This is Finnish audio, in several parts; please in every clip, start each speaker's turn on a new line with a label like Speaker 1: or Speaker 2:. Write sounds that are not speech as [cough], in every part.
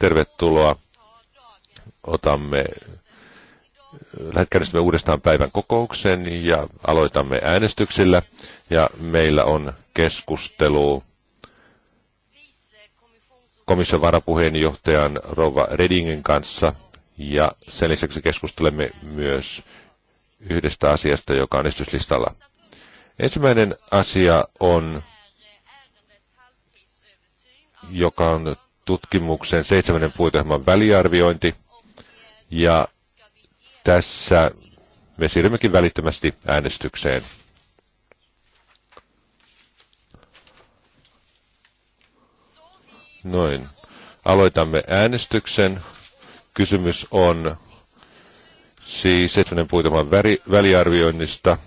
Speaker 1: Tervetuloa. Otamme Lätkäristämme uudestaan päivän kokouksen ja aloitamme äänestyksillä. Ja meillä on keskustelu komission varapuheenjohtajan Rova Redingin kanssa. Ja sen lisäksi keskustelemme myös yhdestä asiasta, joka on esityslistalla. Ensimmäinen asia on joka on tutkimuksen seitsemännen puitehman väliarviointi. Ja tässä me siirrymmekin välittömästi äänestykseen. Noin. Aloitamme äänestyksen. Kysymys on siis seitsemännen puitehman väliarvioinnista.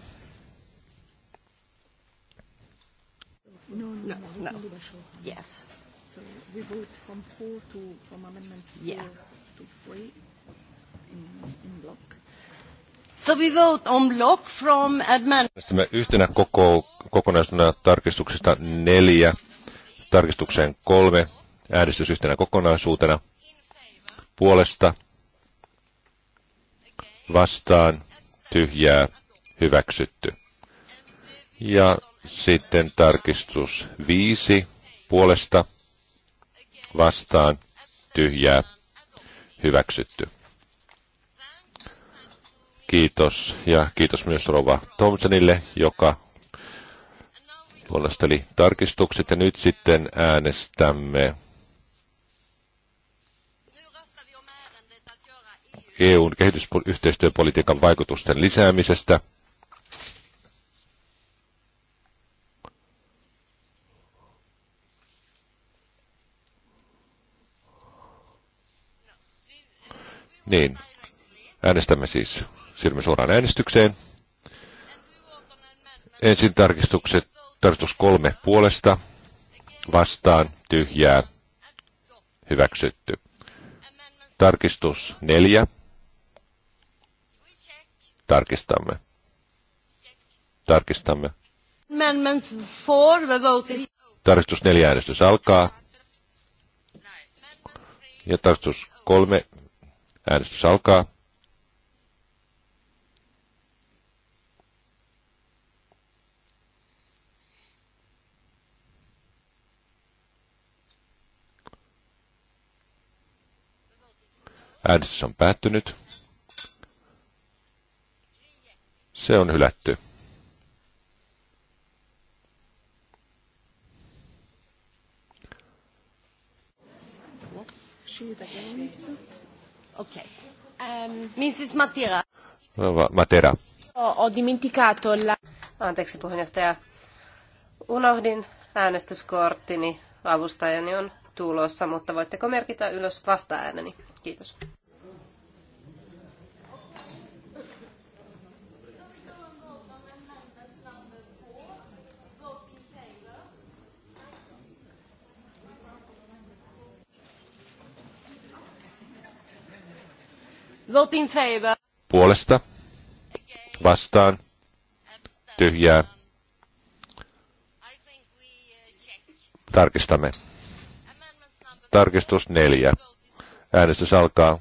Speaker 2: So we vote on block from Äänestämme
Speaker 1: yhtenä koko, kokonaisena tarkistuksesta neljä, tarkistukseen kolme, äänestys yhtenä kokonaisuutena, puolesta, vastaan, tyhjää, hyväksytty. Ja sitten tarkistus viisi, puolesta, vastaan, tyhjää, hyväksytty kiitos ja kiitos myös Rova Thompsonille, joka luonnosteli tarkistukset ja nyt sitten äänestämme EUn kehitysyhteistyöpolitiikan vaikutusten lisäämisestä. Niin, äänestämme siis siirrymme suoraan äänestykseen. Ensin tarkistukset, tarkistus kolme puolesta, vastaan, tyhjää, hyväksytty. Tarkistus neljä. Tarkistamme. Tarkistamme. Tarkistus neljä äänestys alkaa. Ja tarkistus kolme äänestys alkaa. Äänestys on päättynyt. Se on hylätty.
Speaker 2: Mrs. Um, Matera. Matera. Oh, ho dimenticato la... Anteeksi puheenjohtaja. Unohdin äänestyskorttini. Avustajani on tulossa, mutta voitteko merkitä ylös vasta ääneni? Kiitos. favor.
Speaker 1: Puolesta. Vastaan. Tyhjää. Tarkistamme. Tarkistus neljä. Äänestys alkaa.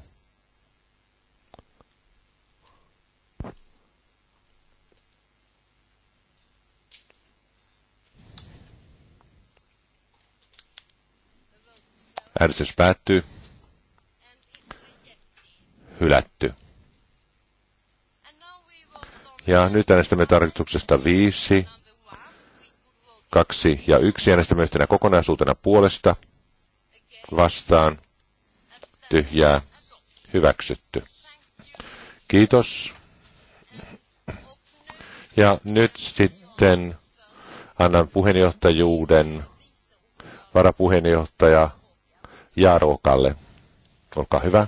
Speaker 1: Äänestys päättyy hylätty. Ja nyt äänestämme tarkoituksesta 5, 2 ja 1. Äänestämme yhtenä kokonaisuutena puolesta, vastaan, tyhjää, hyväksytty. Kiitos. Ja nyt sitten annan puheenjohtajuuden varapuheenjohtaja Jaarokalle. Olkaa hyvä.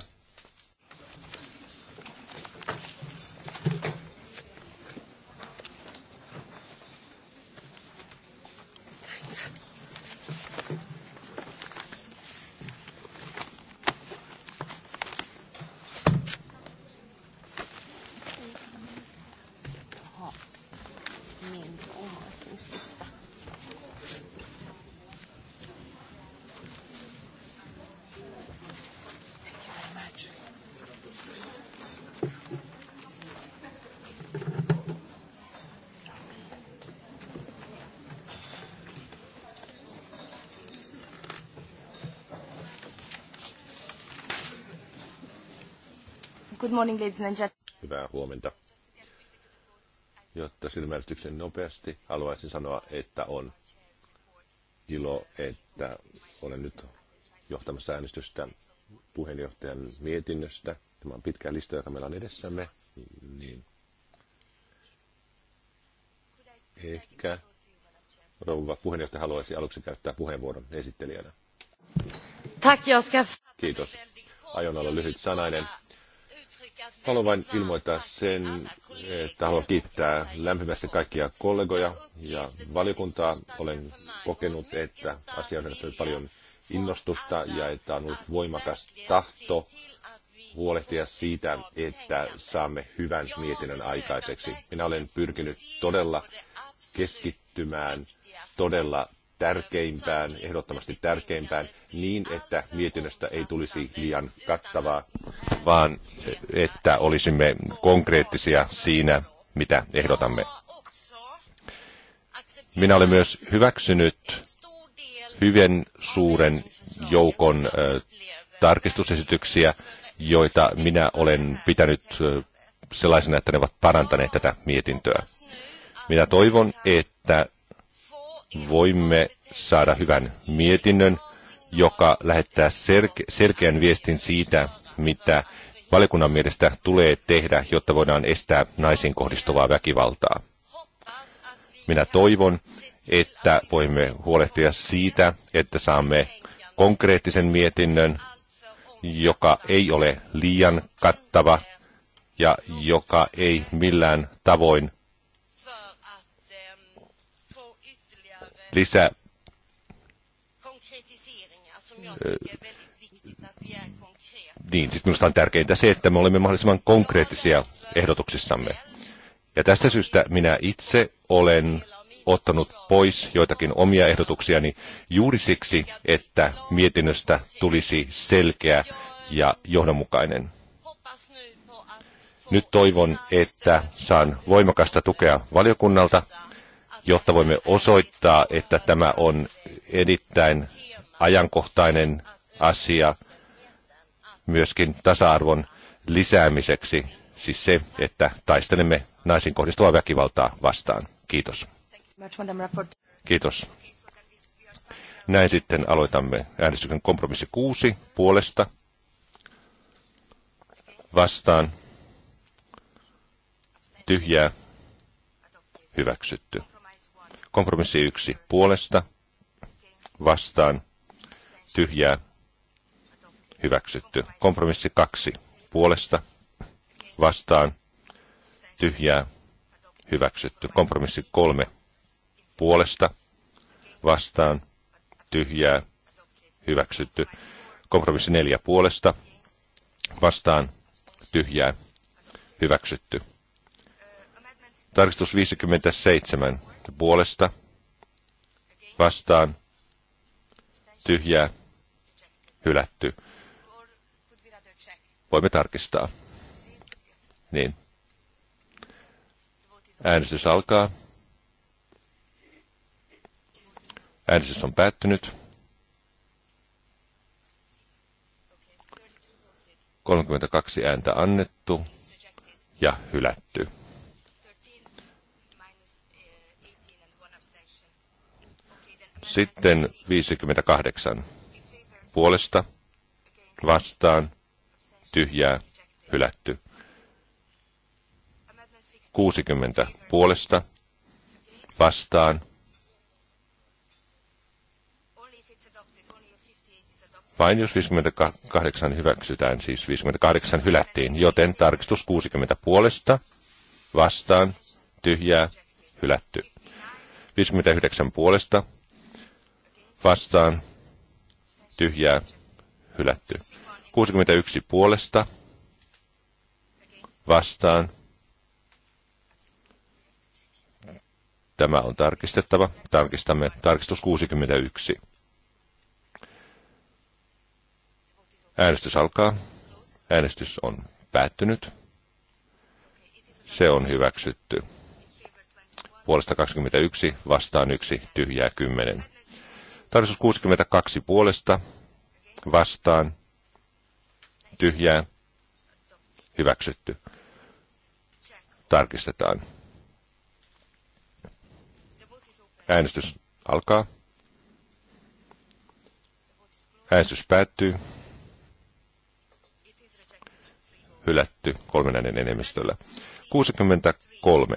Speaker 1: ladies and gentlemen. Hyvää huomenta. Jotta silmäystyksen nopeasti haluaisin sanoa, että on ilo, että olen nyt johtamassa äänestystä puheenjohtajan mietinnöstä. Tämä on pitkä lista, joka meillä on edessämme. Niin. Ehkä rouva puheenjohtaja haluaisi aluksi käyttää puheenvuoron esittelijänä. Kiitos. Aion olla lyhyt sanainen. Haluan vain ilmoittaa sen, että haluan kiittää lämpimästi kaikkia kollegoja ja valiokuntaa. Olen kokenut, että asia on herättänyt paljon innostusta ja että on ollut voimakas tahto huolehtia siitä, että saamme hyvän mietinnön aikaiseksi. Minä olen pyrkinyt todella keskittymään todella tärkeimpään, ehdottomasti tärkeimpään, niin että mietinnöstä ei tulisi liian kattavaa, vaan että olisimme konkreettisia siinä, mitä ehdotamme. Minä olen myös hyväksynyt hyvin suuren joukon tarkistusesityksiä, joita minä olen pitänyt sellaisena, että ne ovat parantaneet tätä mietintöä. Minä toivon, että voimme saada hyvän mietinnön, joka lähettää selke- selkeän viestin siitä, mitä valiokunnan mielestä tulee tehdä, jotta voidaan estää naisiin kohdistuvaa väkivaltaa. Minä toivon, että voimme huolehtia siitä, että saamme konkreettisen mietinnön, joka ei ole liian kattava ja joka ei millään tavoin lisä niin, siis minusta on tärkeintä se, että me olemme mahdollisimman konkreettisia ehdotuksissamme. Ja tästä syystä minä itse olen ottanut pois joitakin omia ehdotuksiani juuri siksi, että mietinnöstä tulisi selkeä ja johdonmukainen. Nyt toivon, että saan voimakasta tukea valiokunnalta jotta voimme osoittaa, että tämä on erittäin ajankohtainen asia myöskin tasa-arvon lisäämiseksi, siis se, että taistelemme naisiin kohdistuvaa väkivaltaa vastaan. Kiitos. Kiitos. Näin sitten aloitamme äänestyksen kompromissi 6 puolesta vastaan tyhjää hyväksytty. Kompromissi yksi puolesta, vastaan, tyhjää, hyväksytty. Kompromissi kaksi puolesta, vastaan, tyhjää, hyväksytty. Kompromissi kolme puolesta, vastaan, tyhjää, hyväksytty. Kompromissi neljä puolesta, vastaan, tyhjää, hyväksytty. Tarkistus 57 puolesta vastaan tyhjää hylätty. Voimme tarkistaa. Niin. Äänestys alkaa. Äänestys on päättynyt. 32 ääntä annettu ja hylätty. Sitten 58. Puolesta, vastaan, tyhjää, hylätty. 60. Puolesta, vastaan. Vain jos 58 hyväksytään, siis 58 hylättiin, joten tarkistus 60 puolesta, vastaan, tyhjää, hylätty. 59 puolesta, vastaan, tyhjää, hylätty. 61 puolesta, vastaan. Tämä on tarkistettava. Tarkistamme tarkistus 61. Äänestys alkaa. Äänestys on päättynyt. Se on hyväksytty. Puolesta 21, vastaan 1, tyhjää 10. Tarkistus 62 puolesta vastaan tyhjää hyväksytty. Tarkistetaan. Äänestys alkaa. Äänestys päättyy. Hylätty kolmenäinen enemmistöllä. 63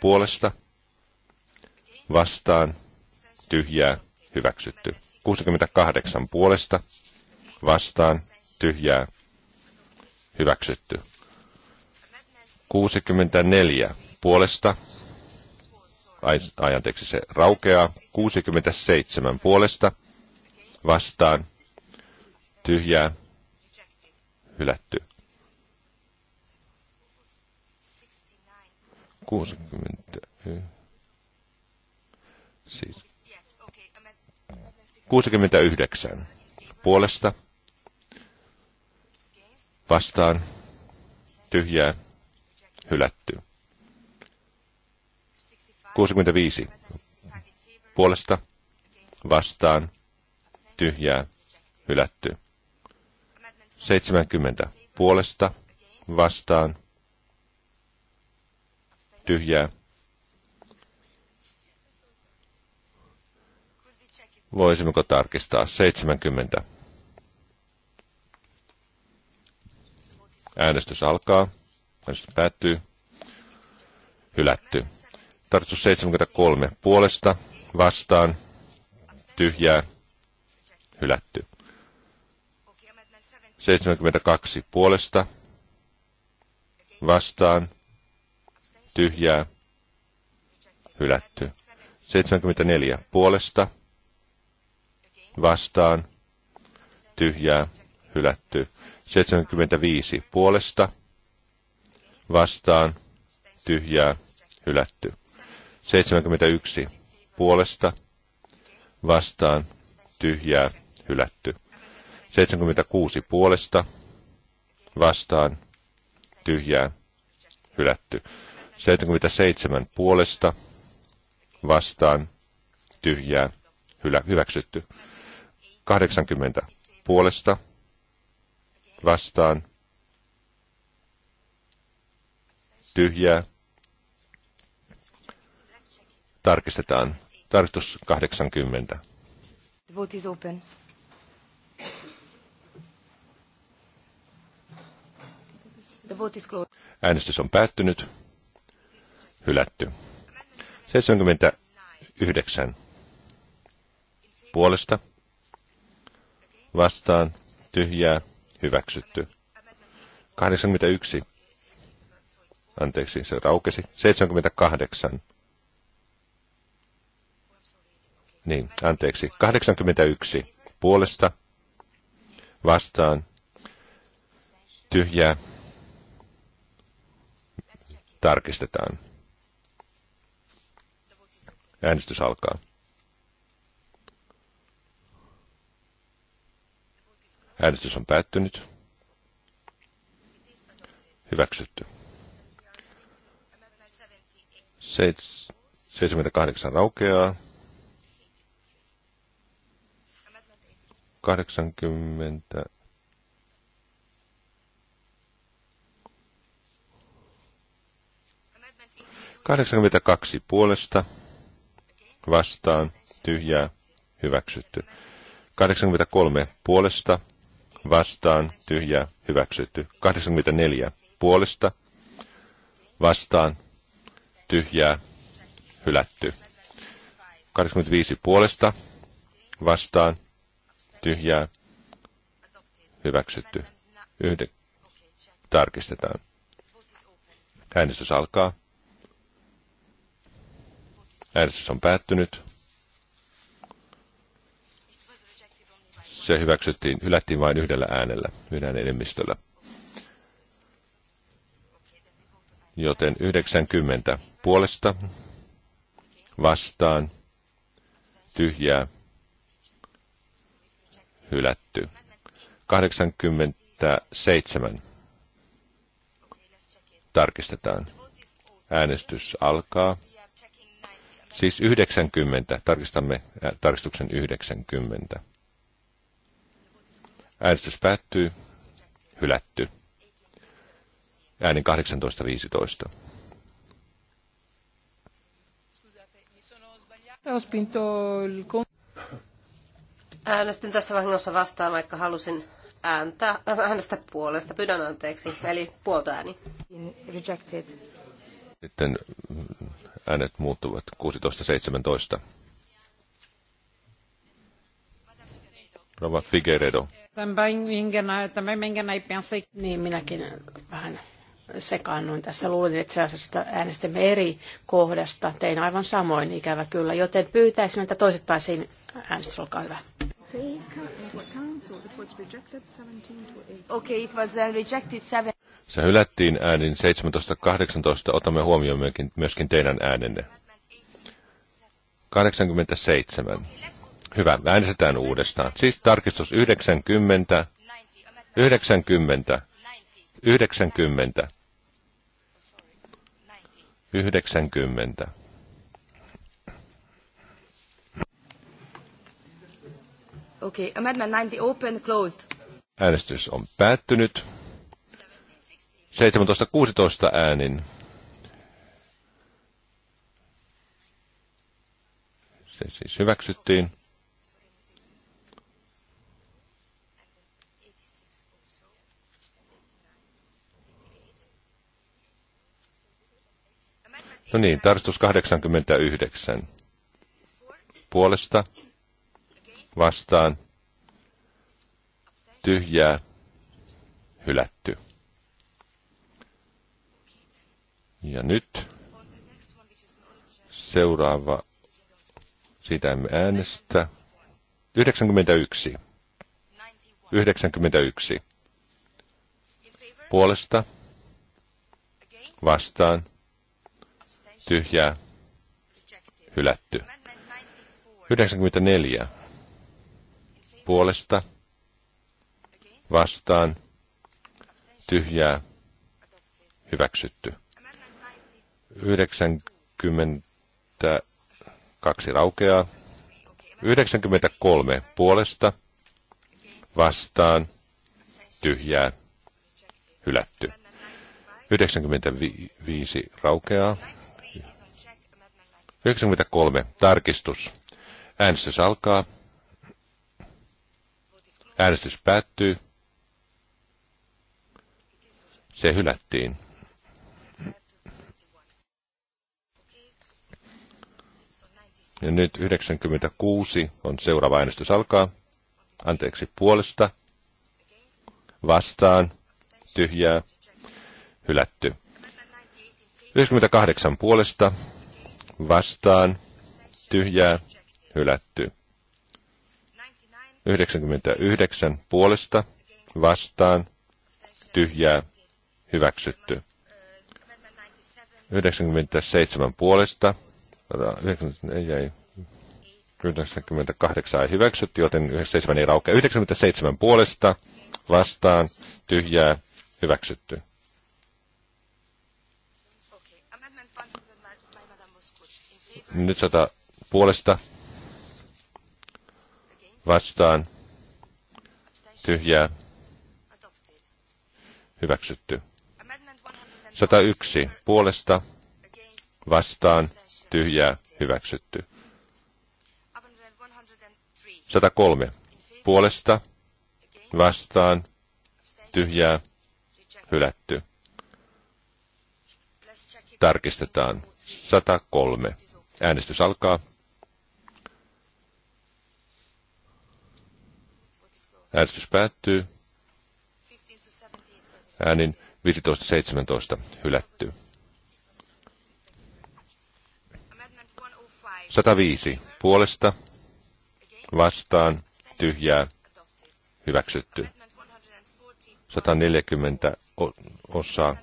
Speaker 1: puolesta vastaan tyhjää hyväksytty. 68 puolesta vastaan tyhjää hyväksytty. 64 puolesta, ajanteeksi se raukeaa, 67 puolesta vastaan tyhjää hylätty. 60, siis 69 puolesta vastaan tyhjää hylätty. 65 puolesta vastaan tyhjää hylätty. 70 puolesta vastaan tyhjää Voisimmeko tarkistaa? 70. Äänestys alkaa. Äänestys päättyy. Hylätty. Tarkistus 73. Puolesta, vastaan, tyhjää, hylätty. 72. Puolesta, vastaan, tyhjää, hylätty. 74. Puolesta, vastaan, tyhjää, hylätty. 75 puolesta, vastaan, tyhjää, hylätty. 71 puolesta, vastaan, tyhjää, hylätty. 76 puolesta, vastaan, tyhjää, hylätty. 77 puolesta, vastaan, tyhjää, hyväksytty. 80 puolesta vastaan tyhjää. Tarkistetaan. Tarkistus 80.
Speaker 3: The vote is open. The vote is closed.
Speaker 1: Äänestys on päättynyt. Hylätty. 79 puolesta vastaan, tyhjää, hyväksytty. 81. Anteeksi, se raukesi. 78. Niin, anteeksi. 81. Puolesta, vastaan, tyhjää, tarkistetaan. Äänestys alkaa. Äänestys on päättynyt. Hyväksytty. 78 raukeaa. 80. Kahdeksankymmentäkaksi puolesta vastaan tyhjää hyväksytty. 83 puolesta vastaan, tyhjää, hyväksytty. 84 puolesta, vastaan, tyhjää, hylätty. 85 puolesta, vastaan, tyhjää, hyväksytty. Yhden tarkistetaan. Äänestys alkaa. Äänestys on päättynyt. se hyväksyttiin, hylättiin vain yhdellä äänellä, yhden enemmistöllä. Joten 90 puolesta vastaan tyhjää hylätty. 87 tarkistetaan. Äänestys alkaa. Siis 90, tarkistamme tarkistuksen 90. Äänestys päättyy. Hylätty. Äänin 18.15.
Speaker 2: Äänestin tässä vahingossa vastaan, vaikka halusin ääntää, äh, äänestä puolesta. Pyydän anteeksi, eli puolta ääni. Rejected.
Speaker 1: Sitten mm, äänet muuttuvat 16.17. Rova Figueredo.
Speaker 2: E niin, minäkin
Speaker 3: vähän sekaannuin tässä. Luulin itse asiassa, että äänestimme eri kohdasta. Tein aivan samoin, ikävä kyllä. Joten pyytäisin, että toiset pääsiin äänestys, olkaa hyvä. Okay, it was uh, rejected seven.
Speaker 1: Se hylättiin äänin 17.18. Otamme huomioon myöskin, myöskin teidän äänenne. 87. Hyvä, äänestetään uudestaan. Siis tarkistus 90, 90, 90, 90.
Speaker 3: Okay, amendment 90 open, closed.
Speaker 1: Äänestys on päättynyt. 17.16 äänin. Se siis hyväksyttiin. No niin, tarkistus 89. Puolesta, vastaan, tyhjää, hylätty. Ja nyt seuraava, siitä emme äänestä. 91. 91. Puolesta, vastaan, tyhjää, hylätty. 94. Puolesta, vastaan, tyhjää, hyväksytty. 92 raukeaa. 93 puolesta, vastaan, tyhjää, hylätty. 95 raukeaa. 93. Tarkistus. Äänestys alkaa. Äänestys päättyy. Se hylättiin. Ja nyt 96 on seuraava äänestys alkaa. Anteeksi, puolesta. Vastaan. Tyhjää. Hylätty. 98 puolesta vastaan, tyhjää, hylätty. 99 puolesta, vastaan, tyhjää, hyväksytty. 97 puolesta, 98 ei hyväksytty, joten 97 ei raukea. 97 puolesta, vastaan, tyhjää, hyväksytty. Nyt sata puolesta vastaan tyhjää hyväksytty. 101 puolesta vastaan tyhjää hyväksytty. 103 puolesta vastaan tyhjää hylätty. Tarkistetaan. 103. Äänestys alkaa. Äänestys päättyy. Äänin 15.17 hylätty. 105 puolesta vastaan tyhjää hyväksytty. 140 osaa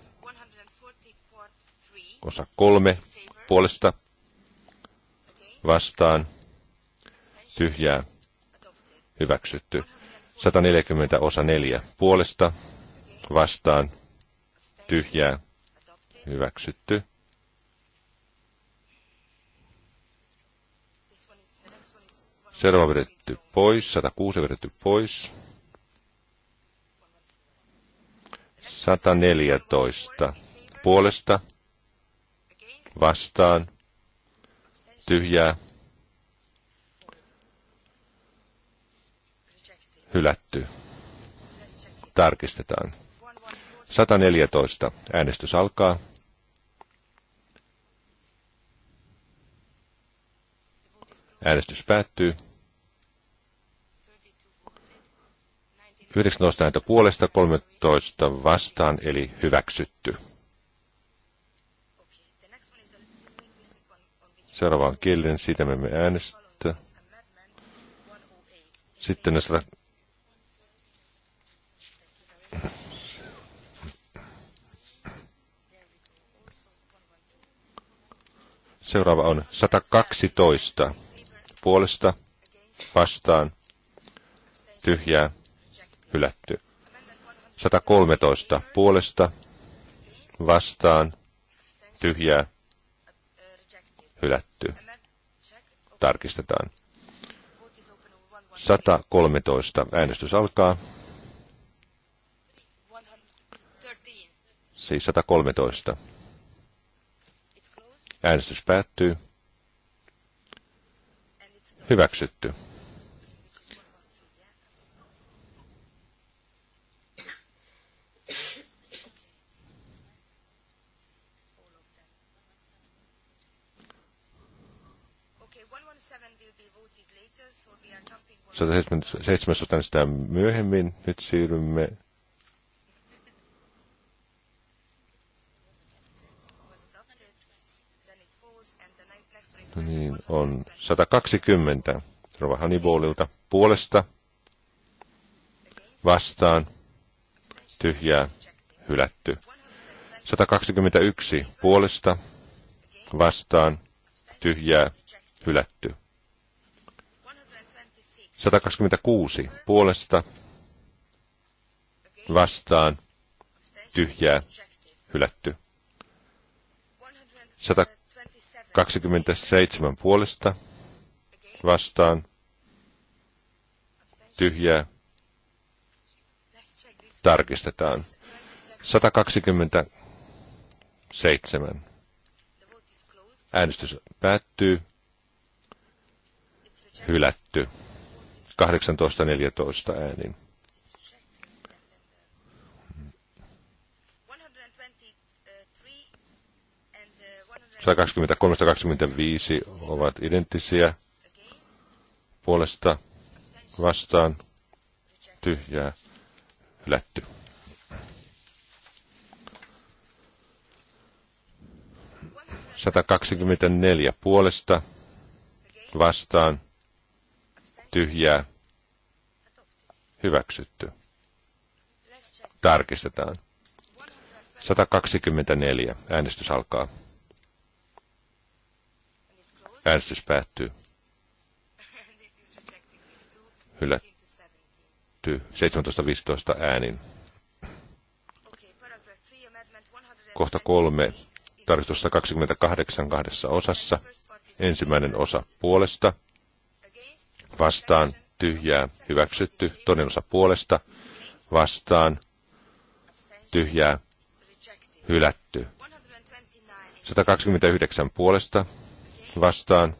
Speaker 1: osa kolme puolesta vastaan, tyhjää, hyväksytty. 140 osa 4 puolesta, vastaan, tyhjää, hyväksytty. Seuraava vedetty pois, 106 vedetty pois. 114 puolesta, vastaan, tyhjää, hylätty. Tarkistetaan. 114. Äänestys alkaa. Äänestys päättyy. 19 ääntä puolesta, 13 vastaan, eli hyväksytty. Seuraavaan kielen, siitä me emme äänestä. Sitten näistä... Seuraava on 112. Puolesta, vastaan, tyhjää, hylätty. 113. Puolesta, vastaan, tyhjää, hylätty. Tarkistetaan. 113. Äänestys alkaa. Siis 113. Äänestys päättyy. Hyväksytty. 107 otan sitä myöhemmin. Nyt siirrymme No niin, on 120 Rova Hannibalilta puolesta vastaan tyhjää hylätty. 121 puolesta vastaan tyhjää hylätty. 126 puolesta vastaan tyhjää hylätty. 127 puolesta vastaan tyhjää tarkistetaan. 127. Äänestys päättyy. Hylätty. 18.14 äänin. viisi ovat identtisiä puolesta vastaan tyhjää hylätty. neljä puolesta vastaan tyhjää, hyväksytty. Tarkistetaan. 124. Äänestys alkaa. Äänestys päättyy. Hylätty. 17.15 äänin. Kohta kolme. Tarkistus 128 kahdessa osassa. Ensimmäinen osa puolesta vastaan tyhjää hyväksytty, toinen osa puolesta vastaan tyhjää hylätty. 129 puolesta vastaan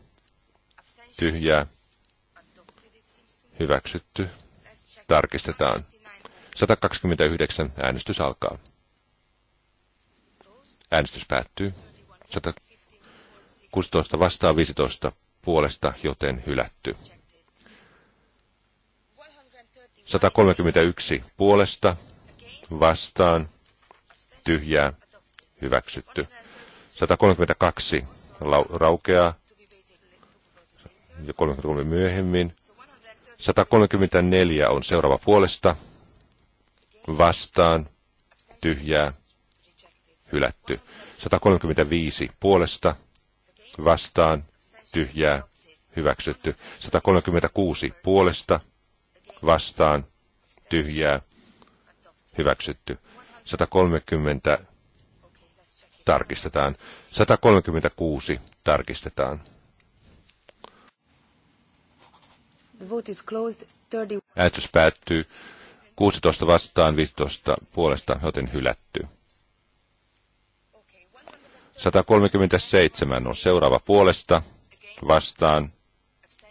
Speaker 1: tyhjää hyväksytty. Tarkistetaan. 129 äänestys alkaa. Äänestys päättyy. 116 vastaan 15 puolesta, joten hylätty. 131 puolesta vastaan tyhjää hyväksytty. 132 raukeaa ja 33 myöhemmin. 134 on seuraava puolesta vastaan tyhjää hylätty. 135 puolesta vastaan tyhjää hyväksytty. 136 puolesta vastaan tyhjää hyväksytty. 130 tarkistetaan. 136 tarkistetaan. Äätys päättyy 16 vastaan 15 puolesta, joten hylätty. 137 on seuraava puolesta vastaan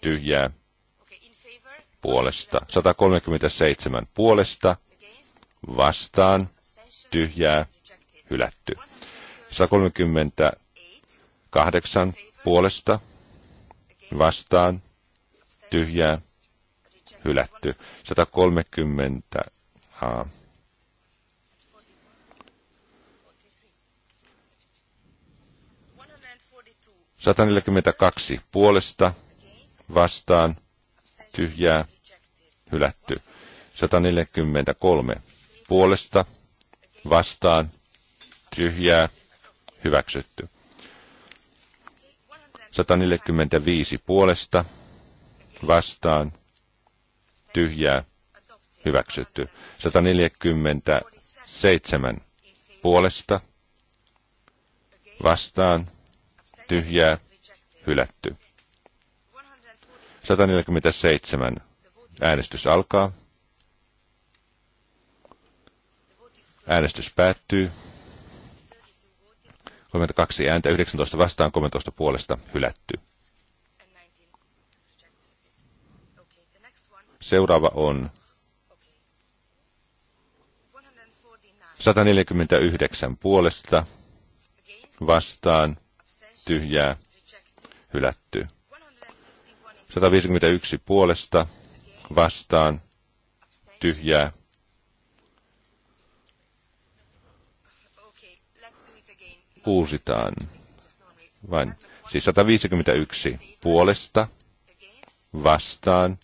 Speaker 1: tyhjää puolesta. 137 puolesta vastaan tyhjää hylätty. 138 puolesta vastaan tyhjää hylätty. 130 a. 142 puolesta vastaan tyhjää, hylätty. 143 puolesta, vastaan, tyhjää, hyväksytty. 145 puolesta, vastaan, tyhjää, hyväksytty. 147 puolesta, vastaan, tyhjää, hylätty. 147. Äänestys alkaa. Äänestys päättyy. 32 ääntä 19 vastaan 13 puolesta hylätty. Seuraava on 149 puolesta vastaan tyhjää hylätty. 151 puolesta vastaan tyhjää. Uusitaan. Vain. Siis 151 puolesta vastaan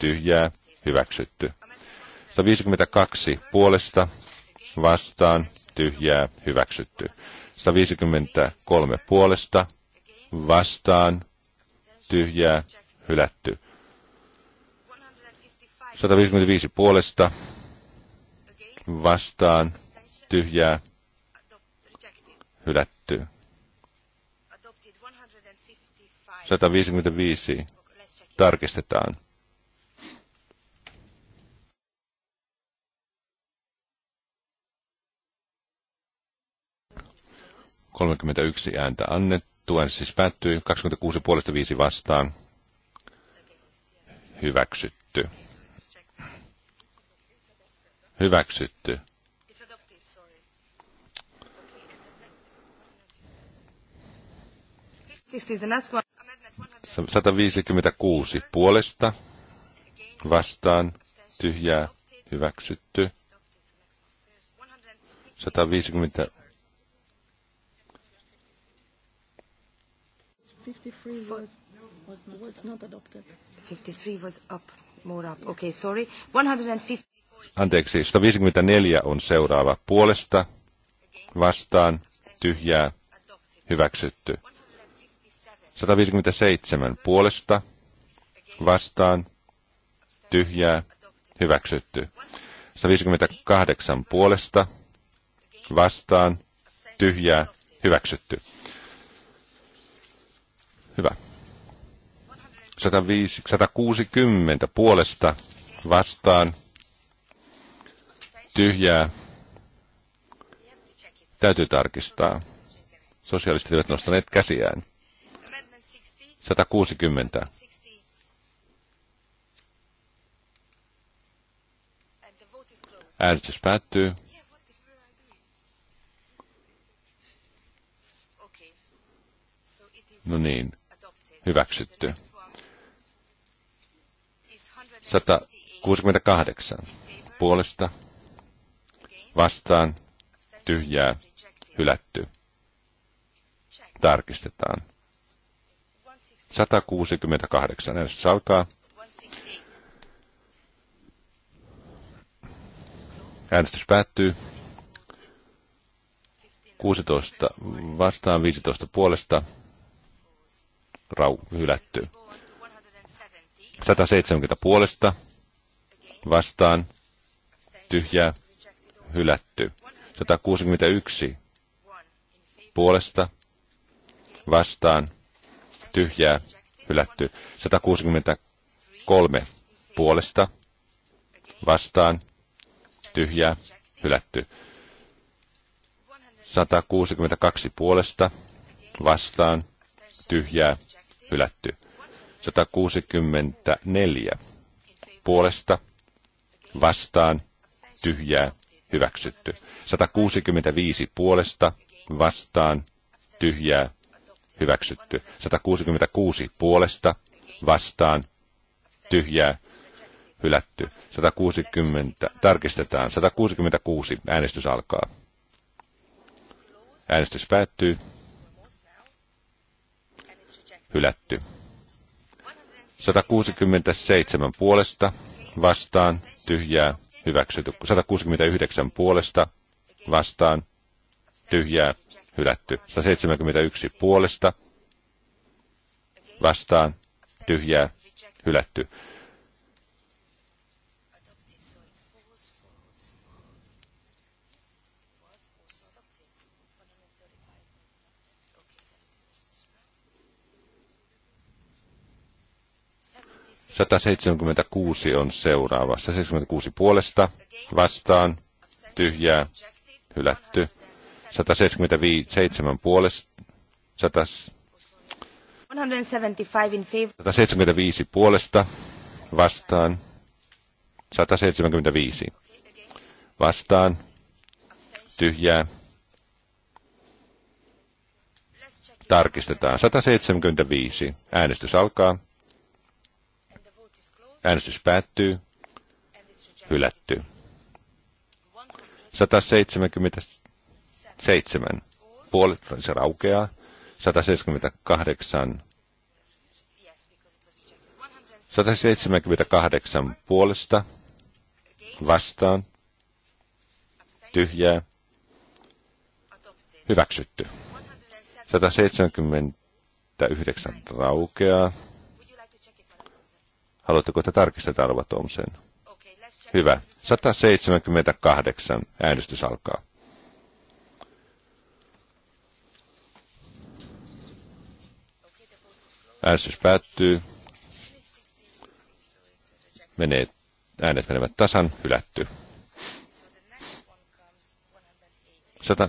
Speaker 1: tyhjää hyväksytty. 152 puolesta vastaan tyhjää hyväksytty. 153 puolesta vastaan tyhjää hylätty. 155 puolesta vastaan tyhjää hylätty. 155 tarkistetaan. Kolmekymmentä yksi ääntä annettu, äänestys siis päättyi, 26 puolesta viisi vastaan, hyväksytty. Hyväksytty. Sata 156 puolesta vastaan tyhjää hyväksytty. 150
Speaker 3: 53 was, was not adopted.
Speaker 2: 53 was up, more up. Okay, sorry. 150.
Speaker 1: Anteeksi, 154 on seuraava puolesta, vastaan, tyhjää, hyväksytty. 157 puolesta, vastaan, tyhjää, hyväksytty. 158 puolesta, vastaan, tyhjää, hyväksytty. Hyvä. 105, 160 puolesta vastaan tyhjää. Täytyy tarkistaa. Sosialistit eivät nostaneet käsiään. 160. Äänestys päättyy. No niin, hyväksytty. 168 puolesta vastaan tyhjää hylätty. Tarkistetaan. 168. Äänestys alkaa. Äänestys päättyy. 16 vastaan 15 puolesta. Rau hylätty. 170 puolesta vastaan tyhjää hylätty. 161 puolesta vastaan tyhjää hylätty. 163 puolesta vastaan tyhjää hylätty. 162 puolesta vastaan tyhjää hylätty. 164 puolesta vastaan tyhjää hyväksytty. 165 puolesta vastaan tyhjää hyväksytty. 166 puolesta vastaan tyhjää hylätty. 160, tarkistetaan. 166 äänestys alkaa. Äänestys päättyy. Hylätty. 167 puolesta vastaan tyhjää hyväksytty. 169 puolesta vastaan tyhjää hylätty. 171 puolesta vastaan tyhjää hylätty. 176 on seuraava. 176 puolesta vastaan tyhjää hylätty. 177 puolesta.
Speaker 3: 175
Speaker 1: puolesta vastaan. 175 vastaan tyhjää. Tarkistetaan. 175. Äänestys alkaa. Äänestys päättyy. Hylätty. 177. Puolet se raukeaa. 178. 178 puolesta vastaan tyhjää hyväksytty. 179 raukeaa. Haluatteko, että tarkistetaan Rova Thompson? Hyvä. 178. Äänestys alkaa. Äänestys päättyy. Menee, äänet menevät tasan, hylätty. 100,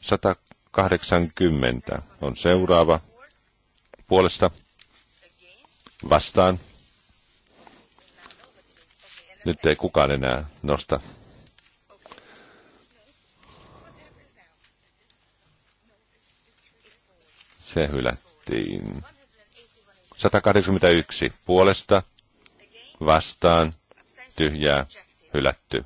Speaker 1: 100 80 on seuraava puolesta vastaan. Nyt ei kukaan enää nosta. Se hylättiin. 181 puolesta vastaan tyhjää hylätty.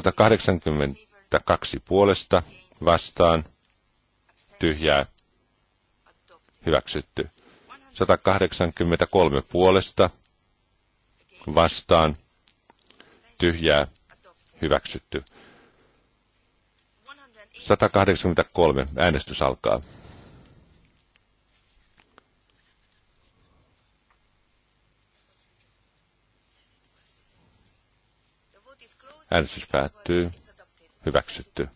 Speaker 1: 182 puolesta vastaan tyhjää hyväksytty. 183 puolesta vastaan tyhjää hyväksytty. 183 äänestys alkaa. Äänestys päättyy. Hyväksytty.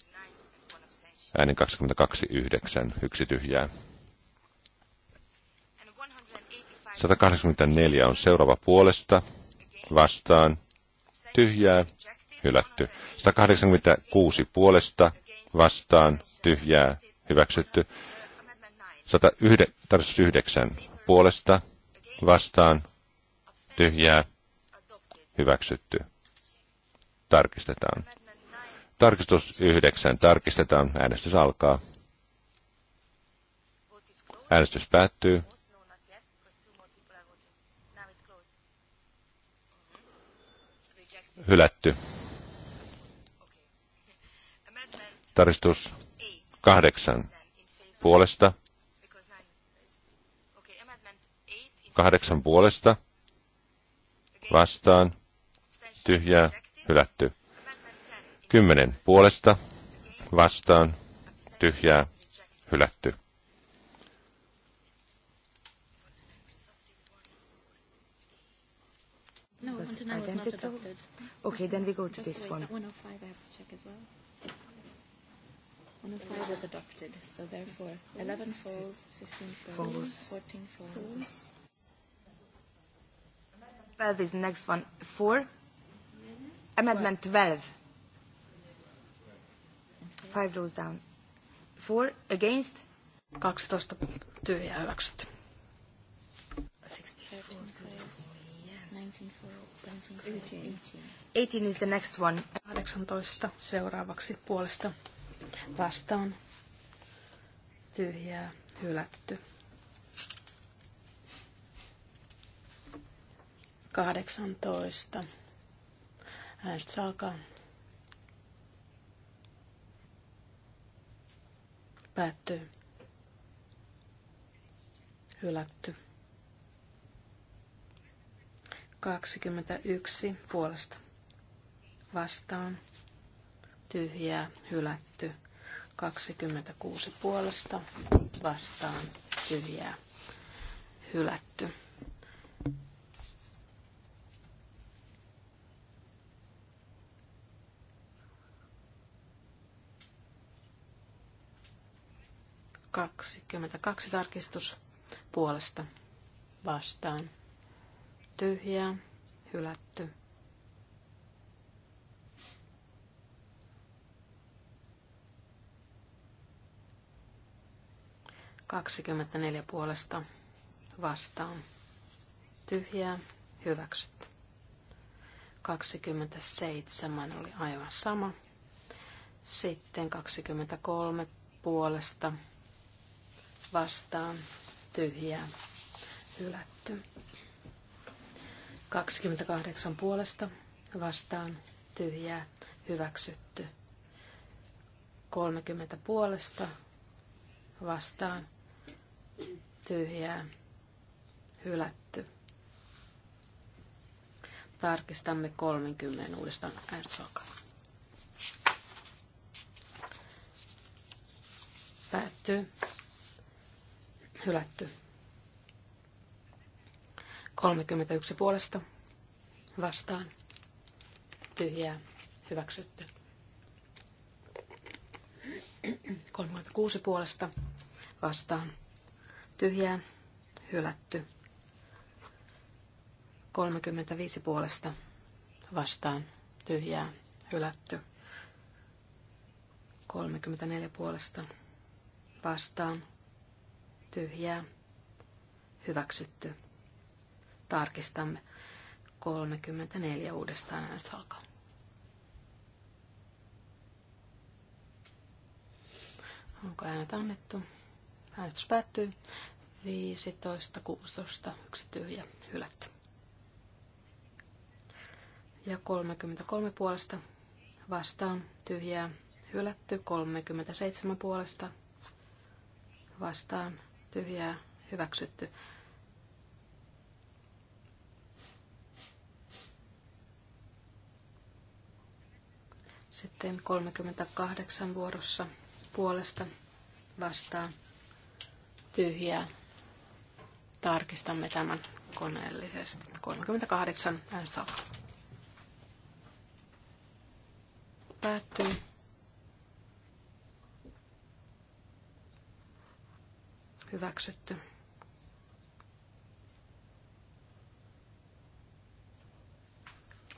Speaker 1: Äänen 22.9. Yksi tyhjää. 184 on seuraava puolesta. Vastaan. Tyhjää. Hylätty. 186 puolesta. Vastaan. Tyhjää. Hyväksytty. 109 puolesta. Vastaan. Tyhjää. Hyväksytty tarkistetaan. Tarkistus yhdeksän. tarkistetaan. Äänestys alkaa. Äänestys päättyy. Hylätty. Tarkistus kahdeksan puolesta. Kahdeksan puolesta. Vastaan. Tyhjää hylätty. Kymmenen puolesta vastaan tyhjää hylätty.
Speaker 3: No, Okay, then we go to this one. 105 adopted, so therefore 11 falls, 15 falls, 14 falls. 12 is next one, 4 Amendment 12. Five rows down. Four against. 12 tyhjää hyväksytty. 18 is the next one. 18 seuraavaksi puolesta vastaan. Tyhjää hylätty. 18 Äänestys alkaa. Päättyy. Hylätty. 21 puolesta. Vastaan. Tyhjää. Hylätty. 26 puolesta. Vastaan. Tyhjää. Hylätty. 22 tarkistus puolesta vastaan. Tyhjä, hylätty. Kaksikymmentäneljä puolesta vastaan. Tyhjää, hyväksytty. 27 oli aivan sama. Sitten 23 puolesta vastaan tyhjää
Speaker 2: hylätty.
Speaker 3: 28 puolesta vastaan tyhjää hyväksytty. 30 puolesta vastaan tyhjää hylätty. Tarkistamme 30 uudestaan äänsokaa. Päättyy hylätty. 31 puolesta vastaan tyhjää hyväksytty. 36 puolesta vastaan tyhjää hylätty. 35 puolesta vastaan tyhjää hylätty. 34 puolesta vastaan tyhjää, hyväksytty. Tarkistamme 34 uudestaan ensi alkaa. Onko äänet annettu? Äänestys päättyy. 15, 16, yksi tyhjä, hylätty. Ja 33 puolesta vastaan tyhjää, hylätty. 37 puolesta vastaan tyhjää hyväksytty. Sitten 38 vuorossa puolesta vastaan tyhjää. Tarkistamme tämän koneellisesti. 38 saa. päättyy. Hyväksytty.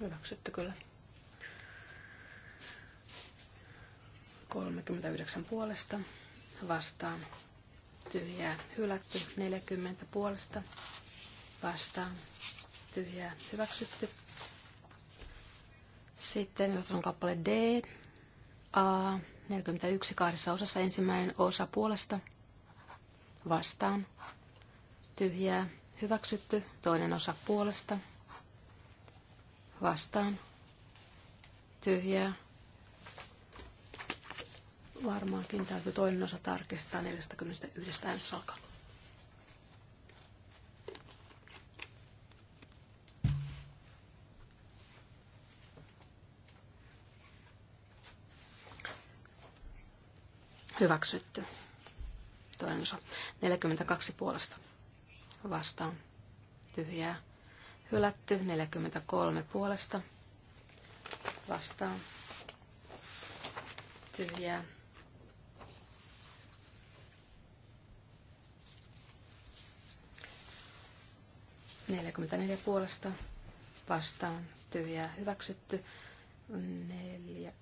Speaker 3: Hyväksytty kyllä. 39 puolesta vastaan. Tyhjää hylätty. 40 puolesta vastaan. Tyhjää hyväksytty. Sitten jos on kappale D. A. 41 kahdessa osassa ensimmäinen osa puolesta vastaan, tyhjää, hyväksytty, toinen osa puolesta, vastaan, tyhjää. Varmaankin täytyy toinen osa tarkistaa 41 ensi alkaa. Hyväksytty toinen osa. 42 puolesta vastaan tyhjää hylätty. 43 puolesta vastaan tyhjää Neljäkymmentäneljä puolesta vastaan tyhjää hyväksytty. Neljä.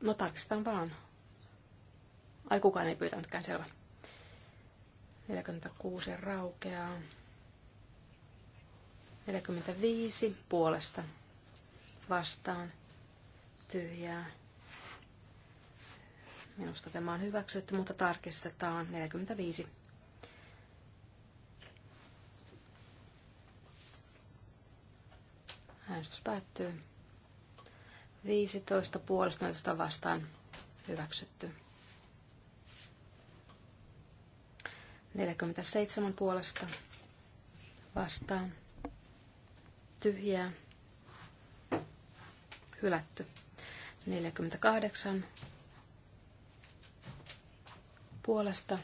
Speaker 3: No tarkistan vaan. Ai kukaan ei pyytänytkään selvä. 46 raukeaa. 45 puolesta vastaan tyhjää. Minusta tämä on hyväksytty, mutta tarkistetaan 45. Äänestys päättyy. 15 puolesta vastaan hyväksytty. 47 puolesta vastaan tyhjää hylätty. 48 puolesta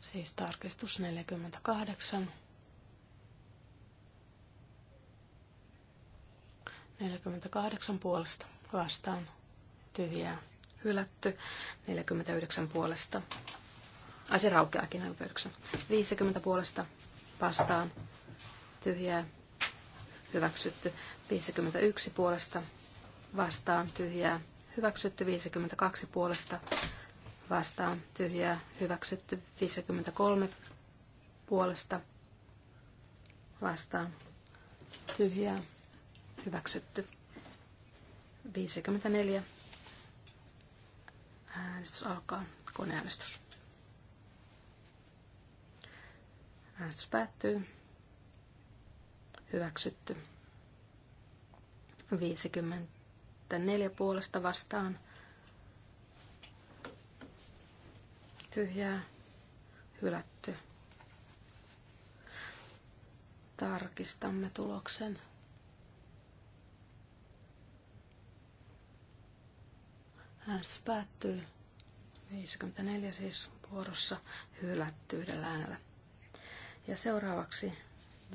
Speaker 3: siis tarkistus 48. 48 puolesta vastaan tyhjää hylätty. 49 puolesta. Ai se raukeakin 49. 50 puolesta vastaan tyhjää hyväksytty. 51 puolesta vastaan tyhjää hyväksytty. 52 puolesta vastaan tyhjää hyväksytty. 53 puolesta vastaan tyhjää hyväksytty. 54. Äänestys alkaa. Koneäänestys. Äänestys päättyy. Hyväksytty. 54 puolesta vastaan. Tyhjää. Hylätty. Tarkistamme tuloksen. Äänestys päättyy. 54 siis vuorossa hylätty yhdellä äänellä. Ja seuraavaksi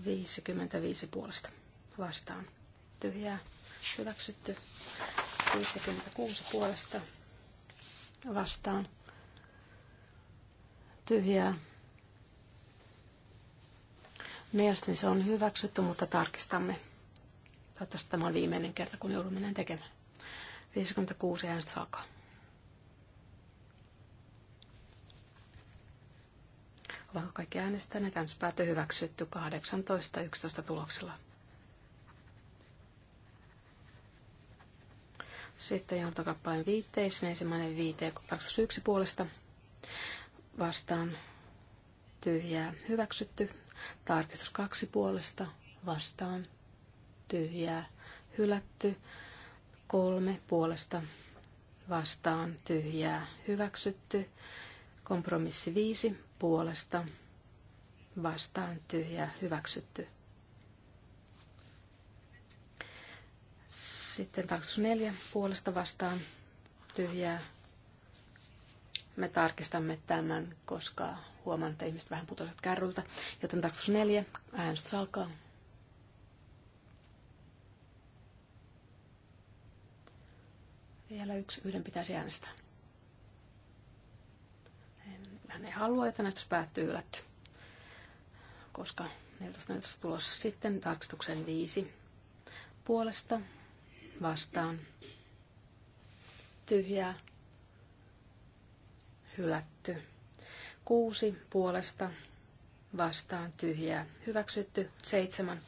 Speaker 3: 55 puolesta vastaan. Tyhjää hyväksytty. 56 puolesta vastaan. Tyhjää. Mielestäni se on hyväksytty, mutta tarkistamme. Toivottavasti tämä on viimeinen kerta, kun joudumme näin tekemään. 56 äänestä alkaa. Ovatko kaikki äänestäneet? Äänestyspäätö hyväksytty 18.11 tuloksella. Sitten johtokappaleen viitteis, Ensimmäinen viite 21 puolesta vastaan tyhjää hyväksytty. Tarkistus kaksi puolesta vastaan tyhjää hylätty. Kolme puolesta vastaan tyhjää hyväksytty. Kompromissi viisi puolesta vastaan tyhjää hyväksytty. Sitten tarkistus neljä puolesta vastaan tyhjää. Me tarkistamme tämän, koska huomaan, että ihmiset vähän putosivat kärryltä. Joten tarkistus neljä, äänestys alkaa. Vielä yksi, yhden pitäisi äänestää. Hän ei halua, että näistä päättyy yllätty. Koska 14.14 tulos sitten tarkistuksen viisi puolesta vastaan tyhjää hylätty. Kuusi puolesta vastaan tyhjää hyväksytty. Seitsemän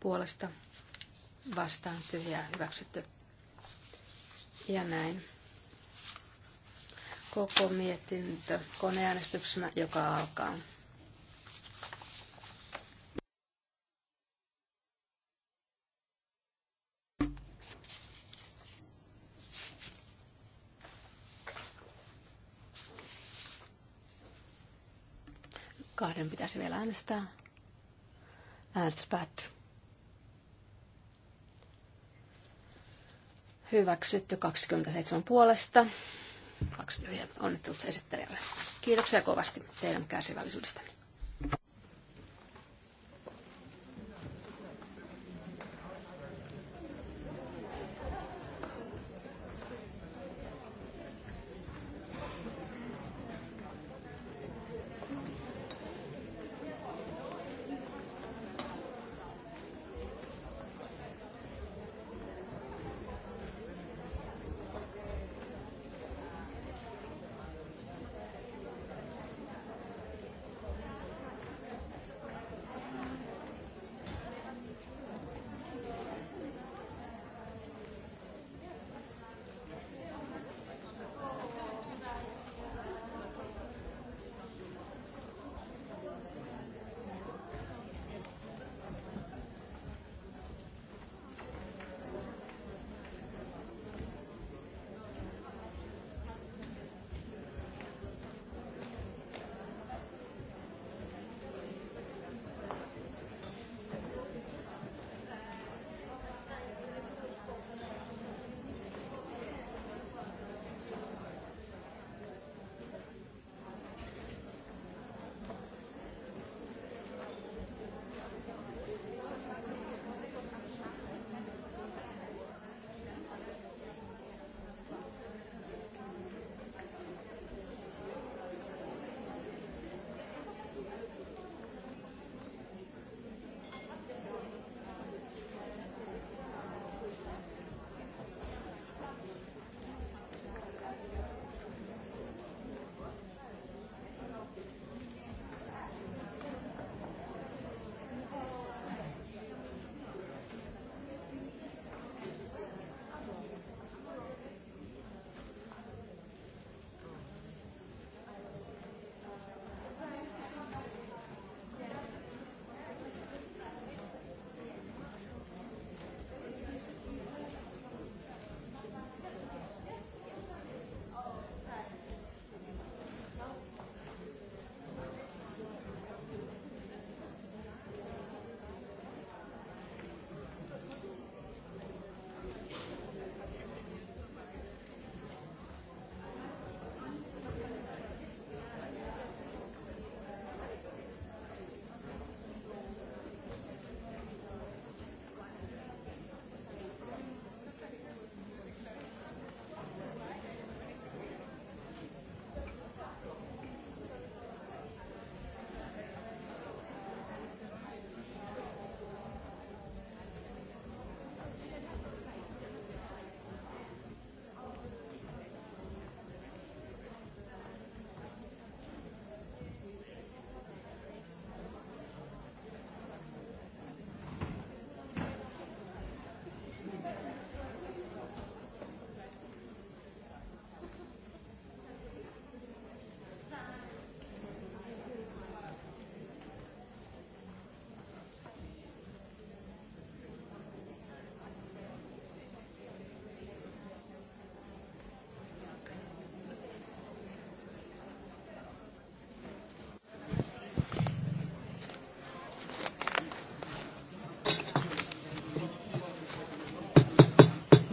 Speaker 3: puolesta vastaan tyhjää hyväksytty. Ja näin. Koko mietintö koneäänestyksenä, joka alkaa. Kahden pitäisi vielä äänestää. Äänestys päättyy. Hyväksytty 27 puolesta. Kaksi tyhjää. Onnittelut esittelijälle. Kiitoksia kovasti teidän kärsivällisyydestänne.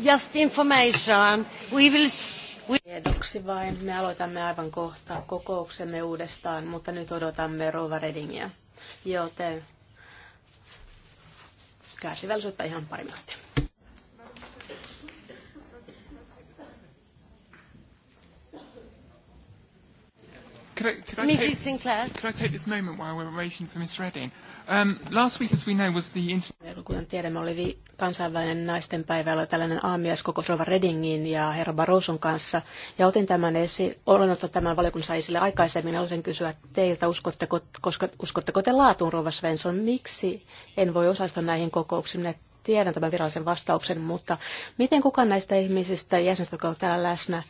Speaker 2: Just information. We will...
Speaker 3: Tiedoksi vain. Me aloitamme aivan kohta kokouksemme uudestaan, mutta nyt odotamme Rova Redingia. Joten kärsivällisyyttä ihan pari minuuttia.
Speaker 1: Could I, could I Mrs. Take, Sinclair. Could I take this moment while we're waiting for Miss Redding? Um, last week, as we know, was the International... Kuten
Speaker 3: tiedämme, oli kansainvälinen naisten päivä, oli tällainen aamiaiskokous Rova Redingin ja herra Baroson kanssa. Ja otin tämän esiin, olen ottanut tämän valiokunnassa esille aikaisemmin, haluaisin kysyä teiltä, uskotteko, koska, uskotteko te laatuun, Rova Svensson, miksi en voi osallistua näihin kokouksiin? Minä tiedän tämän virallisen vastauksen, mutta miten kukaan näistä ihmisistä, jäsenistä, jotka ovat täällä läsnä,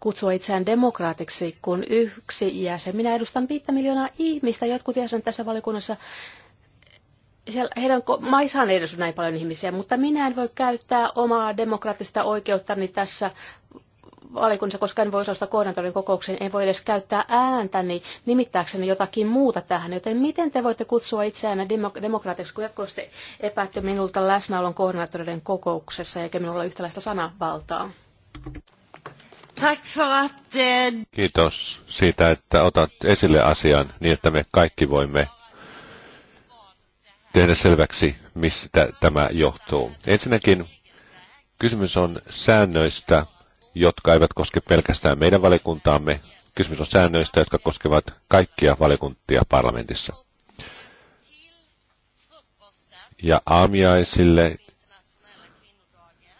Speaker 3: kutsua itseään demokraatiksi, kun yksi jäsen. Minä edustan viittä miljoonaa ihmistä. Jotkut jäsenet tässä valikunnassa siellä heidän maissaan ei edes näin paljon ihmisiä, mutta minä en voi käyttää omaa demokraattista oikeuttani tässä valikunnassa, koska en voi osallistua koordinaattorin kokoukseen, en voi edes käyttää ääntäni nimittääkseni jotakin muuta tähän. Joten miten te voitte kutsua itseään demok- demokraattiksi, kun jatkuvasti epäätte minulta läsnäolon koordinaattoreiden kokouksessa, eikä minulla ole yhtäläistä sananvaltaa? Eh,
Speaker 1: Kiitos siitä, että otat esille asian niin, että me kaikki voimme tehdä selväksi, mistä tämä johtuu. Ensinnäkin kysymys on säännöistä, jotka eivät koske pelkästään meidän valikuntaamme. Kysymys on säännöistä, jotka koskevat kaikkia valikuntia parlamentissa. Ja aamiaisille,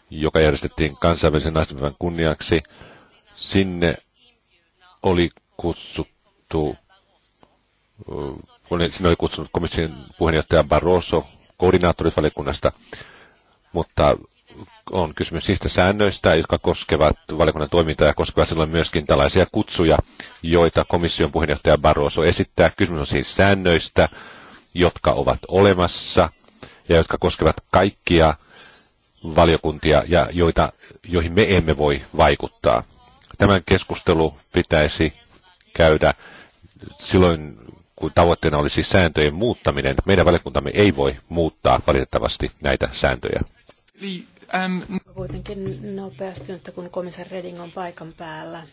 Speaker 1: joka järjestettiin kansainvälisen naistenpäivän kunniaksi, sinne oli kutsuttu kun sinne oli kutsunut komission puheenjohtaja Barroso valiokunnasta, mutta on kysymys niistä säännöistä, jotka koskevat valiokunnan toimintaa ja koskevat silloin myöskin tällaisia kutsuja, joita komission puheenjohtaja Barroso esittää. Kysymys on siis säännöistä, jotka ovat olemassa ja jotka koskevat kaikkia valiokuntia ja joita, joihin me emme voi vaikuttaa. Tämän keskustelu pitäisi käydä silloin kun tavoitteena oli siis sääntöjen muuttaminen. Meidän valiokuntamme ei voi muuttaa valitettavasti näitä sääntöjä.
Speaker 3: Ähm, kuitenkin nopeasti, että kun komissaari Reding on paikan päällä.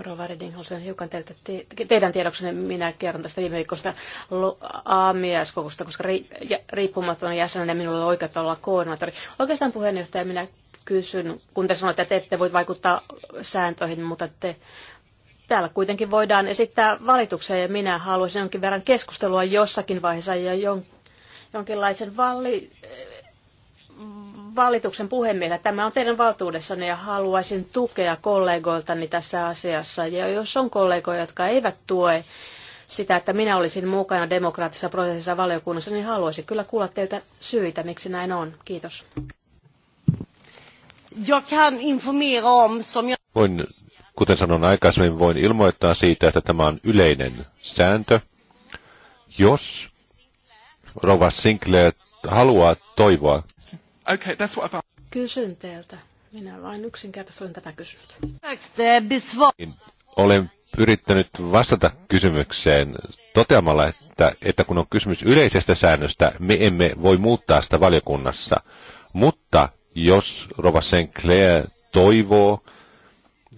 Speaker 3: Rova Reding, haluaisin hiukan teiltä, te, teidän tiedoksenne, minä kerron tästä viime viikosta aamiaiskokusta, koska ri, riippumaton jäsenenä minulla on oikeutta olla koordinaattori. Oikeastaan puheenjohtaja, minä kysyn, kun te sanoitte, että ette voi vaikuttaa sääntöihin, mutta te Täällä kuitenkin voidaan esittää valituksia ja minä haluaisin jonkin verran keskustelua jossakin vaiheessa ja jon, jonkinlaisen valli, valituksen puhemiehelle. Tämä on teidän valtuudessanne ja haluaisin tukea kollegoiltani tässä asiassa. Ja jos on kollegoja, jotka eivät tue sitä, että minä olisin mukana demokraattisessa prosessissa valiokunnassa, niin haluaisin kyllä kuulla teiltä syitä, miksi näin on. Kiitos.
Speaker 1: Voin Kuten sanon aikaisemmin, voin ilmoittaa siitä, että tämä on yleinen sääntö. Jos Rova Sinclair haluaa toivoa.
Speaker 2: Okay, that's what about...
Speaker 3: Kysyn teiltä. Minä vain yksinkertaisesti olen tätä kysynyt.
Speaker 2: Niin,
Speaker 1: olen yrittänyt vastata kysymykseen toteamalla, että, että kun on kysymys yleisestä säännöstä, me emme voi muuttaa sitä valiokunnassa. Mutta jos Rova Sinclair toivoo,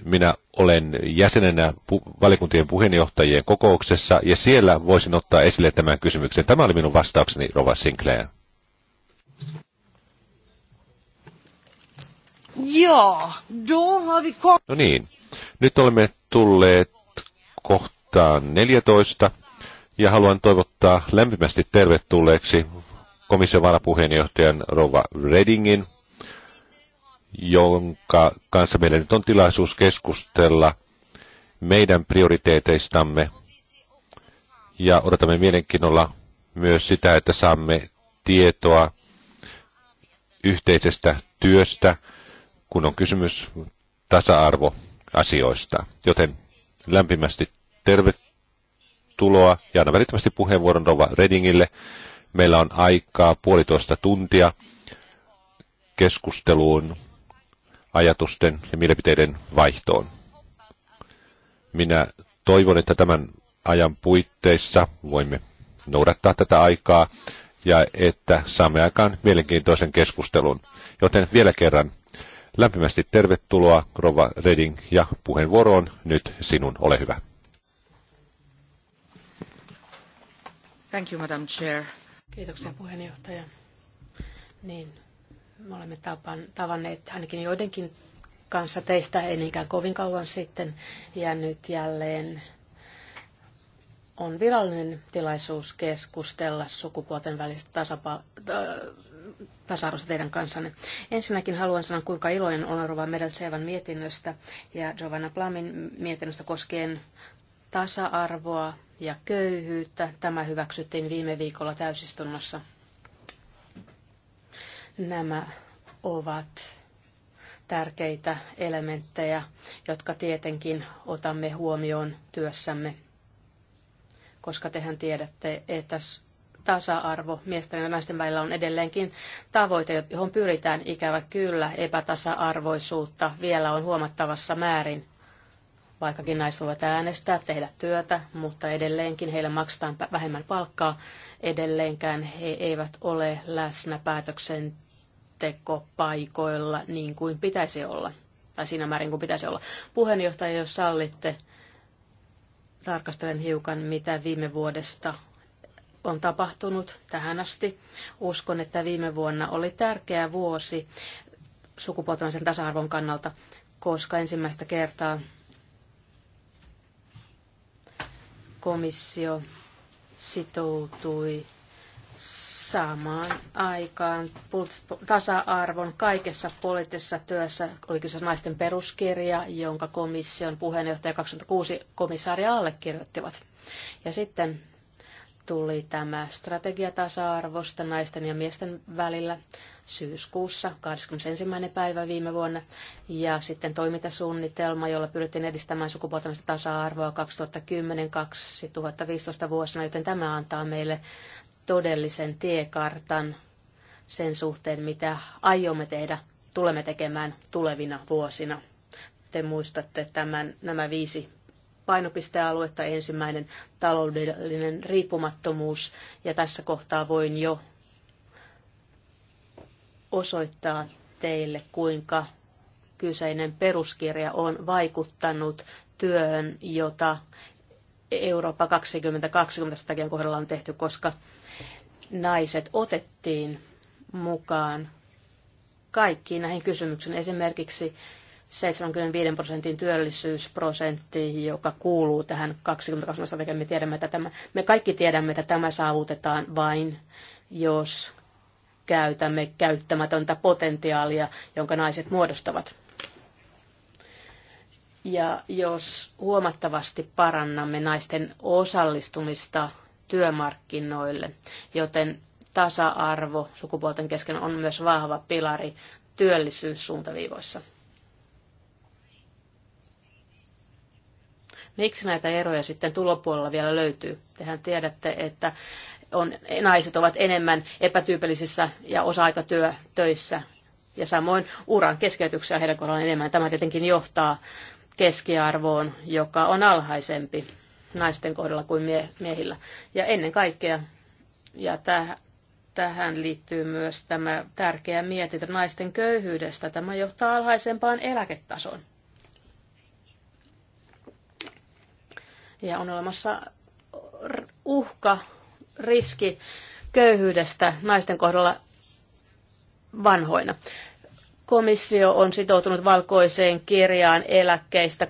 Speaker 1: minä olen jäsenenä pu- valikuntien puheenjohtajien kokouksessa, ja siellä voisin ottaa esille tämän kysymyksen. Tämä oli minun vastaukseni, Rova Sinclair.
Speaker 2: Joo,
Speaker 1: No niin, nyt olemme tulleet kohtaan 14, ja haluan toivottaa lämpimästi tervetulleeksi komission varapuheenjohtajan Rova Redingin jonka kanssa meillä nyt on tilaisuus keskustella meidän prioriteeteistamme. Ja odotamme mielenkiinnolla myös sitä, että saamme tietoa yhteisestä työstä, kun on kysymys tasa-arvoasioista. Joten lämpimästi tervetuloa ja annan välittömästi puheenvuoron Rova Redingille. Meillä on aikaa puolitoista tuntia keskusteluun ajatusten ja mielipiteiden vaihtoon. Minä toivon, että tämän ajan puitteissa voimme noudattaa tätä aikaa ja että saamme aikaan mielenkiintoisen keskustelun. Joten vielä kerran lämpimästi tervetuloa Rova Reding ja puheenvuoroon nyt sinun, ole hyvä.
Speaker 2: Thank you, Madam Chair.
Speaker 3: Kiitoksia puheenjohtaja. Niin, me olemme tavanneet ainakin joidenkin kanssa teistä ei niinkään kovin kauan sitten. Ja nyt jälleen on virallinen tilaisuus keskustella sukupuolten välistä tasapa- äh, tasa-arvosta teidän kanssanne. Ensinnäkin haluan sanoa, kuinka iloinen olen Rova Medeltsevan mietinnöstä ja Giovanna Plamin mietinnöstä koskien tasa-arvoa ja köyhyyttä. Tämä hyväksyttiin viime viikolla täysistunnossa. Nämä ovat tärkeitä elementtejä, jotka tietenkin otamme huomioon työssämme, koska tehän tiedätte, että tasa-arvo miesten ja naisten välillä on edelleenkin tavoite, johon pyritään ikävä kyllä epätasa-arvoisuutta vielä on huomattavassa määrin. Vaikkakin naiset voivat äänestää, tehdä työtä, mutta edelleenkin heille maksetaan vähemmän palkkaa. Edelleenkään he eivät ole läsnä päätöksentekopaikoilla niin kuin pitäisi olla, tai siinä määrin kuin pitäisi olla. Puheenjohtaja, jos sallitte, tarkastelen hiukan, mitä viime vuodesta on tapahtunut tähän asti. Uskon, että viime vuonna oli tärkeä vuosi sukupuolten tasa-arvon kannalta, koska ensimmäistä kertaa komissio sitoutui saamaan aikaan tasa-arvon kaikessa poliittisessa työssä, oikeus naisten peruskirja, jonka komission puheenjohtaja 26 komissaari allekirjoittivat. Ja sitten tuli tämä strategiatasa-arvosta naisten ja miesten välillä syyskuussa 21. päivä viime vuonna ja sitten toimintasuunnitelma, jolla pyrittiin edistämään sukupuolten tasa-arvoa 2010-2015 vuosina, joten tämä antaa meille todellisen tiekartan sen suhteen, mitä aiomme tehdä, tulemme tekemään tulevina vuosina. Te muistatte tämän, nämä viisi painopistealuetta. Ensimmäinen taloudellinen riippumattomuus ja tässä kohtaa voin jo osoittaa teille, kuinka kyseinen peruskirja on vaikuttanut työhön, jota Eurooppa 2020 strategian kohdalla on tehty, koska naiset otettiin mukaan kaikkiin näihin kysymyksiin. Esimerkiksi 75 prosentin työllisyysprosentti, joka kuuluu tähän 22 Me, tiedämme, että tämä, me kaikki tiedämme, että tämä saavutetaan vain, jos käytämme käyttämätöntä potentiaalia, jonka naiset muodostavat. Ja jos huomattavasti parannamme naisten osallistumista työmarkkinoille, joten tasa-arvo sukupuolten kesken on myös vahva pilari työllisyyssuuntaviivoissa. Miksi näitä eroja sitten tulopuolella vielä löytyy? Tehän tiedätte, että on, naiset ovat enemmän epätyypillisissä ja osa-aikatyötöissä ja samoin uran keskeytyksiä heidän kohdallaan enemmän. Tämä tietenkin johtaa keskiarvoon, joka on alhaisempi naisten kohdalla kuin mie- miehillä. Ja ennen kaikkea, ja täh- tähän liittyy myös tämä tärkeä mietintö naisten köyhyydestä, tämä johtaa alhaisempaan eläketasoon. ja on olemassa uhka, riski köyhyydestä naisten kohdalla vanhoina. Komissio on sitoutunut valkoiseen kirjaan eläkkeistä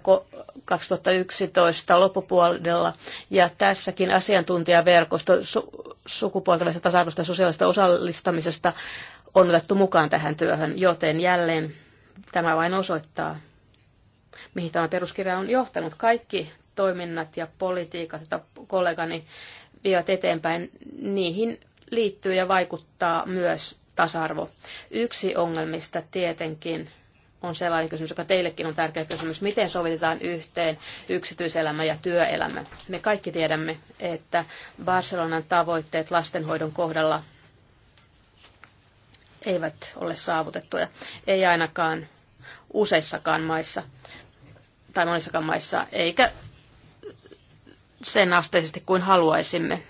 Speaker 3: 2011 loppupuolella ja tässäkin asiantuntijaverkosto su- tasa-arvosta ja sosiaalista osallistamisesta on otettu mukaan tähän työhön, joten jälleen tämä vain osoittaa, mihin tämä peruskirja on johtanut. Kaikki toiminnat ja politiikat, joita kollegani vievät eteenpäin, niihin liittyy ja vaikuttaa myös tasa-arvo. Yksi ongelmista tietenkin on sellainen kysymys, joka teillekin on tärkeä kysymys. Miten sovitetaan yhteen yksityiselämä ja työelämä? Me kaikki tiedämme, että Barcelonan tavoitteet lastenhoidon kohdalla eivät ole saavutettuja. Ei ainakaan useissakaan maissa tai monissakaan maissa, eikä sen asteisesti kuin haluaisimme.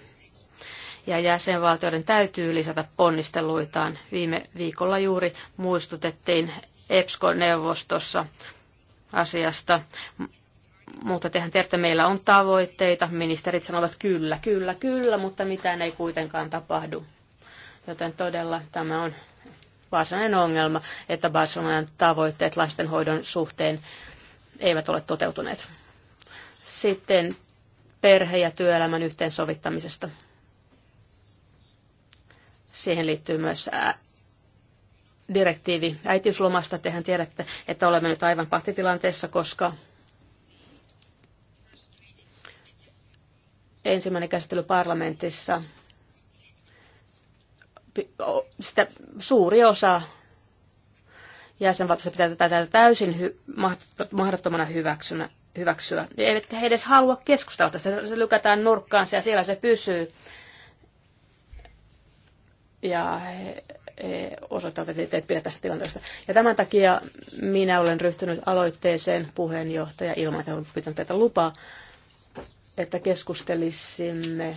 Speaker 3: Ja jäsenvaltioiden täytyy lisätä ponnisteluitaan. Viime viikolla juuri muistutettiin EPSCO-neuvostossa asiasta. Mutta tehän tiedätte, meillä on tavoitteita. Ministerit sanovat kyllä, kyllä, kyllä, mutta mitään ei kuitenkaan tapahdu. Joten todella tämä on varsinainen ongelma, että Barcelonan tavoitteet lastenhoidon suhteen eivät ole toteutuneet. Sitten perhe- ja työelämän yhteensovittamisesta. Siihen liittyy myös direktiivi äitiyslomasta. Tehän tiedätte, että olemme nyt aivan pahtitilanteessa, koska ensimmäinen käsittely parlamentissa sitä suuri osa jäsenvaltioista pitää tätä täysin hy- mahdottomana hyväksynä, hyväksyä. Eivätkä he edes halua keskustella tästä. Se lykätään nurkkaansa ja siellä se pysyy. Ja he, he osoittavat, että te et pidä tästä tilanteesta. Ja tämän takia minä olen ryhtynyt aloitteeseen puheenjohtaja ilman, että olen pitänyt tätä lupaa, että keskustelisimme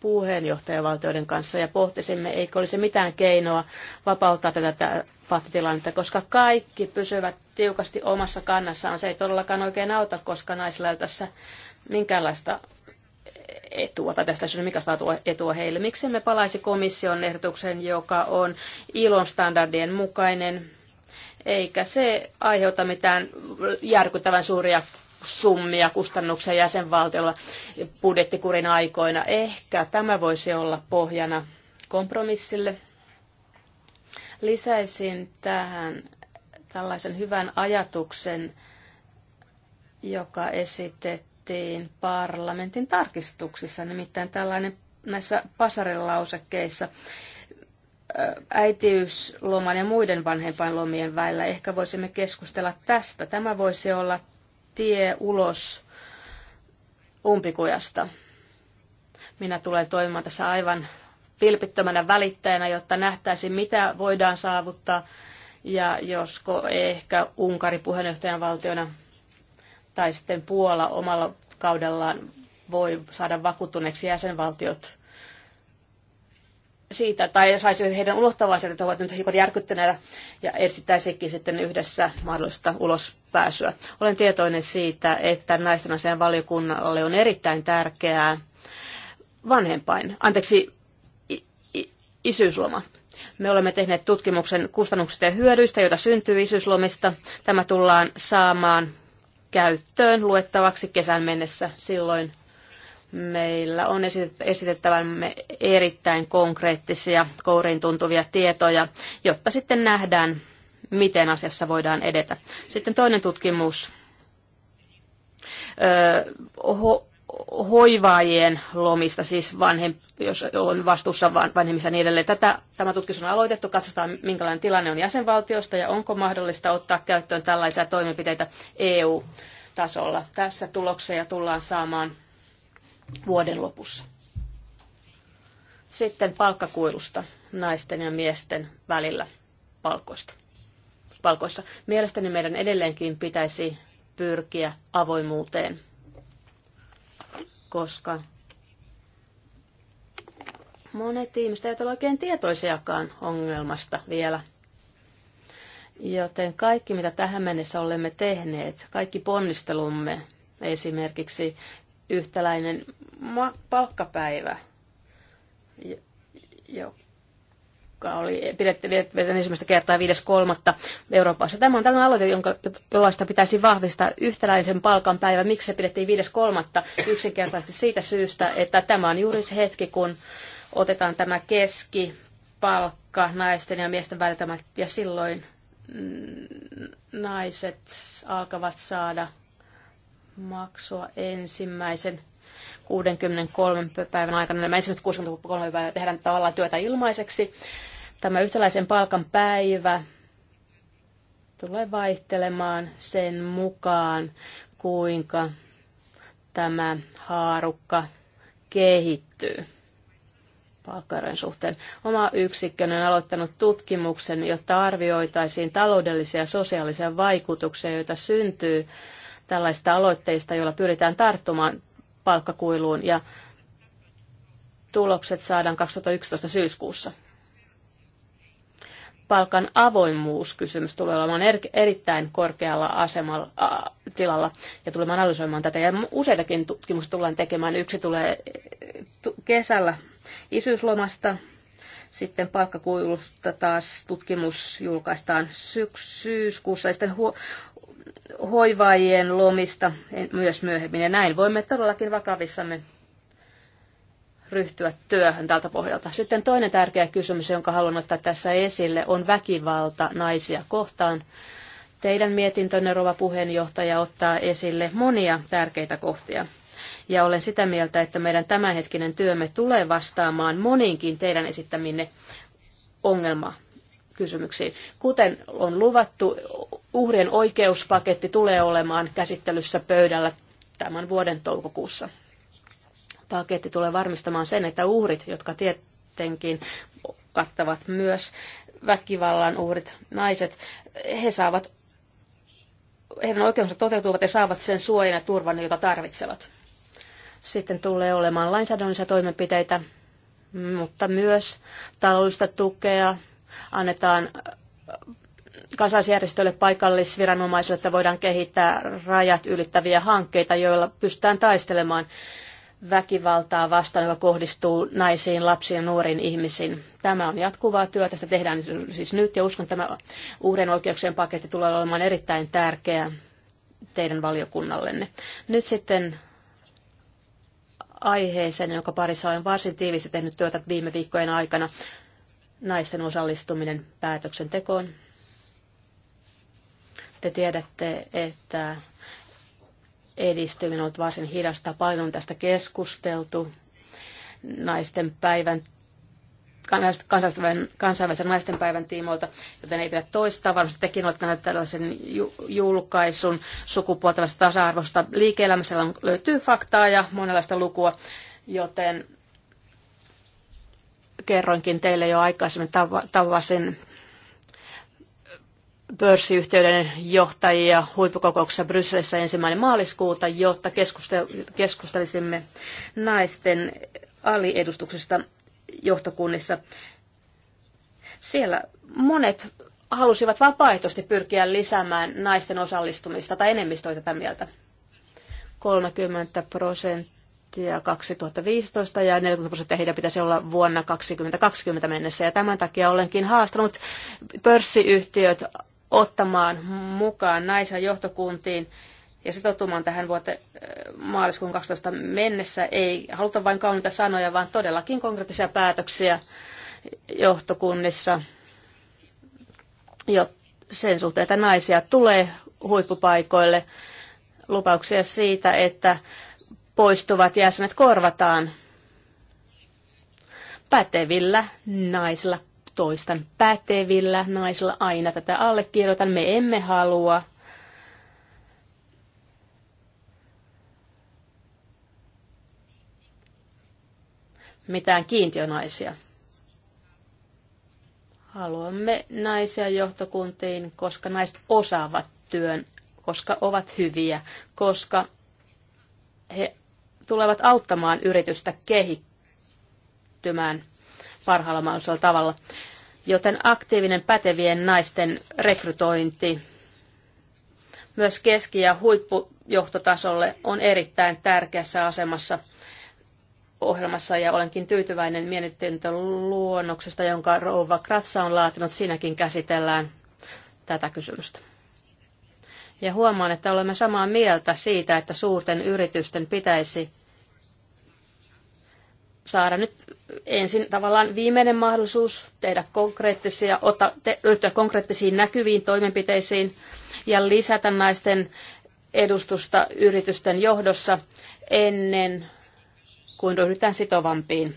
Speaker 3: puheenjohtajavaltioiden kanssa ja pohtisimme, eikö olisi mitään keinoa vapauttaa tätä pattitilannetta, koska kaikki pysyvät tiukasti omassa kannassaan. Se ei todellakaan oikein auta, koska naisilla ei tässä minkäänlaista etua, tai tästä synny mikästä etua heille. Miksi me palaisi komission ehdotuksen, joka on ilon standardien mukainen, eikä se aiheuta mitään järkyttävän suuria summia kustannuksia jäsenvaltiolla budjettikurin aikoina. Ehkä tämä voisi olla pohjana kompromissille. Lisäisin tähän tällaisen hyvän ajatuksen, joka esitettiin parlamentin tarkistuksissa, nimittäin tällainen näissä pasarilausekkeissa äitiysloman ja muiden vanhempainlomien väillä Ehkä voisimme keskustella tästä. Tämä voisi olla tie ulos umpikujasta. Minä tulen toimimaan tässä aivan vilpittömänä välittäjänä, jotta nähtäisiin, mitä voidaan saavuttaa ja josko ehkä Unkari puheenjohtajan valtiona tai sitten Puola omalla kaudellaan voi saada vakuuttuneeksi jäsenvaltiot siitä, tai saisi heidän ulottavaisensa, että ovat nyt hiukan järkyttyneitä ja etsittäisikin sitten yhdessä mahdollista ulospääsyä. Olen tietoinen siitä, että naisten asian valiokunnalle on erittäin tärkeää vanhempain, anteeksi, isyysloma me olemme tehneet tutkimuksen kustannuksista ja hyödyistä, joita syntyy isyyslomista. Tämä tullaan saamaan käyttöön luettavaksi kesän mennessä. Silloin meillä on esitettävämme erittäin konkreettisia, kouriin tuntuvia tietoja, jotta sitten nähdään, miten asiassa voidaan edetä. Sitten toinen tutkimus. Öö, oho, hoivaajien lomista, siis vanhem, jos on vastuussa vanhemmissa niin edelleen. Tätä, tämä tutkimus on aloitettu, katsotaan minkälainen tilanne on jäsenvaltiosta ja onko mahdollista ottaa käyttöön tällaisia toimenpiteitä EU-tasolla. Tässä tuloksia tullaan saamaan vuoden lopussa. Sitten palkkakuilusta naisten ja miesten välillä palkoista. palkoissa. Mielestäni meidän edelleenkin pitäisi pyrkiä avoimuuteen koska monet ihmiset eivät ole oikein tietoisiakaan ongelmasta vielä. Joten kaikki, mitä tähän mennessä olemme tehneet, kaikki ponnistelumme, esimerkiksi yhtäläinen palkkapäivä, jo, joka oli pidetty ensimmäistä kertaa 5.3. Euroopassa. Tämä on tällainen aloite, jonka, jollaista pitäisi vahvistaa yhtäläisen palkan päivä. Miksi se pidettiin 5.3. yksinkertaisesti siitä syystä, että tämä on juuri se hetki, kun otetaan tämä keskipalkka naisten ja miesten välttämättä, ja silloin mm, naiset alkavat saada maksua ensimmäisen 63 päivän aikana. Nämä ensimmäiset 63 päivää tehdään tavallaan työtä ilmaiseksi. Tämä yhtäläisen palkan päivä tulee vaihtelemaan sen mukaan, kuinka tämä haarukka kehittyy palkkaerojen suhteen. Oma yksikköni on aloittanut tutkimuksen, jotta arvioitaisiin taloudellisia ja sosiaalisia vaikutuksia, joita syntyy tällaista aloitteista, joilla pyritään tarttumaan palkkakuiluun ja tulokset saadaan 2011 syyskuussa. Palkan avoimuuskysymys tulee olemaan er, erittäin korkealla asemalla, ä, tilalla ja tulemme analysoimaan tätä. Ja useitakin tutkimusta tullaan tekemään. Yksi tulee eh, kesällä isyyslomasta, sitten palkkakuilusta taas tutkimus julkaistaan syks- syyskuussa ja sitten hoivaajien lomista myös myöhemmin. Ja näin voimme todellakin vakavissamme ryhtyä työhön tältä pohjalta. Sitten toinen tärkeä kysymys, jonka haluan ottaa tässä esille, on väkivalta naisia kohtaan. Teidän mietintönne, rova puheenjohtaja, ottaa esille monia tärkeitä kohtia. Ja olen sitä mieltä, että meidän tämänhetkinen työmme tulee vastaamaan moninkin teidän esittäminne ongelma kysymyksiin. Kuten on luvattu, uhrien oikeuspaketti tulee olemaan käsittelyssä pöydällä tämän vuoden toukokuussa. Paketti tulee varmistamaan sen, että uhrit, jotka tietenkin kattavat myös väkivallan uhrit, naiset, he saavat, heidän oikeutensa toteutuvat ja saavat sen suojan ja turvan, jota tarvitsevat. Sitten tulee olemaan lainsäädännöllisiä toimenpiteitä, mutta myös taloudellista tukea, annetaan äh, kansalaisjärjestöille, paikallisviranomaisille, että voidaan kehittää rajat ylittäviä hankkeita, joilla pystytään taistelemaan väkivaltaa vastaan, joka kohdistuu naisiin, lapsiin ja nuoriin ihmisiin. Tämä on jatkuvaa työtä, sitä tehdään siis nyt ja uskon, että tämä uhrien oikeuksien paketti tulee olemaan erittäin tärkeä teidän valiokunnallenne. Nyt sitten aiheeseen, jonka parissa olen varsin tiivisti tehnyt työtä viime viikkojen aikana naisten osallistuminen päätöksentekoon. Te tiedätte, että edistyminen on ollut varsin hidasta. Paljon on tästä keskusteltu. Naisten päivän kansainvälisen, naisten päivän tiimoilta, joten ei pidä toistaa. Varmasti tekin olette nähneet tällaisen julkaisun sukupuolten tasa-arvosta liike-elämässä. Löytyy faktaa ja monenlaista lukua, joten kerroinkin teille jo aikaisemmin, tavasin pörssiyhtiöiden johtajia huippukokouksessa Brysselissä ensimmäinen maaliskuuta, jotta keskustelisimme naisten aliedustuksesta johtokunnissa. Siellä monet halusivat vapaaehtoisesti pyrkiä lisäämään naisten osallistumista tai enemmistöitä tätä mieltä. 30 prosenttia prosenttia 2015 ja 40 prosenttia heidän pitäisi olla vuonna 2020 mennessä. Ja tämän takia olenkin haastanut pörssiyhtiöt ottamaan mukaan naisia johtokuntiin ja sitoutumaan tähän vuote äh, maaliskuun 12 mennessä. Ei haluta vain kauniita sanoja, vaan todellakin konkreettisia päätöksiä johtokunnissa jo sen suhteen, että naisia tulee huippupaikoille lupauksia siitä, että poistuvat jäsenet korvataan pätevillä naisilla. Toistan pätevillä naisilla aina tätä allekirjoitan. Me emme halua mitään kiintiönaisia. Haluamme naisia johtokuntiin, koska naiset osaavat työn, koska ovat hyviä, koska he tulevat auttamaan yritystä kehittymään parhaalla mahdollisella tavalla. Joten aktiivinen pätevien naisten rekrytointi myös keski- ja huippujohtotasolle on erittäin tärkeässä asemassa ohjelmassa ja olenkin tyytyväinen luonnoksesta jonka Rouva Kratsa on laatinut. Siinäkin käsitellään tätä kysymystä. Ja huomaan, että olemme samaa mieltä siitä, että suurten yritysten pitäisi saada nyt ensin tavallaan viimeinen mahdollisuus tehdä konkreettisia, ottaa, te, ryhtyä konkreettisiin näkyviin toimenpiteisiin ja lisätä naisten edustusta yritysten johdossa ennen kuin ryhdytään sitovampiin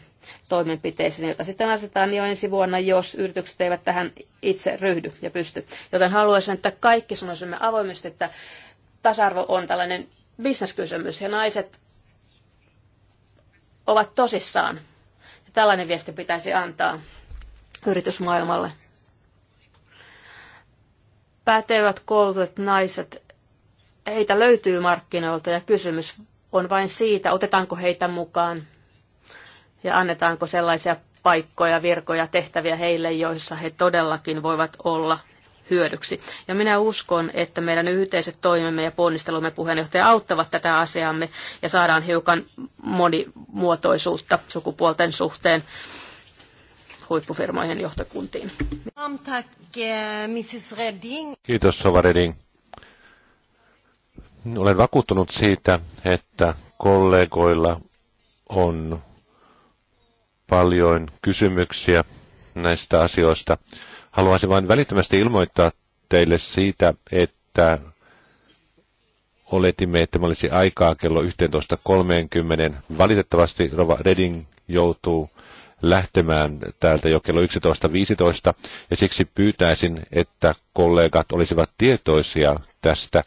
Speaker 3: toimenpiteisiin, joita sitten asetetaan jo ensi vuonna, jos yritykset eivät tähän itse ryhdy ja pysty. Joten haluaisin, että kaikki sanoisimme avoimesti, että tasa-arvo on tällainen bisneskysymys ja naiset ovat tosissaan. Ja tällainen viesti pitäisi antaa yritysmaailmalle. Pätevät koulutut naiset, heitä löytyy markkinoilta ja kysymys on vain siitä, otetaanko heitä mukaan ja annetaanko sellaisia paikkoja, virkoja, tehtäviä heille, joissa he todellakin voivat olla hyödyksi. Ja minä uskon, että meidän yhteiset toimemme ja ponnistelumme puheenjohtaja auttavat tätä asiaamme ja saadaan hiukan monimuotoisuutta sukupuolten suhteen huippufirmojen johtokuntiin.
Speaker 2: Eh,
Speaker 1: Kiitos, Sova Reding. Olen vakuuttunut siitä, että kollegoilla on paljon kysymyksiä näistä asioista. Haluaisin vain välittömästi ilmoittaa teille siitä, että oletimme, että me olisi aikaa kello 11.30. Valitettavasti Rova Redding joutuu lähtemään täältä jo kello 11.15, ja siksi pyytäisin, että kollegat olisivat tietoisia tästä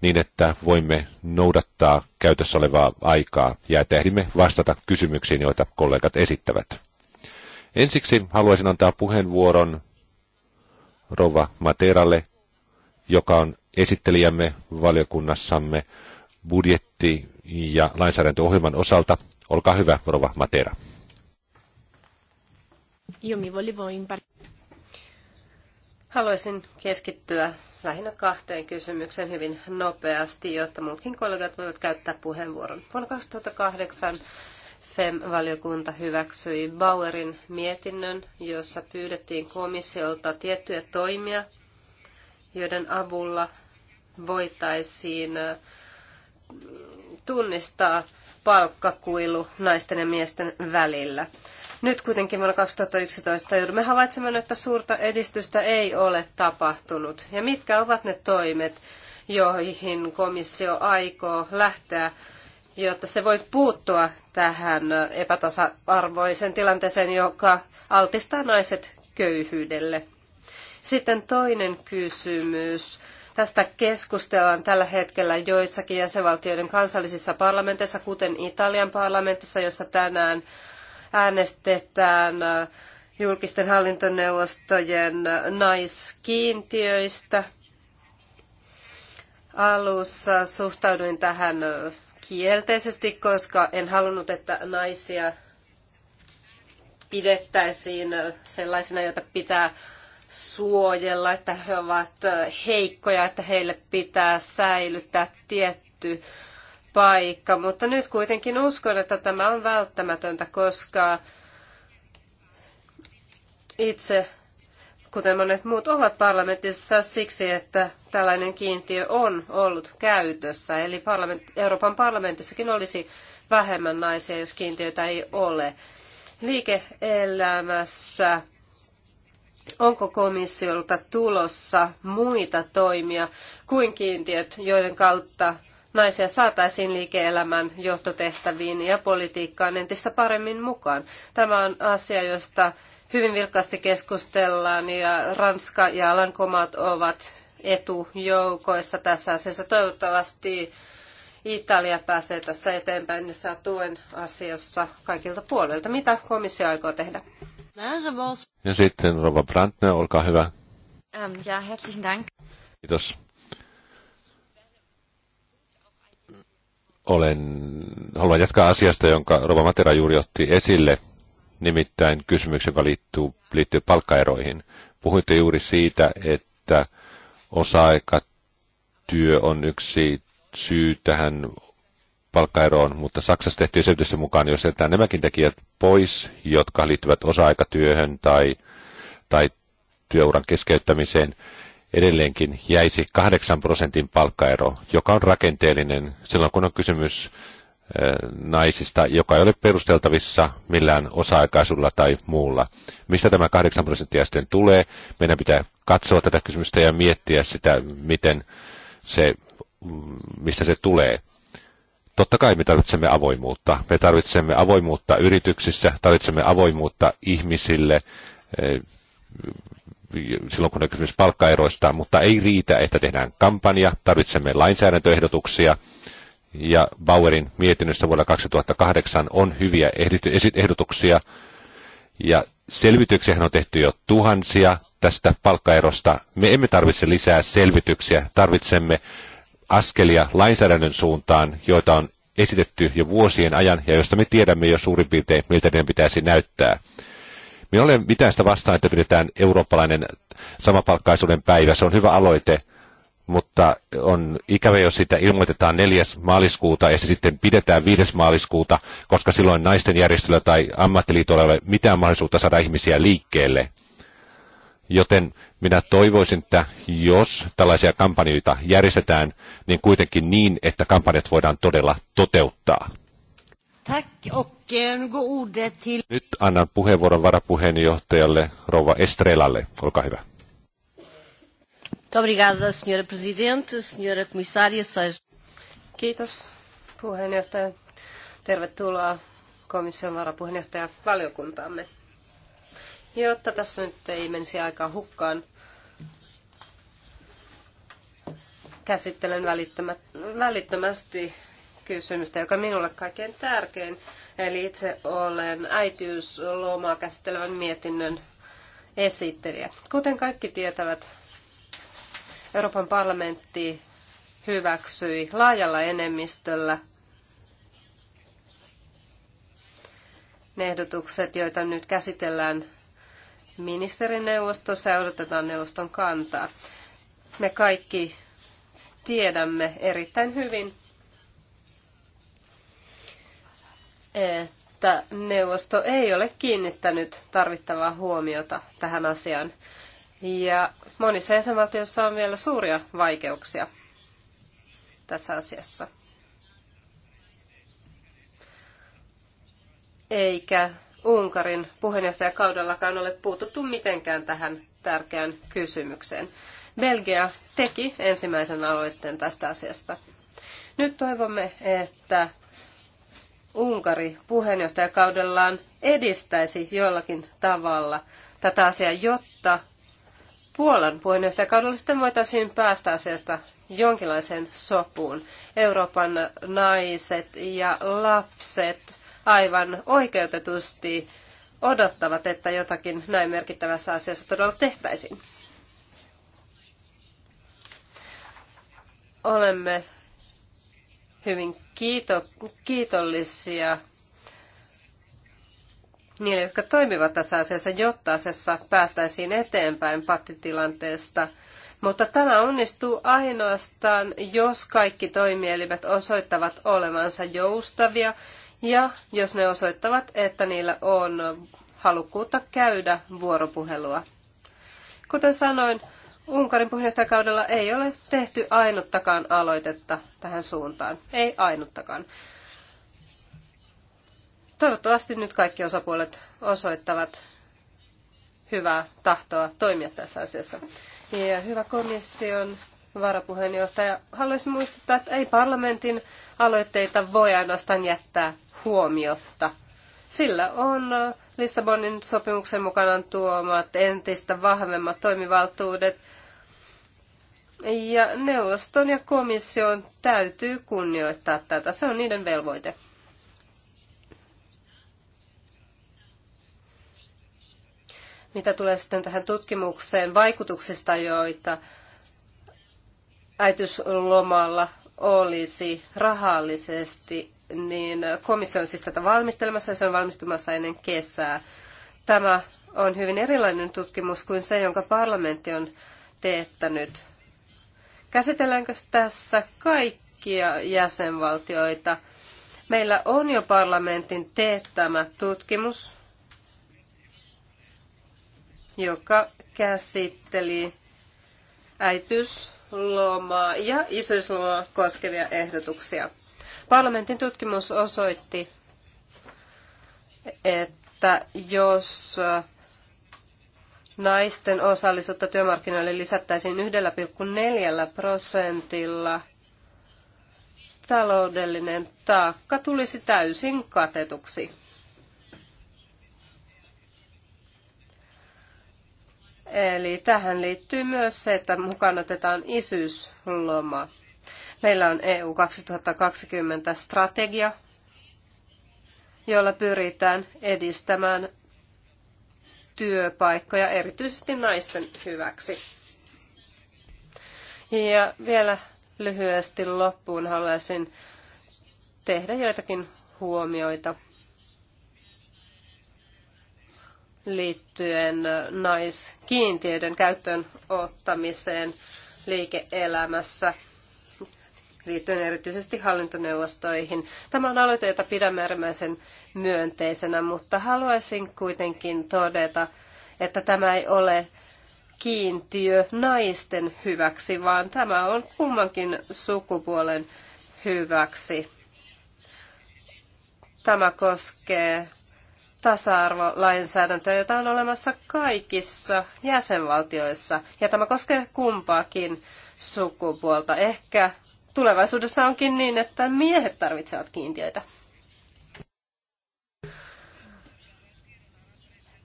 Speaker 1: niin, että voimme noudattaa käytössä olevaa aikaa ja että ehdimme vastata kysymyksiin, joita kollegat esittävät. Ensiksi haluaisin antaa puheenvuoron Rova Materalle, joka on esittelijämme valiokunnassamme budjetti- ja lainsäädäntöohjelman osalta. Olkaa hyvä, Rova Matera.
Speaker 2: Haluaisin keskittyä lähinnä kahteen kysymykseen hyvin nopeasti, jotta muutkin kollegat voivat käyttää puheenvuoron. Vuonna 2008 FEM-valiokunta hyväksyi Bauerin mietinnön, jossa pyydettiin komissiolta tiettyjä toimia, joiden avulla voitaisiin tunnistaa palkkakuilu naisten ja miesten välillä. Nyt kuitenkin vuonna 2011 joudumme havaitsemaan, että suurta edistystä ei ole tapahtunut. Ja mitkä ovat ne toimet, joihin komissio aikoo lähteä, jotta se voi puuttua tähän epätasa-arvoisen tilanteeseen, joka altistaa naiset köyhyydelle. Sitten toinen kysymys. Tästä keskustellaan tällä hetkellä joissakin jäsenvaltioiden kansallisissa parlamenteissa, kuten Italian parlamentissa, jossa tänään äänestetään äh, julkisten hallintoneuvostojen äh, naiskiintiöistä. Alussa suhtauduin tähän äh, kielteisesti, koska en halunnut, että naisia pidettäisiin sellaisina, joita pitää suojella, että he ovat heikkoja, että heille pitää säilyttää tietty paikka, mutta nyt kuitenkin uskon, että tämä on välttämätöntä, koska itse, kuten monet muut, ovat parlamentissa siksi, että tällainen kiintiö on ollut käytössä. Eli parlament, Euroopan parlamentissakin olisi vähemmän naisia, jos kiintiöitä ei ole. Liike-elämässä onko komissiolta tulossa muita toimia kuin kiintiöt, joiden kautta naisia saataisiin liike-elämän johtotehtäviin ja politiikkaan entistä paremmin mukaan. Tämä on asia, josta hyvin vilkkaasti keskustellaan ja Ranska ja Alankomaat ovat etujoukoissa tässä asiassa. Toivottavasti Italia pääsee tässä eteenpäin ja saa tuen asiassa kaikilta puolilta. Mitä komissio aikoo tehdä?
Speaker 1: Ja sitten Rova Brandner, olkaa hyvä.
Speaker 2: Ähm, ja, herzlichen Dank.
Speaker 1: Kiitos. olen, haluan jatkaa asiasta, jonka Rova Matera juuri otti esille, nimittäin kysymyksen, joka liittyy, liittyy palkkaeroihin. Puhuitte juuri siitä, että osa-aikatyö on yksi syy tähän palkkaeroon, mutta Saksassa tehty selvitysten mukaan, jos jätetään nämäkin tekijät pois, jotka liittyvät osa-aikatyöhön tai, tai työuran keskeyttämiseen, edelleenkin jäisi 8 prosentin palkkaero, joka on rakenteellinen silloin, kun on kysymys naisista, joka ei ole perusteltavissa millään osa-aikaisulla tai muulla. Mistä tämä 8 prosenttia sitten tulee? Meidän pitää katsoa tätä kysymystä ja miettiä sitä, miten se, mm, mistä se tulee. Totta kai me tarvitsemme avoimuutta. Me tarvitsemme avoimuutta yrityksissä, tarvitsemme avoimuutta ihmisille, silloin kun on kysymys palkkaeroista, mutta ei riitä, että tehdään kampanja, tarvitsemme lainsäädäntöehdotuksia, ja Bauerin mietinnössä vuonna 2008 on hyviä ehdotuksia, ja selvityksiä on tehty jo tuhansia tästä palkkaerosta. Me emme tarvitse lisää selvityksiä, tarvitsemme askelia lainsäädännön suuntaan, joita on esitetty jo vuosien ajan ja josta me tiedämme jo suurin piirtein, miltä ne pitäisi näyttää. Minä olen mitään sitä vastaan, että pidetään eurooppalainen samapalkkaisuuden päivä. Se on hyvä aloite, mutta on ikävä, jos sitä ilmoitetaan 4. maaliskuuta ja se sitten pidetään 5. maaliskuuta, koska silloin naisten järjestöllä tai ammattiliitolla ei ole mitään mahdollisuutta saada ihmisiä liikkeelle. Joten minä toivoisin, että jos tällaisia kampanjoita järjestetään, niin kuitenkin niin, että kampanjat voidaan todella toteuttaa.
Speaker 2: Tack och eh, till...
Speaker 1: Nyt annan puheenvuoron varapuheenjohtajalle Rova Estrelalle. Olkaa hyvä.
Speaker 2: Kiitos puheenjohtaja. Tervetuloa komission varapuheenjohtaja valiokuntaamme. Jotta tässä nyt ei menisi aikaa hukkaan, käsittelen välittömästi kysymystä, joka minulle kaikkein tärkein. Eli itse olen äitiyslomaa käsittelevän mietinnön esittelijä. Kuten kaikki tietävät, Euroopan parlamentti hyväksyi laajalla enemmistöllä ne ehdotukset, joita nyt käsitellään ministerineuvostossa ja odotetaan neuvoston kantaa. Me kaikki tiedämme erittäin hyvin, että neuvosto ei ole kiinnittänyt tarvittavaa huomiota tähän asiaan. Ja monissa jäsenvaltioissa on vielä suuria vaikeuksia tässä asiassa. Eikä Unkarin puheenjohtajakaudellakaan ole puututtu mitenkään tähän tärkeään kysymykseen. Belgia teki ensimmäisen aloitteen tästä asiasta. Nyt toivomme, että Unkari puheenjohtajakaudellaan edistäisi jollakin tavalla tätä asiaa, jotta Puolan puheenjohtajakaudella sitten voitaisiin päästä asiasta jonkinlaiseen sopuun. Euroopan naiset ja lapset aivan oikeutetusti odottavat, että jotakin näin merkittävässä asiassa todella tehtäisiin. Olemme hyvin kiito, kiitollisia niille, jotka toimivat tässä asiassa, jotta asiassa päästäisiin eteenpäin pattitilanteesta. Mutta tämä onnistuu ainoastaan, jos kaikki toimielimet osoittavat olevansa joustavia ja jos ne osoittavat, että niillä on halukkuutta käydä vuoropuhelua. Kuten sanoin, Unkarin puheenjohtajakaudella ei ole tehty ainuttakaan aloitetta tähän suuntaan. Ei ainuttakaan. Toivottavasti nyt kaikki osapuolet osoittavat hyvää tahtoa toimia tässä asiassa. Ja hyvä komission varapuheenjohtaja, haluaisin muistuttaa, että ei parlamentin aloitteita voi ainoastaan jättää huomiotta. Sillä on Lissabonin sopimuksen mukanaan tuomat entistä vahvemmat toimivaltuudet – ja neuvoston ja komission täytyy kunnioittaa tätä. Se on niiden velvoite. Mitä tulee sitten tähän tutkimukseen vaikutuksista, joita äitiyslomalla olisi rahallisesti, niin komissio on siis tätä valmistelemassa ja se on valmistumassa ennen kesää. Tämä on hyvin erilainen tutkimus kuin se, jonka parlamentti on teettänyt. Käsitelläänkö tässä kaikkia jäsenvaltioita? Meillä on jo parlamentin teettämä tutkimus, joka käsitteli äitysloomaa ja isyyslomaa koskevia ehdotuksia. Parlamentin tutkimus osoitti, että jos naisten osallisuutta työmarkkinoille lisättäisiin 1,4 prosentilla, taloudellinen taakka tulisi täysin katetuksi. Eli tähän liittyy myös se, että mukaan otetaan isyysloma. Meillä on EU 2020 strategia, jolla pyritään edistämään työpaikkoja erityisesti naisten hyväksi. Ja vielä lyhyesti loppuun haluaisin tehdä joitakin huomioita liittyen naiskiintiöiden käyttöön ottamiseen liike-elämässä – liittyen erityisesti hallintoneuvostoihin. Tämä on aloite, jota pidämme äärimmäisen myönteisenä, mutta haluaisin kuitenkin todeta, että tämä ei ole kiintiö naisten hyväksi, vaan tämä on kummankin sukupuolen hyväksi. Tämä koskee tasa-arvolainsäädäntöä, jota on olemassa kaikissa jäsenvaltioissa. Ja tämä koskee kumpaakin sukupuolta. Ehkä tulevaisuudessa onkin niin, että miehet tarvitsevat kiintiöitä.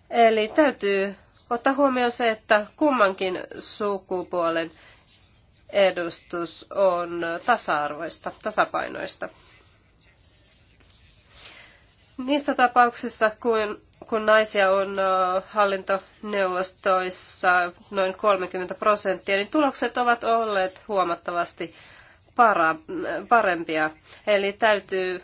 Speaker 2: Eli täytyy ottaa huomioon se, että kummankin sukupuolen edustus on tasa-arvoista, tasapainoista. Niissä tapauksissa, kun, kun naisia on hallintoneuvostoissa noin 30 prosenttia, niin tulokset ovat olleet huomattavasti para, parempia. Eli täytyy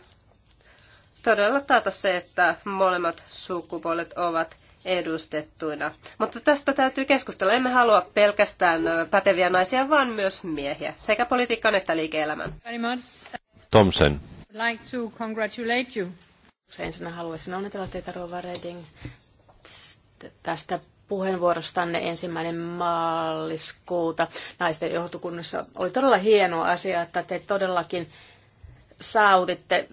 Speaker 2: todella taata se, että molemmat sukupuolet ovat edustettuina. Mutta tästä täytyy keskustella. Emme halua pelkästään päteviä naisia, vaan myös miehiä, sekä politiikan että liike-elämän.
Speaker 1: Thompson.
Speaker 3: Like to congratulate you. Ensinnä haluaisin onnitella teitä, Rova Reding, tästä puheenvuorostanne ensimmäinen maaliskuuta naisten johtokunnassa. Oli todella hieno asia, että te todellakin saavutitte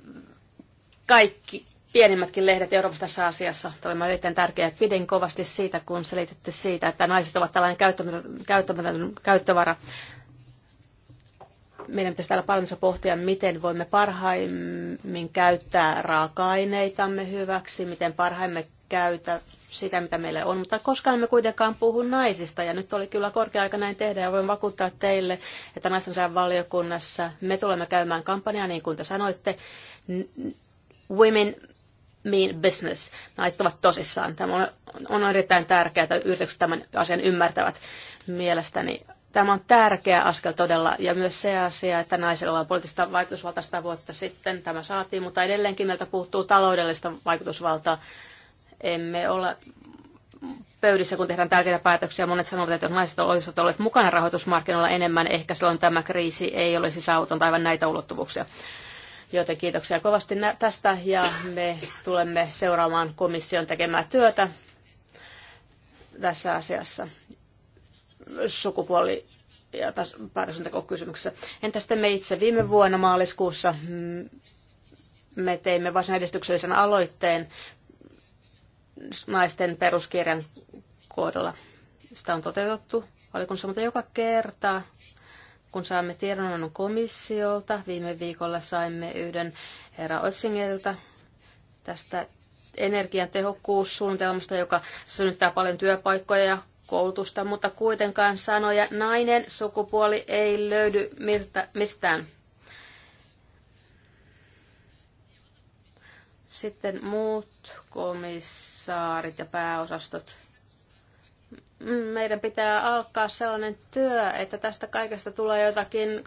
Speaker 3: kaikki pienimmätkin lehdet Euroopassa tässä asiassa. Tämä on erittäin tärkeää. Pidin kovasti siitä, kun selititte siitä, että naiset ovat tällainen käyttämätön, käyttövara. Meidän pitäisi täällä paljon pohtia, miten voimme parhaimmin käyttää raaka-aineitamme hyväksi, miten parhaimmin käytä, sitä, mitä meillä on, mutta koskaan emme kuitenkaan puhu naisista. Ja nyt oli kyllä korkea aika näin tehdä ja voin vakuuttaa teille, että naisten valiokunnassa me tulemme käymään kampanjaa, niin kuin te sanoitte, Women mean business. Naiset ovat tosissaan. Tämä on, on erittäin tärkeää, että yritykset tämän asian ymmärtävät mielestäni. Tämä on tärkeä askel todella, ja myös se asia, että naisilla on poliittista vaikutusvaltaista vuotta sitten, tämä saatiin, mutta edelleenkin meiltä puuttuu taloudellista vaikutusvaltaa emme ole pöydissä, kun tehdään tärkeitä päätöksiä. Monet sanovat, että jos naiset olisivat olleet mukana rahoitusmarkkinoilla enemmän, ehkä silloin tämä kriisi ei olisi saavutunut aivan näitä ulottuvuuksia. Joten kiitoksia kovasti tästä ja me tulemme seuraamaan komission tekemää työtä tässä asiassa sukupuoli- ja päätöksentekokysymyksessä. Entä sitten me itse viime vuonna maaliskuussa me teimme varsin edistyksellisen aloitteen naisten peruskirjan kohdalla. Sitä on toteutettu valiokunnassa, mutta joka kerta, kun saamme tiedonannon komissiolta, viime viikolla saimme yhden herra Otsingerilta tästä energiatehokkuussuunnitelmasta, joka synnyttää paljon työpaikkoja ja koulutusta, mutta kuitenkaan sanoja nainen sukupuoli ei löydy mistään Sitten muut komissaarit ja pääosastot. Meidän pitää alkaa sellainen työ, että tästä kaikesta tulee jotakin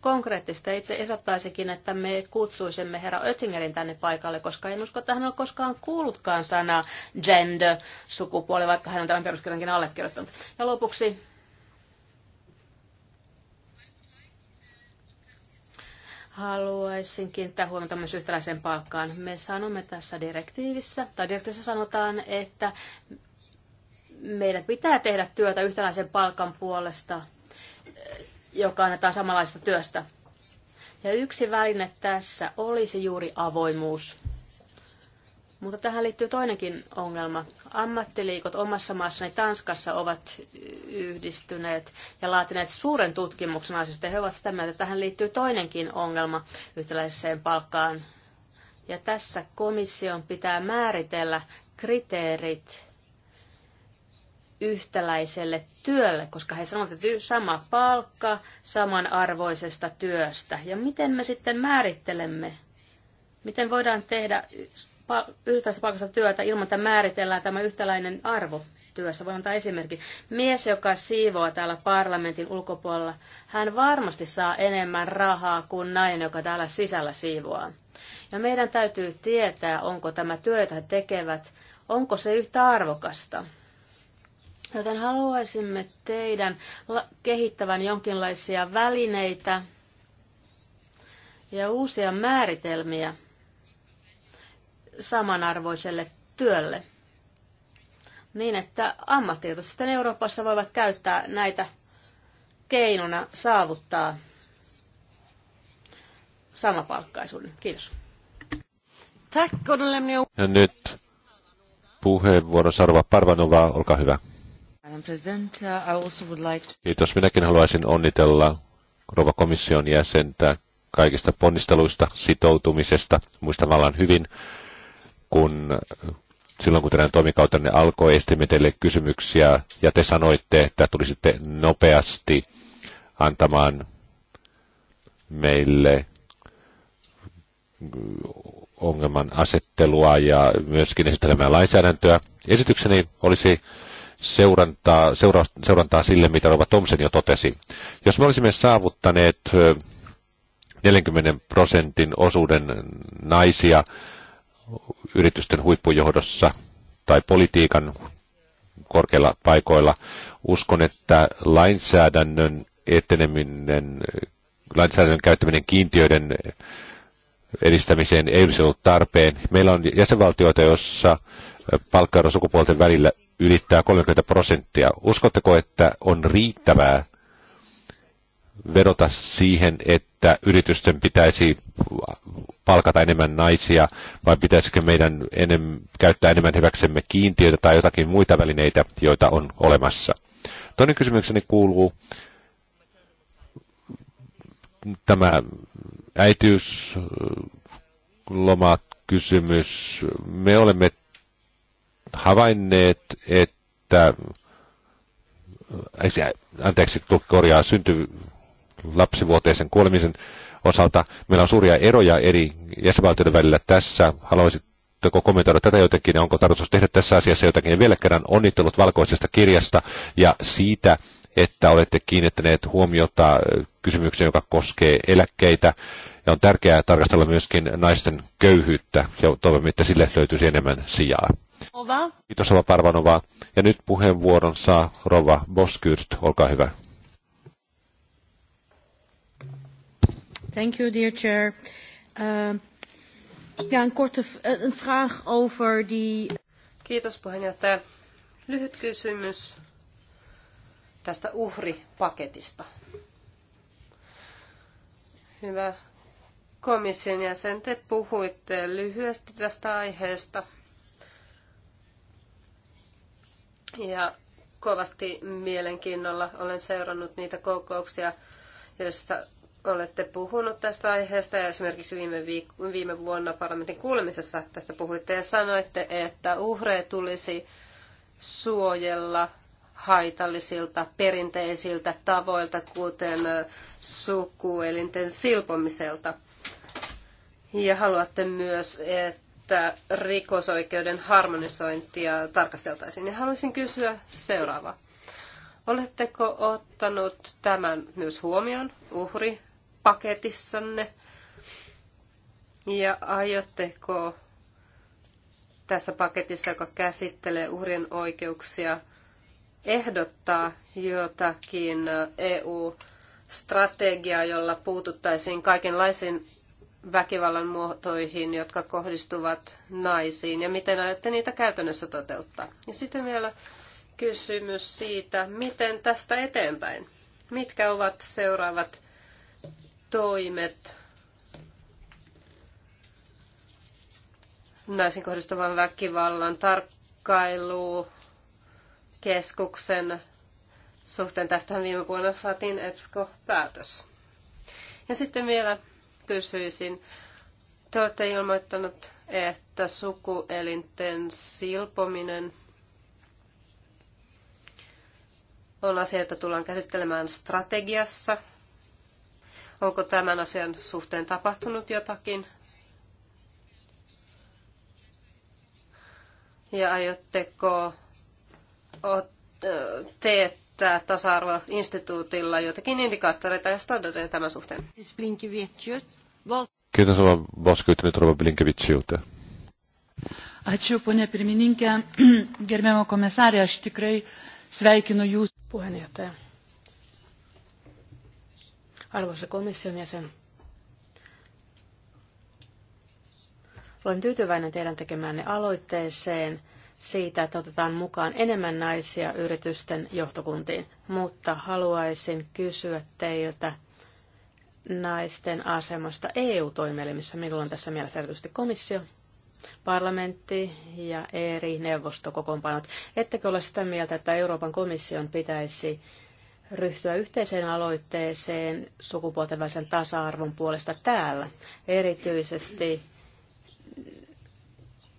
Speaker 3: konkreettista. Itse ehdottaisikin, että me kutsuisimme herra Oettingerin tänne paikalle, koska en usko, että hän on koskaan kuullutkaan sana gender, sukupuoli, vaikka hän on tämän peruskirjankin allekirjoittanut. Ja lopuksi Haluaisin kiinnittää huomiota myös yhtäläiseen palkkaan. Me sanomme tässä direktiivissä, tai direktiivissä sanotaan, että meidän pitää tehdä työtä yhtäläisen palkan puolesta, joka annetaan samanlaista työstä. Ja yksi väline tässä olisi juuri avoimuus. Mutta tähän liittyy toinenkin ongelma. Ammattiliikot omassa maassani Tanskassa ovat yhdistyneet ja laatineet suuren tutkimuksen asiasta. He ovat sitä mieltä, että tähän liittyy toinenkin ongelma yhtäläiseen palkkaan. Ja tässä komission pitää määritellä kriteerit yhtäläiselle työlle, koska he sanovat, että sama palkka samanarvoisesta työstä. Ja miten me sitten määrittelemme, miten voidaan tehdä yhtäläistä palkasta työtä ilman, että määritellään tämä yhtäläinen arvo työssä. Voin antaa esimerkki Mies, joka siivoo täällä parlamentin ulkopuolella, hän varmasti saa enemmän rahaa kuin nainen, joka täällä sisällä siivoaa. Ja meidän täytyy tietää, onko tämä työ, jota he tekevät, onko se yhtä arvokasta. Joten haluaisimme teidän kehittävän jonkinlaisia välineitä ja uusia määritelmiä samanarvoiselle työlle. Niin, että ammattijoitot sitten Euroopassa voivat käyttää näitä keinona saavuttaa samapalkkaisuuden. Kiitos.
Speaker 1: Ja nyt puheenvuoro Sarva Parvanova, olkaa hyvä. Uh, Kiitos. Minäkin haluaisin onnitella Rova komission jäsentä kaikista ponnisteluista, sitoutumisesta. muistamallaan vallan hyvin kun silloin kun teidän toimikautenne alkoi, estimme teille kysymyksiä ja te sanoitte, että tulisitte nopeasti antamaan meille ongelman asettelua ja myöskin esittelemään lainsäädäntöä. Esitykseni olisi seurantaa, seura, seurantaa sille, mitä Rova Thompson jo totesi. Jos me olisimme saavuttaneet 40 prosentin osuuden naisia yritysten huippujohdossa tai politiikan korkeilla paikoilla. Uskon, että lainsäädännön eteneminen, lainsäädännön käyttäminen kiintiöiden edistämiseen ei olisi ollut tarpeen. Meillä on jäsenvaltioita, joissa palkkaero sukupuolten välillä ylittää 30 prosenttia. Uskotteko, että on riittävää vedota siihen, että yritysten pitäisi palkata enemmän naisia, vai pitäisikö meidän enem, käyttää enemmän hyväksemme kiintiöitä tai jotakin muita välineitä, joita on olemassa? Toinen kysymykseni kuuluu tämä äitiyslomakysymys. Me olemme havainneet, että anteeksi, korjaa syntyvyys lapsivuoteisen kuolemisen osalta. Meillä on suuria eroja eri jäsenvaltioiden välillä tässä. Haluaisitteko kommentoida tätä jotenkin ja onko tarkoitus tehdä tässä asiassa jotakin? Ja vielä kerran onnittelut valkoisesta kirjasta ja siitä, että olette kiinnittäneet huomiota äh, kysymykseen, joka koskee eläkkeitä. Ja on tärkeää tarkastella myöskin naisten köyhyyttä ja toivomme, että sille löytyisi enemmän sijaa. Ova. Kiitos Ova Parvanova. Ja nyt puheenvuoron saa Rova Boskyrt. Olkaa hyvä.
Speaker 2: Thank you, dear chair. Uh, ja, een korte eh, een vraag over die... Kiitos puheenjohtaja. Lyhyt kysymys tästä uhripaketista. Hyvä komission jäsen, te puhuitte lyhyesti tästä aiheesta ja kovasti mielenkiinnolla olen seurannut niitä kokouksia, joissa olette puhunut tästä aiheesta ja esimerkiksi viime, viik- viime vuonna parlamentin kuulemisessa tästä puhuitte ja sanoitte, että uhreja tulisi suojella haitallisilta perinteisiltä tavoilta, kuten sukuelinten silpomiselta. Ja haluatte myös, että rikosoikeuden harmonisointia tarkasteltaisiin. Ja haluaisin kysyä seuraavaa. Oletteko ottanut tämän myös huomioon, uhri, paketissanne? Ja aiotteko tässä paketissa, joka käsittelee uhrien oikeuksia, ehdottaa jotakin EU-strategiaa, jolla puututtaisiin kaikenlaisiin väkivallan muotoihin, jotka kohdistuvat naisiin, ja miten aiotte niitä käytännössä toteuttaa? Ja sitten vielä kysymys siitä, miten tästä eteenpäin? Mitkä ovat seuraavat toimet naisin kohdistuvan väkivallan tarkkailu keskuksen suhteen. Tästähän viime vuonna saatiin EPSCO-päätös. Ja sitten vielä kysyisin, te olette ilmoittanut, että sukuelinten silpominen on asia, jota tullaan käsittelemään strategiassa – Onko tämän asian suhteen tapahtunut jotakin? Ja aiotteko teettää tasa-arvoinstituutilla jotakin indikaattoreita ja standardeja tämän suhteen?
Speaker 1: Kiitos, Vaskut, nyt Rova Blinkevitsiute.
Speaker 3: Ačiū, ponė pirmininkė. [clears throat] gerbėmo komisarė, aš tikrai sveikinu jūsų Puheenjohtaja. Arvoisa komission jäsen, olen tyytyväinen teidän tekemäänne aloitteeseen siitä, että otetaan mukaan enemmän naisia yritysten johtokuntiin, mutta haluaisin kysyä teiltä naisten asemasta EU-toimielimissä. Minulla on tässä mielessä erityisesti komissio, parlamentti ja eri neuvostokokoonpanot. Ettekö ole sitä mieltä, että Euroopan komission pitäisi ryhtyä yhteiseen aloitteeseen sukupuolten välisen tasa-arvon puolesta täällä, erityisesti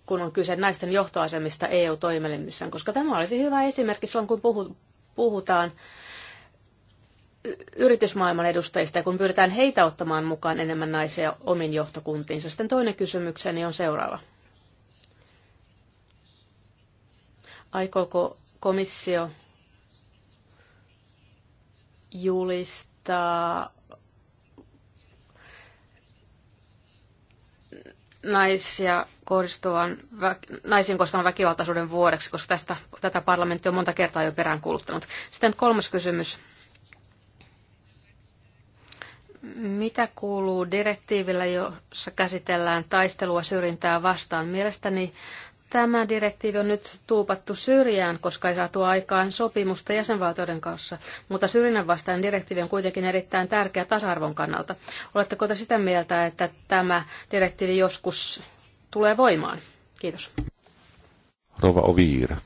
Speaker 3: kun on kyse naisten johtoasemista EU-toimielimissään, koska tämä olisi hyvä esimerkki silloin, kun puhutaan yritysmaailman edustajista ja kun pyritään heitä ottamaan mukaan enemmän naisia omiin johtokuntiinsa. Sitten toinen kysymykseni on seuraava. Aikooko komissio julistaa naisia kohdistuvan, naisiin kohdistuvan väkivaltaisuuden vuodeksi, koska tästä, tätä parlamentti on monta kertaa jo peräänkuuluttanut. Sitten kolmas kysymys. Mitä kuuluu direktiivillä, jossa käsitellään taistelua syrjintää vastaan? Mielestäni Tämä direktiivi on nyt tuupattu syrjään, koska ei saatu aikaan sopimusta jäsenvaltioiden kanssa, mutta syrjinnän vastainen direktiivi on kuitenkin erittäin tärkeä tasa-arvon kannalta. Oletteko te sitä mieltä, että tämä direktiivi joskus tulee voimaan? Kiitos.
Speaker 1: Rova Oviira.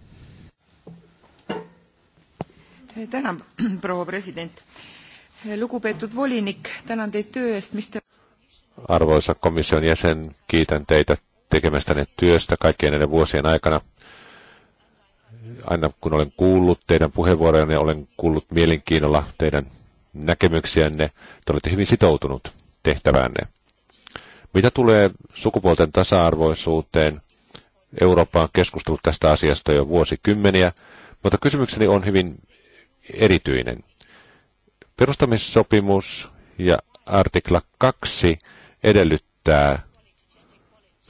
Speaker 2: Tänan, proua president. Lugupeetud volinik, tänan
Speaker 1: Arvoisa komission jäsen, kiitän teitä tekemästäne työstä kaikkien näiden vuosien aikana. Aina kun olen kuullut teidän puheenvuorojanne, olen kuullut mielenkiinnolla teidän näkemyksiänne. Te olette hyvin sitoutunut tehtäväänne. Mitä tulee sukupuolten tasa-arvoisuuteen, Eurooppa on keskustellut tästä asiasta jo vuosikymmeniä, mutta kysymykseni on hyvin erityinen. Perustamissopimus ja artikla 2 edellyttää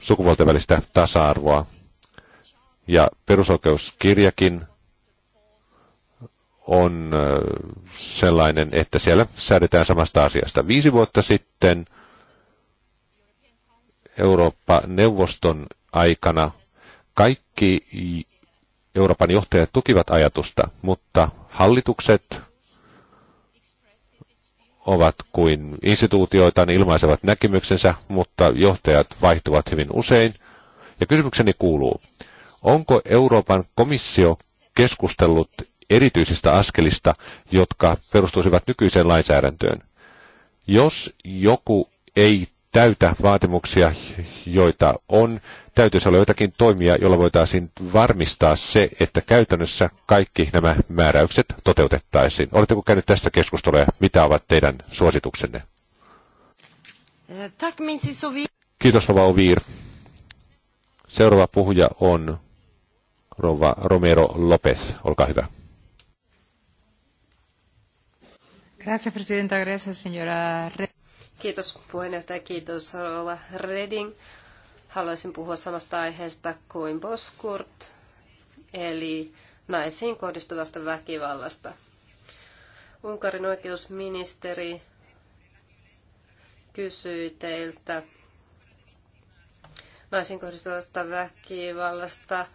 Speaker 1: sukupuolten välistä tasa-arvoa. Ja perusoikeuskirjakin on sellainen, että siellä säädetään samasta asiasta. Viisi vuotta sitten Eurooppa-neuvoston aikana kaikki Euroopan johtajat tukivat ajatusta, mutta hallitukset ovat kuin instituutioita, ne ilmaisevat näkemyksensä, mutta johtajat vaihtuvat hyvin usein. Ja kysymykseni kuuluu, onko Euroopan komissio keskustellut erityisistä askelista, jotka perustuisivat nykyiseen lainsäädäntöön? Jos joku ei täytä vaatimuksia, joita on, täytyisi olla jotakin toimia, jolla voitaisiin varmistaa se, että käytännössä kaikki nämä määräykset toteutettaisiin. Oletteko käynyt tästä keskustelua ja mitä ovat teidän suosituksenne? Kiitos, Rova Ovir. Seuraava puhuja on Rova Romero Lopez. Olkaa hyvä.
Speaker 2: Gracias, presidenta. Gracias, señora. Kiitos puheenjohtaja, kiitos Rova Reding haluaisin puhua samasta aiheesta kuin Boskurt, eli naisiin kohdistuvasta väkivallasta. Unkarin oikeusministeri kysyi teiltä naisiin kohdistuvasta väkivallasta,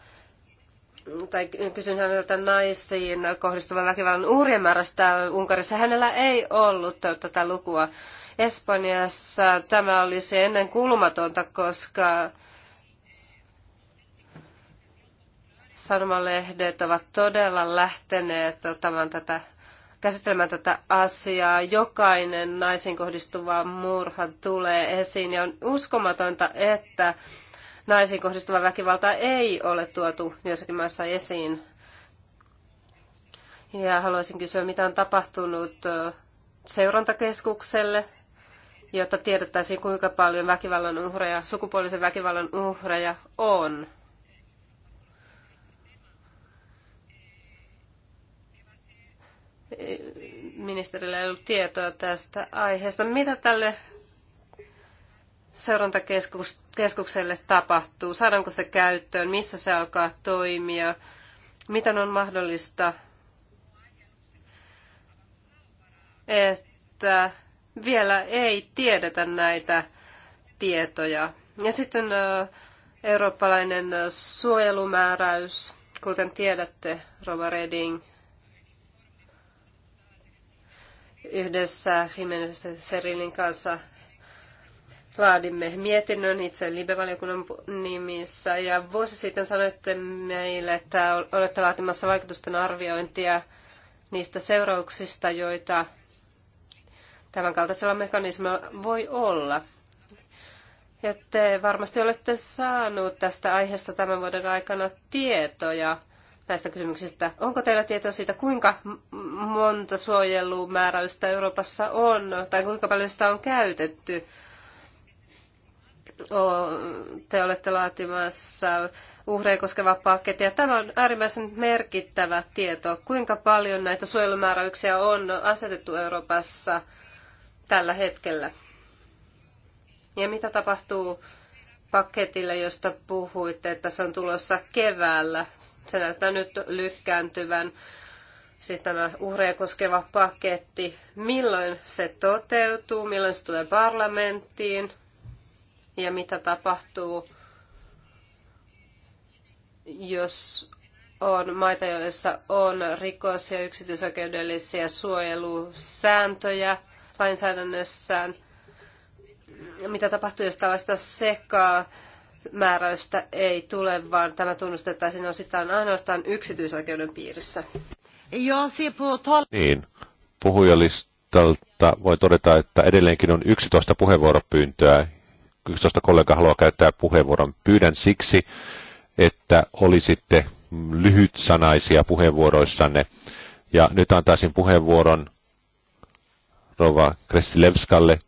Speaker 2: tai kysyin häneltä naisiin kohdistuvan väkivallan uhrien määrästä Unkarissa. Hänellä ei ollut tätä lukua, Espanjassa tämä olisi ennen kulmatonta, koska sanomalehdet ovat todella lähteneet ottamaan tätä, käsittelemään tätä asiaa. Jokainen naisiin kohdistuva murha tulee esiin ja on uskomatonta, että naisiin kohdistuva väkivalta ei ole tuotu jossakin maassa esiin. Ja haluaisin kysyä, mitä on tapahtunut seurantakeskukselle jotta tiedettäisiin, kuinka paljon väkivallan uhreja, sukupuolisen väkivallan uhreja on. Ministerillä ei ollut tietoa tästä aiheesta. Mitä tälle seurantakeskukselle tapahtuu? Saadaanko se käyttöön? Missä se alkaa toimia? Miten on mahdollista, että vielä ei tiedetä näitä tietoja. Ja sitten eurooppalainen suojelumääräys, kuten tiedätte, Rova Reding, yhdessä Jimenez Serilin kanssa laadimme mietinnön itse Libe-valiokunnan nimissä. Ja vuosi sitten sanoitte meille, että olette laatimassa vaikutusten arviointia niistä seurauksista, joita tämän kaltaisella mekanismilla voi olla. Ja te varmasti olette saanut tästä aiheesta tämän vuoden aikana tietoja näistä kysymyksistä. Onko teillä tietoa siitä, kuinka monta suojelumääräystä Euroopassa on, tai kuinka paljon sitä on käytetty? Te olette laatimassa uhreja koskevaa pakettia. Tämä on äärimmäisen merkittävä tieto, kuinka paljon näitä suojelumääräyksiä on asetettu Euroopassa – tällä hetkellä. Ja mitä tapahtuu paketille, josta puhuitte, että se on tulossa keväällä? Se näyttää nyt lykkääntyvän, siis tämä uhreja koskeva paketti. Milloin se toteutuu, milloin se tulee parlamenttiin ja mitä tapahtuu, jos on maita, joissa on rikos- ja yksityisoikeudellisia suojelusääntöjä – lainsäädännössään. Mitä tapahtuu, jos tällaista sekaa määräystä ei tule, vaan tämä tunnustettaisiin osittain ainoastaan yksityisoikeuden piirissä?
Speaker 1: Niin, puhujalistalta voi todeta, että edelleenkin on 11 puheenvuoropyyntöä. 11 kollega haluaa käyttää puheenvuoron. Pyydän siksi, että olisitte lyhytsanaisia puheenvuoroissanne. Ja nyt antaisin puheenvuoron Rova Kressilevskalle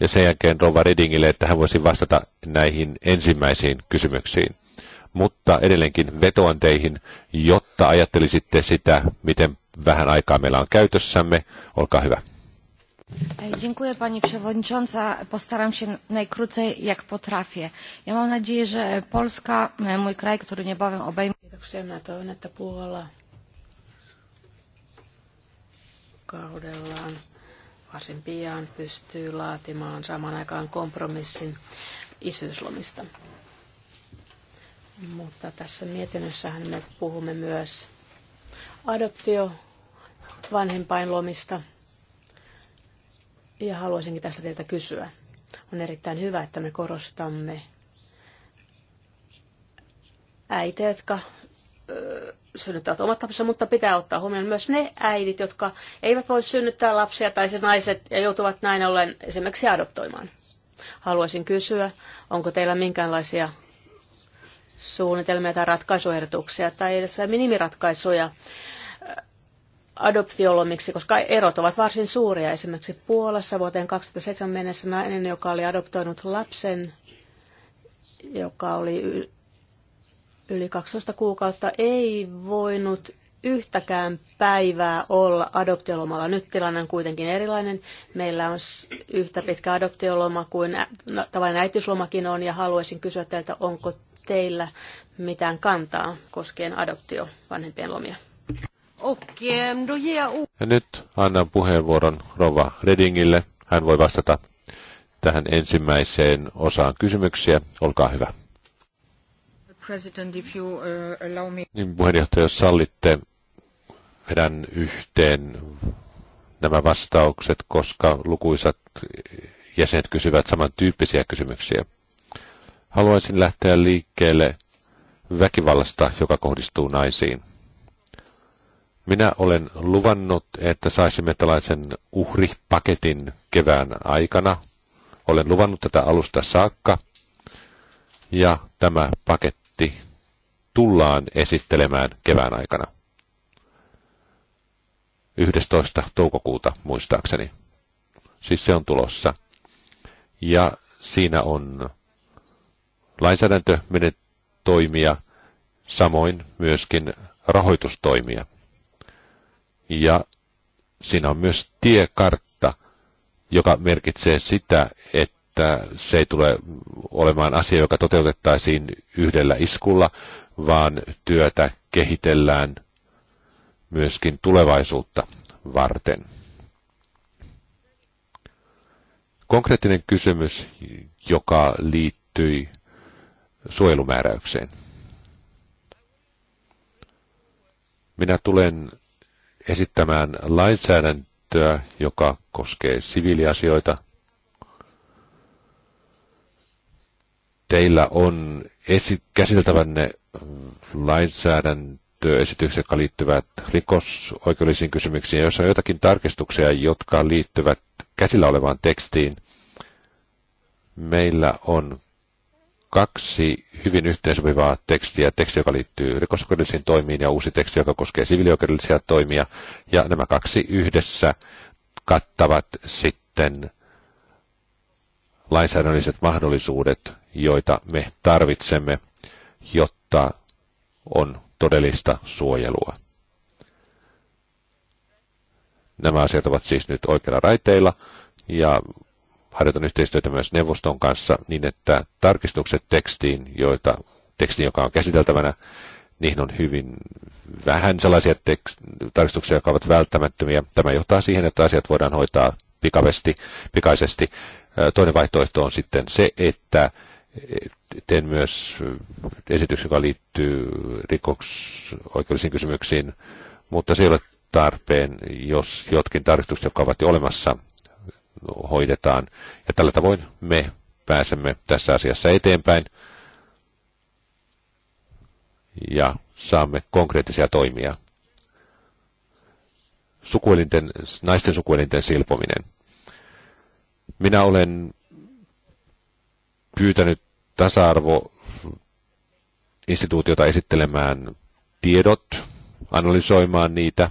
Speaker 1: ja sen jälkeen Rova Redingille, että hän voisi vastata näihin ensimmäisiin kysymyksiin. Mutta edelleenkin vetoan teihin, jotta ajattelisitte sitä, miten vähän aikaa meillä on käytössämme. Olkaa hyvä.
Speaker 2: Dziękuję Pani Przewodnicząca. Postaram się najkrócej jak potrafię. Ja mam nadzieję, że Polska, e, mój kraj, który niebawem obejmie... Kiitoksia. Mä toivon, että
Speaker 3: Puola kaudellaan varsin pian pystyy laatimaan saman aikaan kompromissin isyyslomista. Mutta tässä mietinnössähän me puhumme myös adoptio vanhempainlomista. Ja haluaisinkin tästä teiltä kysyä. On erittäin hyvä, että me korostamme äitä, jotka synnyttävät omat lapsensa, mutta pitää ottaa huomioon myös ne äidit, jotka eivät voi synnyttää lapsia tai siis naiset ja joutuvat näin ollen esimerkiksi adoptoimaan. Haluaisin kysyä, onko teillä minkäänlaisia suunnitelmia tai ratkaisuehdotuksia tai edes minimiratkaisuja adoptiolomiksi, koska erot ovat varsin suuria. Esimerkiksi Puolassa vuoteen 2007 mennessä nainen, joka oli adoptoinut lapsen, joka oli yli 12 kuukautta ei voinut yhtäkään päivää olla adoptiolomalla. Nyt tilanne on kuitenkin erilainen. Meillä on yhtä pitkä adoptioloma kuin no, tavallinen äitiyslomakin on, ja haluaisin kysyä teiltä, onko teillä mitään kantaa koskien adoptio vanhempien lomia?
Speaker 2: Ehm,
Speaker 1: ja nyt annan puheenvuoron Rova Redingille. Hän voi vastata tähän ensimmäiseen osaan kysymyksiä. Olkaa hyvä.
Speaker 2: President, if you, uh, allow me.
Speaker 1: Niin puheenjohtaja, jos sallitte, vedän yhteen nämä vastaukset, koska lukuisat jäsenet kysyvät samantyyppisiä kysymyksiä. Haluaisin lähteä liikkeelle väkivallasta, joka kohdistuu naisiin. Minä olen luvannut, että saisimme tällaisen uhripaketin kevään aikana. Olen luvannut tätä alusta saakka, ja tämä paketti varmasti tullaan esittelemään kevään aikana. 11. toukokuuta muistaakseni. Siis se on tulossa. Ja siinä on toimia samoin myöskin rahoitustoimia. Ja siinä on myös tiekartta, joka merkitsee sitä, että että se ei tule olemaan asia, joka toteutettaisiin yhdellä iskulla, vaan työtä kehitellään myöskin tulevaisuutta varten. Konkreettinen kysymys, joka liittyi suojelumääräykseen. Minä tulen esittämään lainsäädäntöä, joka koskee siviiliasioita, teillä on esi- käsiteltävänne lainsäädäntöesitykset, jotka liittyvät rikosoikeudellisiin kysymyksiin, ja jos on jotakin tarkistuksia, jotka liittyvät käsillä olevaan tekstiin, meillä on kaksi hyvin yhteensopivaa tekstiä. Teksti, joka liittyy rikosoikeudellisiin toimiin ja uusi teksti, joka koskee sivilioikeudellisia toimia. Ja nämä kaksi yhdessä kattavat sitten lainsäädännölliset mahdollisuudet joita me tarvitsemme, jotta on todellista suojelua. Nämä asiat ovat siis nyt oikeilla raiteilla ja harjoitan yhteistyötä myös neuvoston kanssa niin, että tarkistukset tekstiin, joita, tekstiin joka on käsiteltävänä, niihin on hyvin vähän sellaisia tekst- tarkistuksia, jotka ovat välttämättömiä. Tämä johtaa siihen, että asiat voidaan hoitaa pikavesti, pikaisesti. Toinen vaihtoehto on sitten se, että Teen myös esityksen, joka liittyy rikoksoikeudellisiin kysymyksiin, mutta se ei ole tarpeen, jos jotkin tarkistukset, jotka ovat jo olemassa, hoidetaan. Ja tällä tavoin me pääsemme tässä asiassa eteenpäin ja saamme konkreettisia toimia. Sukuelinten, naisten sukuelinten silpominen. Minä olen pyytänyt tasa-arvo instituutiota esittelemään tiedot, analysoimaan niitä.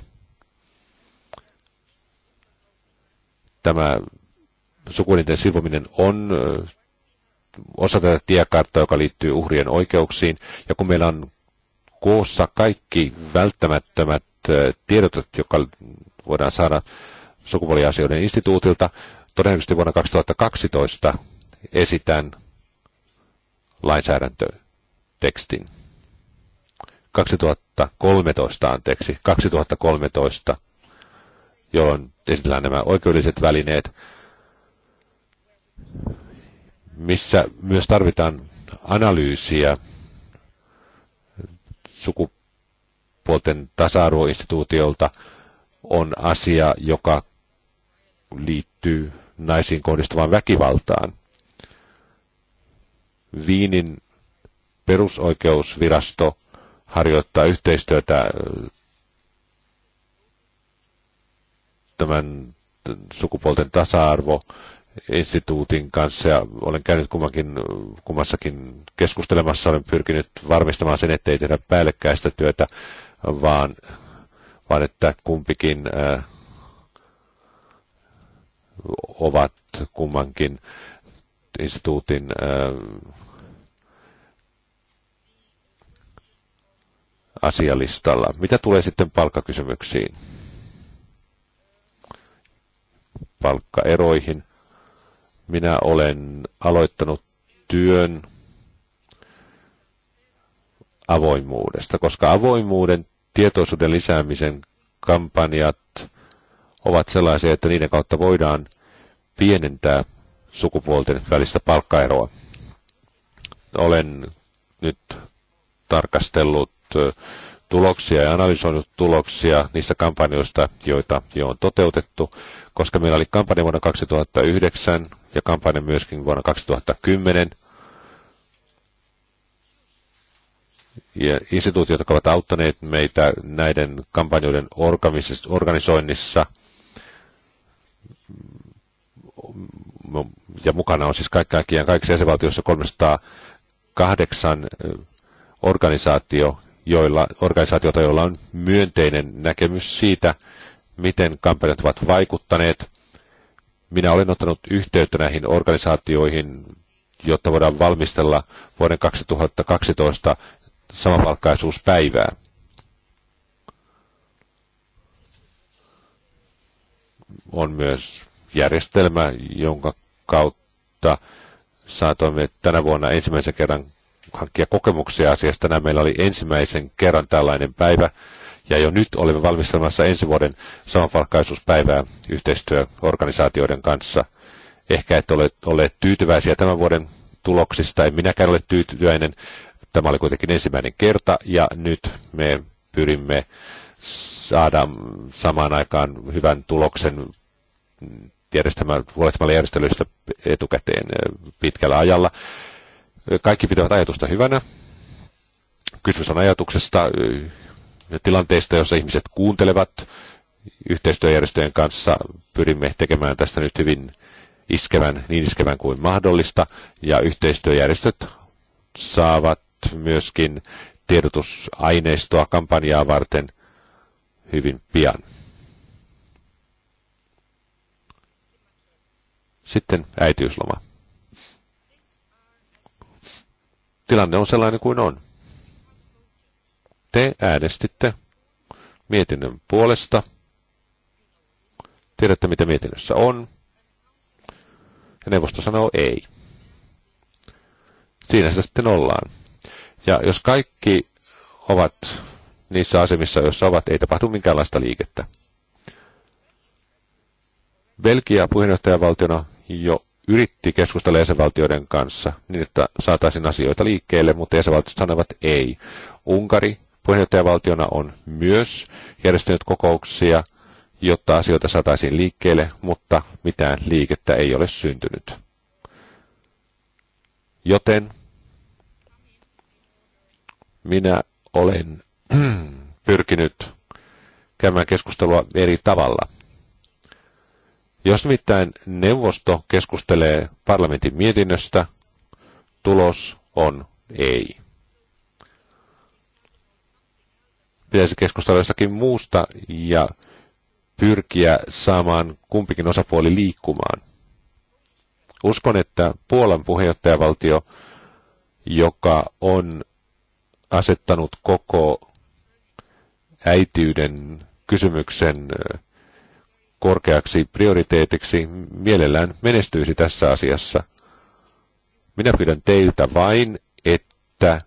Speaker 1: Tämä sukuelinten silpominen on osa tätä tiekarttaa, joka liittyy uhrien oikeuksiin. Ja kun meillä on koossa kaikki välttämättömät tiedot, jotka voidaan saada sukupuoliasioiden instituutilta, todennäköisesti vuonna 2012 esitän lainsäädäntötekstin. 2013 anteeksi, 2013, jolloin esitellään nämä oikeudelliset välineet, missä myös tarvitaan analyysiä sukupuolten tasa-arvoinstituutiolta on asia, joka liittyy naisiin kohdistuvaan väkivaltaan. Viinin perusoikeusvirasto harjoittaa yhteistyötä äh, tämän sukupuolten tasa-arvo instituutin kanssa ja olen käynyt kummankin, kummassakin keskustelemassa, olen pyrkinyt varmistamaan sen, ettei tehdä päällekkäistä työtä, vaan, vaan että kumpikin äh, ovat kummankin instituutin asialistalla. Mitä tulee sitten palkkakysymyksiin? Palkkaeroihin. Minä olen aloittanut työn avoimuudesta, koska avoimuuden tietoisuuden lisäämisen kampanjat ovat sellaisia, että niiden kautta voidaan pienentää sukupuolten välistä palkkaeroa. Olen nyt tarkastellut tuloksia ja analysoinut tuloksia niistä kampanjoista, joita jo on toteutettu, koska meillä oli kampanja vuonna 2009 ja kampanja myöskin vuonna 2010. Ja instituutiot, jotka ovat auttaneet meitä näiden kampanjoiden organisoinnissa, ja mukana on siis kaikkiaan kaikissa jäsenvaltioissa 308 organisaatio, joilla, organisaatiota, joilla on myönteinen näkemys siitä, miten kampanjat ovat vaikuttaneet. Minä olen ottanut yhteyttä näihin organisaatioihin, jotta voidaan valmistella vuoden 2012 samapalkkaisuuspäivää. On myös järjestelmä, jonka kautta saatoimme tänä vuonna ensimmäisen kerran hankkia kokemuksia asiasta. Tänään meillä oli ensimmäisen kerran tällainen päivä, ja jo nyt olemme valmistelemassa ensi vuoden samanpalkkaisuuspäivää yhteistyöorganisaatioiden kanssa. Ehkä et ole, ole tyytyväisiä tämän vuoden tuloksista, en minäkään ole tyytyväinen. Tämä oli kuitenkin ensimmäinen kerta, ja nyt me pyrimme saada samaan aikaan hyvän tuloksen järjestämään, huolehtimalla järjestelyistä etukäteen pitkällä ajalla. Kaikki pitävät ajatusta hyvänä. Kysymys on ajatuksesta, tilanteista, jossa ihmiset kuuntelevat yhteistyöjärjestöjen kanssa. Pyrimme tekemään tästä nyt hyvin iskevän, niin iskevän kuin mahdollista, ja yhteistyöjärjestöt saavat myöskin tiedotusaineistoa kampanjaa varten hyvin pian. Sitten äitiysloma. Tilanne on sellainen kuin on. Te äänestitte mietinnön puolesta. Tiedätte, mitä mietinnössä on. Ja neuvosto sanoo ei. Siinä se sitten ollaan. Ja jos kaikki ovat niissä asemissa, joissa ovat, ei tapahdu minkäänlaista liikettä. Belgia puheenjohtajavaltiona jo yritti keskustella jäsenvaltioiden kanssa niin, että saataisiin asioita liikkeelle, mutta jäsenvaltiot sanoivat ei. Unkari puheenjohtajavaltiona on myös järjestänyt kokouksia, jotta asioita saataisiin liikkeelle, mutta mitään liikettä ei ole syntynyt. Joten minä olen [clears throat] pyrkinyt käymään keskustelua eri tavalla. Jos nimittäin neuvosto keskustelee parlamentin mietinnöstä, tulos on ei. Pitäisi keskustella jostakin muusta ja pyrkiä saamaan kumpikin osapuoli liikkumaan. Uskon, että Puolan puheenjohtajavaltio, joka on asettanut koko äitiyden kysymyksen korkeaksi prioriteetiksi, mielellään menestyisi tässä asiassa. Minä pyydän teiltä vain, että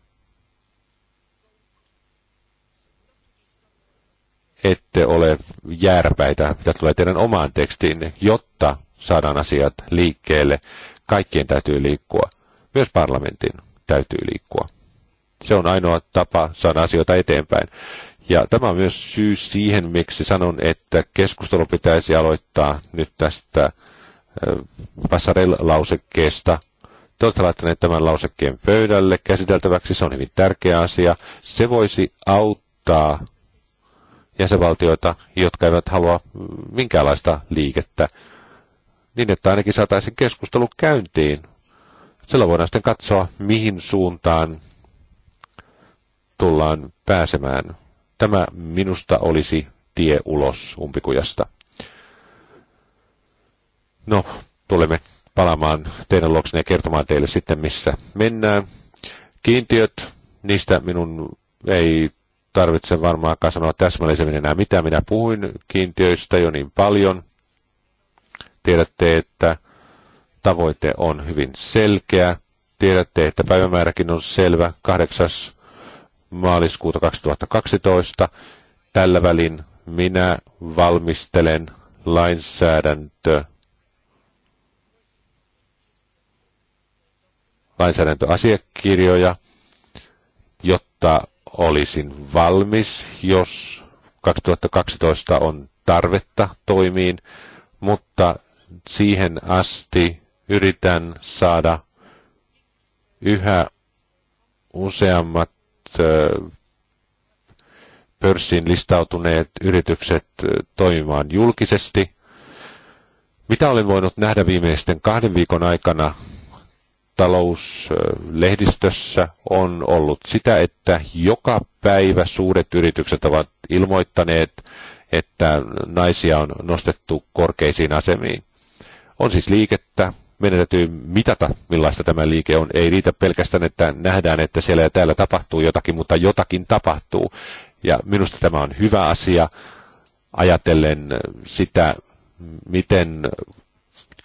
Speaker 1: ette ole järpäitä, mitä tulee teidän omaan tekstiin, jotta saadaan asiat liikkeelle. Kaikkien täytyy liikkua. Myös parlamentin täytyy liikkua. Se on ainoa tapa saada asioita eteenpäin. Ja tämä on myös syy siihen, miksi sanon, että keskustelu pitäisi aloittaa nyt tästä vassarel lausekkeesta Te olette laittaneet tämän lausekkeen pöydälle käsiteltäväksi, se on hyvin tärkeä asia. Se voisi auttaa jäsenvaltioita, jotka eivät halua minkäänlaista liikettä, niin että ainakin saataisiin keskustelu käyntiin. Sillä voidaan sitten katsoa, mihin suuntaan tullaan pääsemään. Tämä minusta olisi tie ulos umpikujasta. No, tulemme palaamaan teidän luoksenne ja kertomaan teille sitten, missä mennään. Kiintiöt, niistä minun ei tarvitse varmaankaan sanoa täsmällisemmin enää mitä. Minä puhuin kiintiöistä jo niin paljon. Tiedätte, että tavoite on hyvin selkeä. Tiedätte, että päivämääräkin on selvä. 8 maaliskuuta 2012. Tällä välin minä valmistelen lainsäädäntö, lainsäädäntöasiakirjoja, jotta olisin valmis, jos 2012 on tarvetta toimiin, mutta siihen asti yritän saada yhä useammat Äh, pörssiin listautuneet yritykset äh, toimimaan julkisesti. Mitä olen voinut nähdä viimeisten kahden viikon aikana talouslehdistössä äh, on ollut sitä, että joka päivä suuret yritykset ovat ilmoittaneet, että naisia on nostettu korkeisiin asemiin. On siis liikettä, meidän täytyy mitata, millaista tämä liike on. Ei riitä pelkästään, että nähdään, että siellä ja täällä tapahtuu jotakin, mutta jotakin tapahtuu. Ja minusta tämä on hyvä asia ajatellen sitä, miten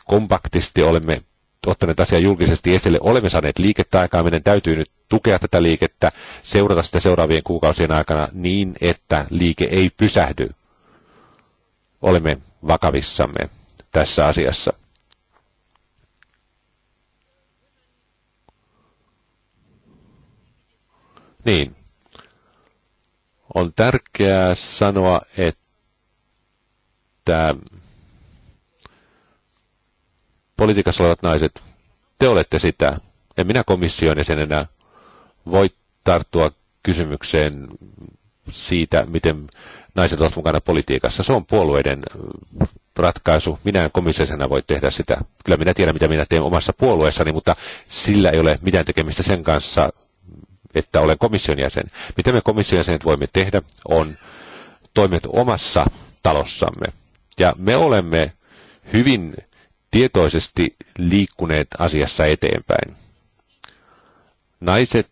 Speaker 1: kompaktisti olemme ottaneet asiaa julkisesti esille. Olemme saaneet liikettä aikaa, meidän täytyy nyt tukea tätä liikettä, seurata sitä seuraavien kuukausien aikana niin, että liike ei pysähdy. Olemme vakavissamme tässä asiassa. Niin. On tärkeää sanoa, että politiikassa olevat naiset, te olette sitä. En minä komission jäsenenä voi tarttua kysymykseen siitä, miten naiset ovat mukana politiikassa. Se on puolueiden äh, ratkaisu. Minä en komissiosena voi tehdä sitä. Kyllä minä tiedän, mitä minä teen omassa puolueessani, mutta sillä ei ole mitään tekemistä sen kanssa, että olen komission jäsen. Mitä me komission jäsenet voimme tehdä, on toimet omassa talossamme. Ja me olemme hyvin tietoisesti liikkuneet asiassa eteenpäin. Naiset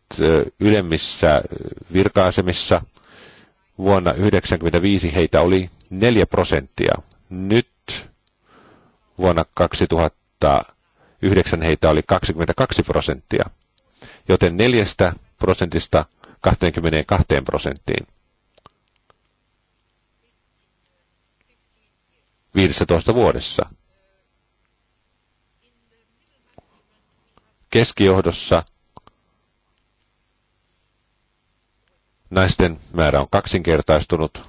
Speaker 1: ylemmissä virkaasemissa vuonna 1995 heitä oli 4 prosenttia. Nyt vuonna 2009 heitä oli 22 prosenttia. Joten neljästä prosentista 22 prosenttiin. 15 vuodessa. Keskijohdossa naisten määrä on kaksinkertaistunut.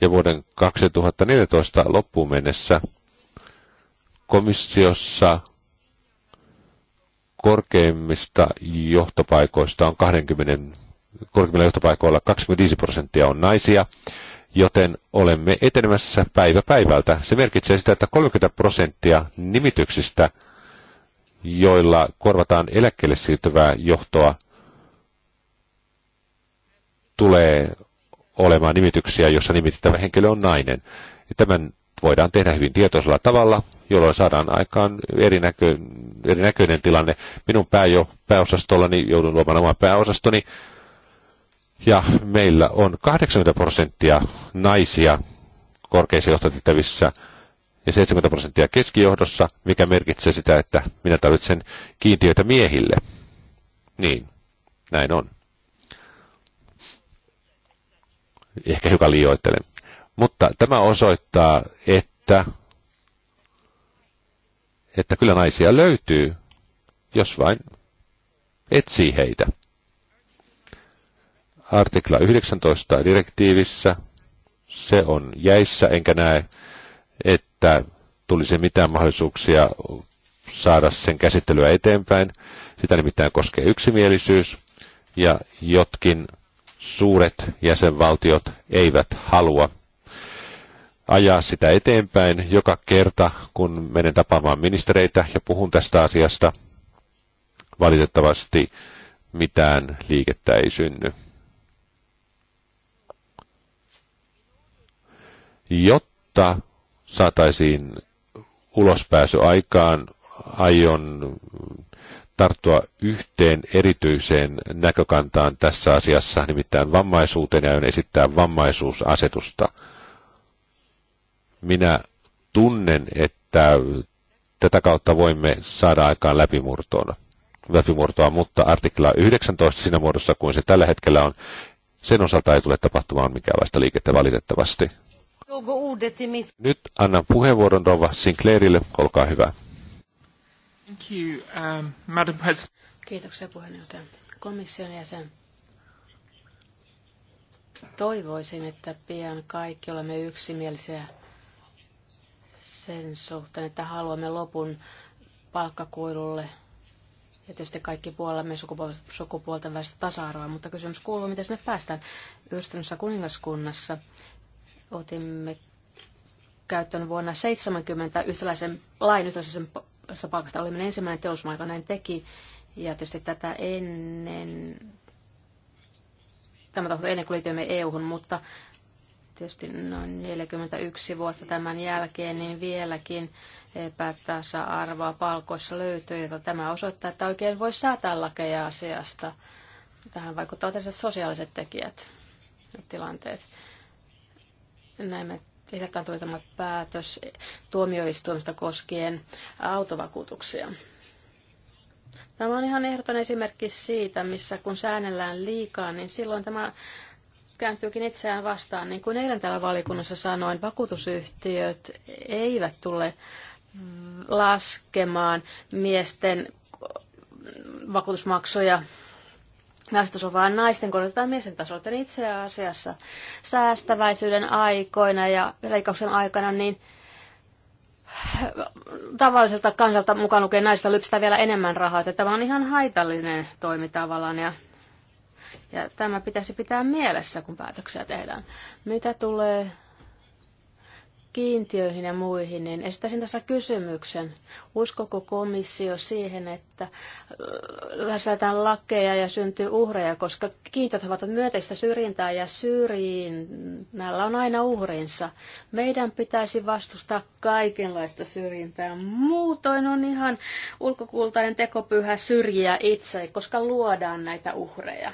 Speaker 1: Ja vuoden 2014 loppuun mennessä Komissiossa korkeimmista johtopaikoista on 20, korkeimmilla johtopaikoilla 25 prosenttia on naisia, joten olemme etenemässä päivä päivältä. Se merkitsee sitä, että 30 prosenttia nimityksistä, joilla korvataan eläkkeelle siirtyvää johtoa, tulee olemaan nimityksiä, jossa nimitettävä henkilö on nainen. tämän voidaan tehdä hyvin tietoisella tavalla, jolloin saadaan aikaan erinäkö, erinäköinen tilanne. Minun pääjo, pääosastollani joudun luomaan oman pääosastoni, ja meillä on 80 prosenttia naisia korkeissa johtotettävissä ja 70 prosenttia keskijohdossa, mikä merkitsee sitä, että minä tarvitsen kiintiöitä miehille. Niin, näin on. Ehkä hiukan liioittelen. Mutta tämä osoittaa, että, että kyllä naisia löytyy, jos vain etsii heitä. Artikla 19 direktiivissä, se on jäissä, enkä näe, että tulisi mitään mahdollisuuksia saada sen käsittelyä eteenpäin. Sitä nimittäin koskee yksimielisyys, ja jotkin suuret jäsenvaltiot eivät halua ajaa sitä eteenpäin joka kerta, kun menen tapaamaan ministereitä ja puhun tästä asiasta. Valitettavasti mitään liikettä ei synny. Jotta saataisiin ulospääsy aikaan, aion tarttua yhteen erityiseen näkökantaan tässä asiassa, nimittäin vammaisuuteen, ja esittää vammaisuusasetusta – minä tunnen, että tätä kautta voimme saada aikaan läpimurtoa, läpimurtoa mutta artikla 19 siinä muodossa kuin se tällä hetkellä on, sen osalta ei tule tapahtumaan mikäänlaista liikettä valitettavasti. Nyt annan puheenvuoron Rova Sinclairille, olkaa hyvä. Thank you, um, Madam
Speaker 3: Kiitoksia puheenjohtaja. Komission jäsen. Toivoisin, että pian kaikki olemme yksimielisiä sen suhteen, että haluamme lopun palkkakuilulle ja tietysti kaikki me sukupuolten välistä tasa-arvoa, mutta kysymys kuuluu, miten sinne päästään. Yhdistyneessä kuningaskunnassa otimme käyttöön vuonna 70 yhtäläisen lain yhtäläisessä palkasta. Olimme ensimmäinen teollisuusmaa, joka näin teki. Ja tietysti tätä ennen, tämä tapahtui ennen kuin liityimme EU-hun, mutta tietysti noin 41 vuotta tämän jälkeen, niin vieläkin epätasa-arvoa palkoissa löytyy, jota tämä osoittaa, että oikein voi säätää lakeja asiasta. Tähän vaikuttavat tietysti sosiaaliset tekijät ja tilanteet. Näin hiljattain tuli tämä päätös tuomioistuimista koskien autovakuutuksia. Tämä on ihan ehdoton esimerkki siitä, missä kun säännellään liikaa, niin silloin tämä kääntyykin itseään vastaan. Niin kuin eilen täällä valikunnassa sanoin, vakuutusyhtiöt eivät tule laskemaan miesten vakuutusmaksuja väestötasolla, vaan naisten korotetaan miesten tasolla. Niin itse asiassa säästäväisyyden aikoina ja leikkauksen aikana niin tavalliselta kansalta mukaan lukee naista lypsää vielä enemmän rahaa. Että tämä on ihan haitallinen toimi tavallaan ja ja tämä pitäisi pitää mielessä, kun päätöksiä tehdään. Mitä tulee kiintiöihin ja muihin, niin esittäisin tässä kysymyksen. Uskoko komissio siihen, että äh, lähdetään lakeja ja syntyy uhreja, koska kiintiöt ovat myönteistä syrjintää ja näillä on aina uhrinsa. Meidän pitäisi vastustaa kaikenlaista syrjintää. Muutoin on ihan ulkokultainen tekopyhä syrjiä itse, koska luodaan näitä uhreja.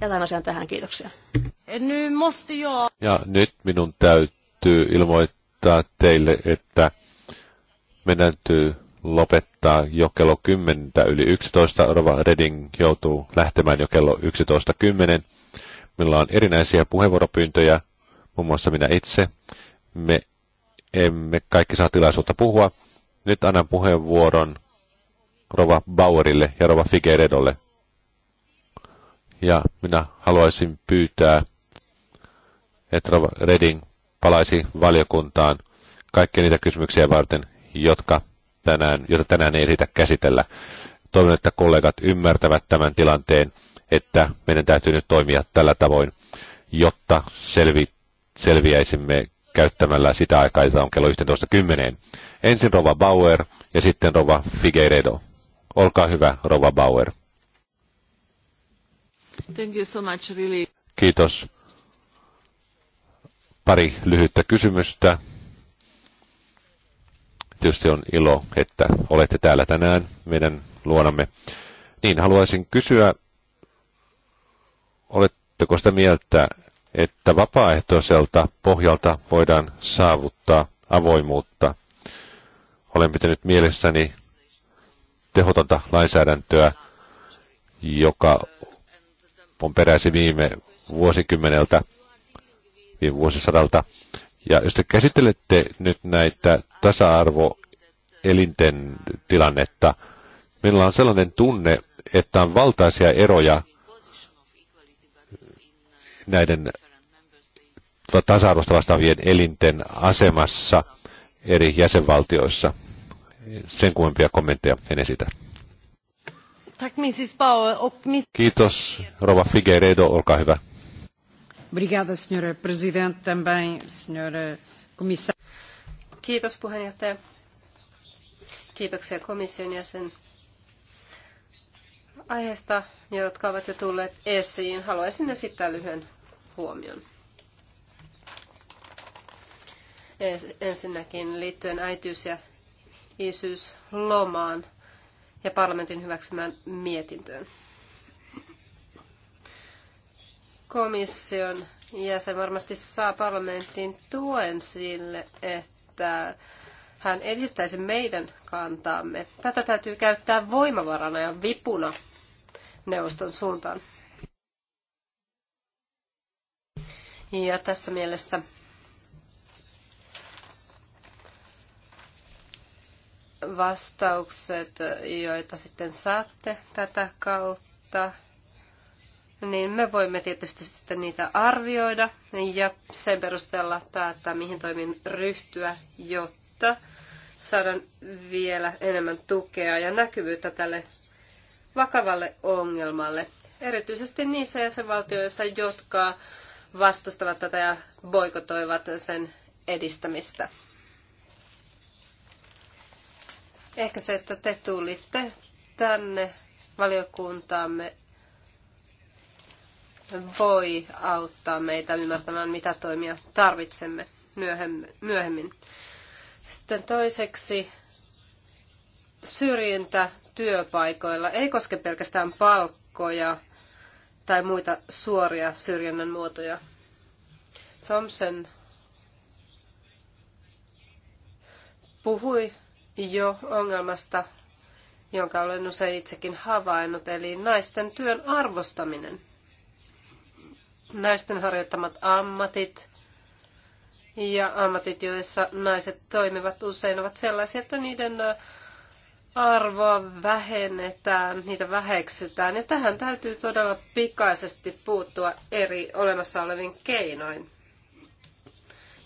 Speaker 3: Jätän asian tähän, kiitoksia. Eh,
Speaker 1: ja nyt minun täytyy ilmoittaa teille, että me täytyy lopettaa jo kello 10 yli 11. Rova Reding joutuu lähtemään jo kello 11.10. Meillä on erinäisiä puheenvuoropyyntöjä, muun muassa minä itse. Me emme kaikki saa tilaisuutta puhua. Nyt annan puheenvuoron Rova Bauerille ja Rova Figueredolle. Ja minä haluaisin pyytää, että Redding palaisi valiokuntaan kaikkia niitä kysymyksiä varten, jotka tänään, joita tänään ei riitä käsitellä. Toivon, että kollegat ymmärtävät tämän tilanteen, että meidän täytyy nyt toimia tällä tavoin, jotta selvi, selviäisimme käyttämällä sitä aikaa, jota on kello 11.10. Ensin Rova Bauer ja sitten Rova Figueiredo. Olkaa hyvä, Rova Bauer.
Speaker 3: Thank you so much, really.
Speaker 1: Kiitos. Pari lyhyttä kysymystä. Tietysti on ilo, että olette täällä tänään meidän luonamme. Niin, haluaisin kysyä, oletteko sitä mieltä, että vapaaehtoiselta pohjalta voidaan saavuttaa avoimuutta? Olen pitänyt mielessäni tehotonta lainsäädäntöä, joka on peräisin viime vuosikymmeneltä, viime vuosisadalta. Ja jos te käsittelette nyt näitä tasa-arvoelinten tilannetta, meillä on sellainen tunne, että on valtaisia eroja näiden tuota tasa-arvosta vastaavien elinten asemassa eri jäsenvaltioissa. Sen kummempia kommentteja en esitä. Kiitos, Rova Figueiredo, olkaa hyvä.
Speaker 2: signore também, signore Kiitos puheenjohtaja. Kiitoksia komission jäsen aiheesta, jotka ovat jo tulleet esiin. Haluaisin esittää lyhyen huomion. Ensinnäkin liittyen äitiys- ja isyyslomaan ja parlamentin hyväksymään mietintöön. Komission jäsen varmasti saa parlamentin tuen sille, että hän edistäisi meidän kantaamme. Tätä täytyy käyttää voimavarana ja vipuna neuvoston suuntaan. Ja tässä mielessä vastaukset, joita sitten saatte tätä kautta, niin me voimme tietysti sitten niitä arvioida ja sen perusteella päättää, mihin toimin ryhtyä, jotta saadaan vielä enemmän tukea ja näkyvyyttä tälle vakavalle ongelmalle. Erityisesti niissä jäsenvaltioissa, jotka vastustavat tätä ja boikotoivat sen edistämistä. Ehkä se, että te tulitte tänne valiokuntaamme, voi auttaa meitä ymmärtämään, mitä toimia tarvitsemme myöhemmin. Sitten toiseksi syrjintä työpaikoilla ei koske pelkästään palkkoja tai muita suoria syrjinnän muotoja. Thompson puhui jo ongelmasta, jonka olen usein itsekin havainnut, eli naisten työn arvostaminen. Naisten harjoittamat ammatit ja ammatit, joissa naiset toimivat usein, ovat sellaisia, että niiden arvoa vähennetään, niitä väheksytään. Ja tähän täytyy todella pikaisesti puuttua eri olemassa olevin keinoin.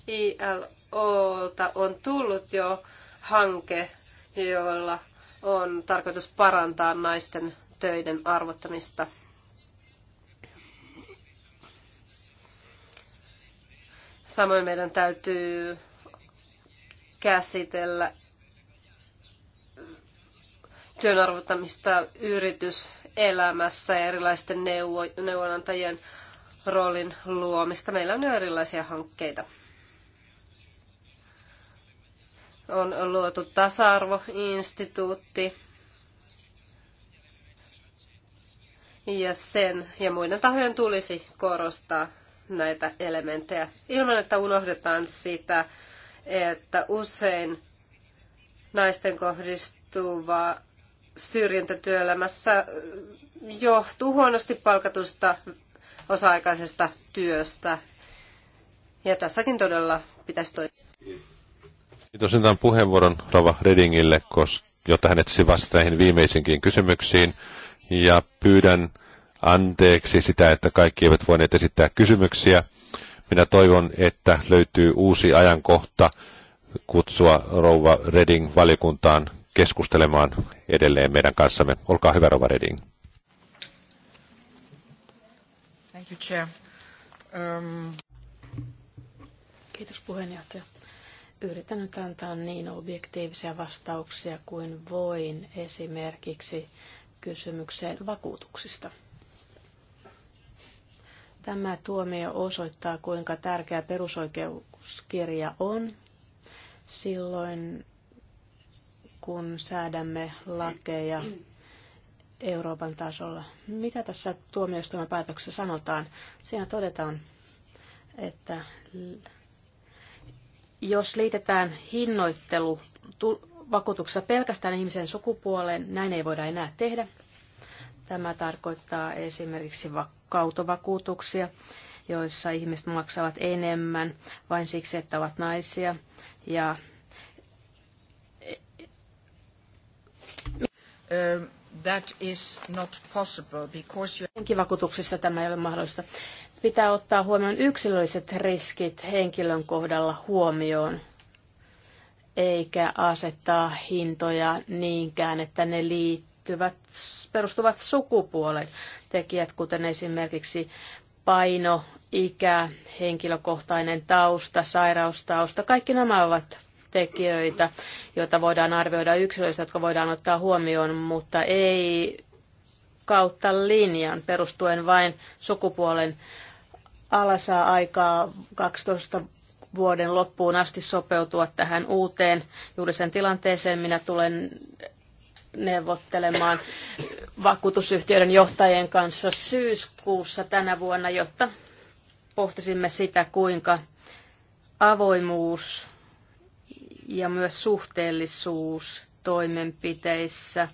Speaker 2: ILOlta on tullut jo hanke, jolla on tarkoitus parantaa naisten töiden arvottamista. Samoin meidän täytyy käsitellä työn arvottamista yrityselämässä ja erilaisten neuvo- neuvonantajien roolin luomista. Meillä on jo erilaisia hankkeita. On luotu tasa-arvoinstituutti, ja sen ja muiden tahojen tulisi korostaa näitä elementtejä ilman, että unohdetaan sitä, että usein naisten kohdistuva syrjintä työelämässä johtuu huonosti palkatusta osa-aikaisesta työstä. Ja tässäkin todella pitäisi toimia.
Speaker 1: Kiitos tämän puheenvuoron Rova Redingille, koska, jotta hän etsi siis vastata näihin viimeisinkin kysymyksiin. Ja pyydän anteeksi sitä, että kaikki eivät voineet esittää kysymyksiä. Minä toivon, että löytyy uusi ajankohta kutsua Rova Reding valiokuntaan keskustelemaan edelleen meidän kanssamme. Olkaa hyvä, Rova Reding.
Speaker 2: Thank you, Chair. Um... Kiitos
Speaker 3: puheenjohtaja. Yritän nyt antaa niin objektiivisia vastauksia kuin voin esimerkiksi kysymykseen vakuutuksista. Tämä tuomio osoittaa, kuinka tärkeä perusoikeuskirja on silloin, kun säädämme lakeja Euroopan tasolla. Mitä tässä tuomioistuimen päätöksessä sanotaan? Siinä todetaan, että jos liitetään hinnoittelu vakuutuksessa pelkästään ihmisen sukupuoleen, näin ei voida enää tehdä. Tämä tarkoittaa esimerkiksi kautovakuutuksia, joissa ihmiset maksavat enemmän vain siksi, että ovat naisia. Ja that is not possible because you... tämä ei ole mahdollista pitää ottaa huomioon yksilölliset riskit henkilön kohdalla huomioon, eikä asettaa hintoja niinkään, että ne liittyvät, perustuvat sukupuolen tekijät, kuten esimerkiksi paino, ikä, henkilökohtainen tausta, sairaustausta, kaikki nämä ovat tekijöitä, joita voidaan arvioida yksilöistä, jotka voidaan ottaa huomioon, mutta ei kautta linjan perustuen vain sukupuolen ala saa aikaa 12 vuoden loppuun asti sopeutua tähän uuteen juurisen tilanteeseen. Minä tulen neuvottelemaan vakuutusyhtiöiden johtajien kanssa syyskuussa tänä vuonna, jotta pohtisimme sitä, kuinka avoimuus ja myös suhteellisuus toimenpiteissä,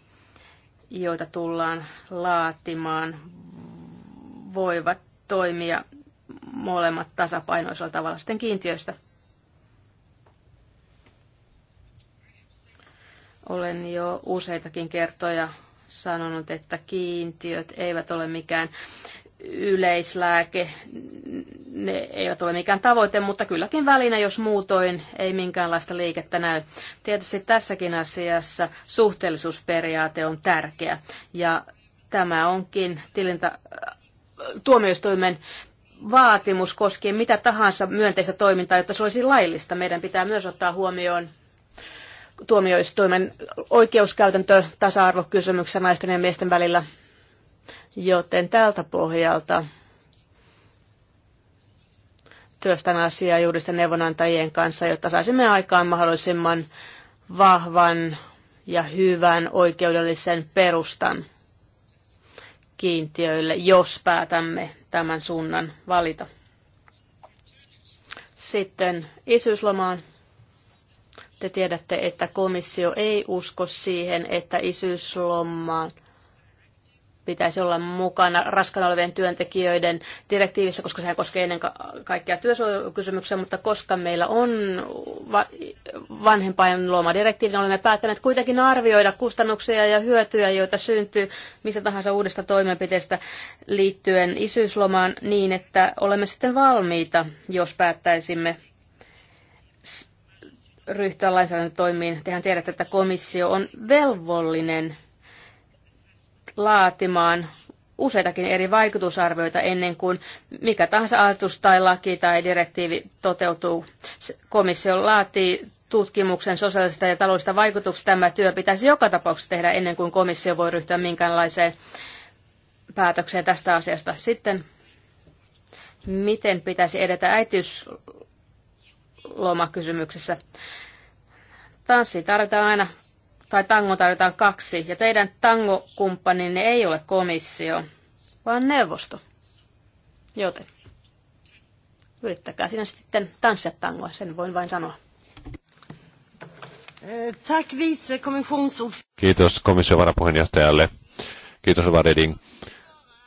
Speaker 3: joita tullaan laatimaan, voivat toimia molemmat tasapainoisella tavalla sitten kiintiöistä. Olen jo useitakin kertoja sanonut, että kiintiöt eivät ole mikään yleislääke, ne eivät ole mikään tavoite, mutta kylläkin välinä, jos muutoin ei minkäänlaista liikettä näy. Tietysti tässäkin asiassa suhteellisuusperiaate on tärkeä ja tämä onkin tilinta, tuomioistuimen vaatimus koskien mitä tahansa myönteistä toimintaa, jotta se olisi laillista. Meidän pitää myös ottaa huomioon tuomioistuimen oikeuskäytäntö tasa-arvokysymyksessä naisten ja miesten välillä. Joten tältä pohjalta työstän asiaa juuristen neuvonantajien kanssa, jotta saisimme aikaan mahdollisimman vahvan ja hyvän oikeudellisen perustan kiintiöille, jos päätämme tämän suunnan valita. Sitten isyyslomaan. Te tiedätte, että komissio ei usko siihen, että isyyslomaan – pitäisi olla mukana raskana olevien työntekijöiden direktiivissä, koska sehän koskee ennen kaikkea työsuojelukysymyksiä, mutta koska meillä on vanhempain luoma direktiivi, niin olemme päättäneet kuitenkin arvioida kustannuksia ja hyötyjä, joita syntyy mistä tahansa uudesta toimenpiteestä liittyen isyyslomaan niin, että olemme sitten valmiita, jos päättäisimme ryhtyä lainsäädäntötoimiin. Tehän tiedätte, että komissio on velvollinen laatimaan useitakin eri vaikutusarvioita ennen kuin mikä tahansa ajatus tai laki tai direktiivi toteutuu. Komissio laatii tutkimuksen sosiaalisista ja taloudellisista vaikutuksista. Tämä työ pitäisi joka tapauksessa tehdä ennen kuin komissio voi ryhtyä minkäänlaiseen päätökseen tästä asiasta. Sitten, miten pitäisi edetä äitiyslomakysymyksessä? Tanssi tarvitaan aina tai tango tarjotaan kaksi, ja teidän tangokumppaninne ei ole komissio, vaan neuvosto. Joten yrittäkää sinä sitten tanssia tangoa, sen voin vain sanoa. Eh,
Speaker 1: Kiitos komission varapuheenjohtajalle. Kiitos Varedin.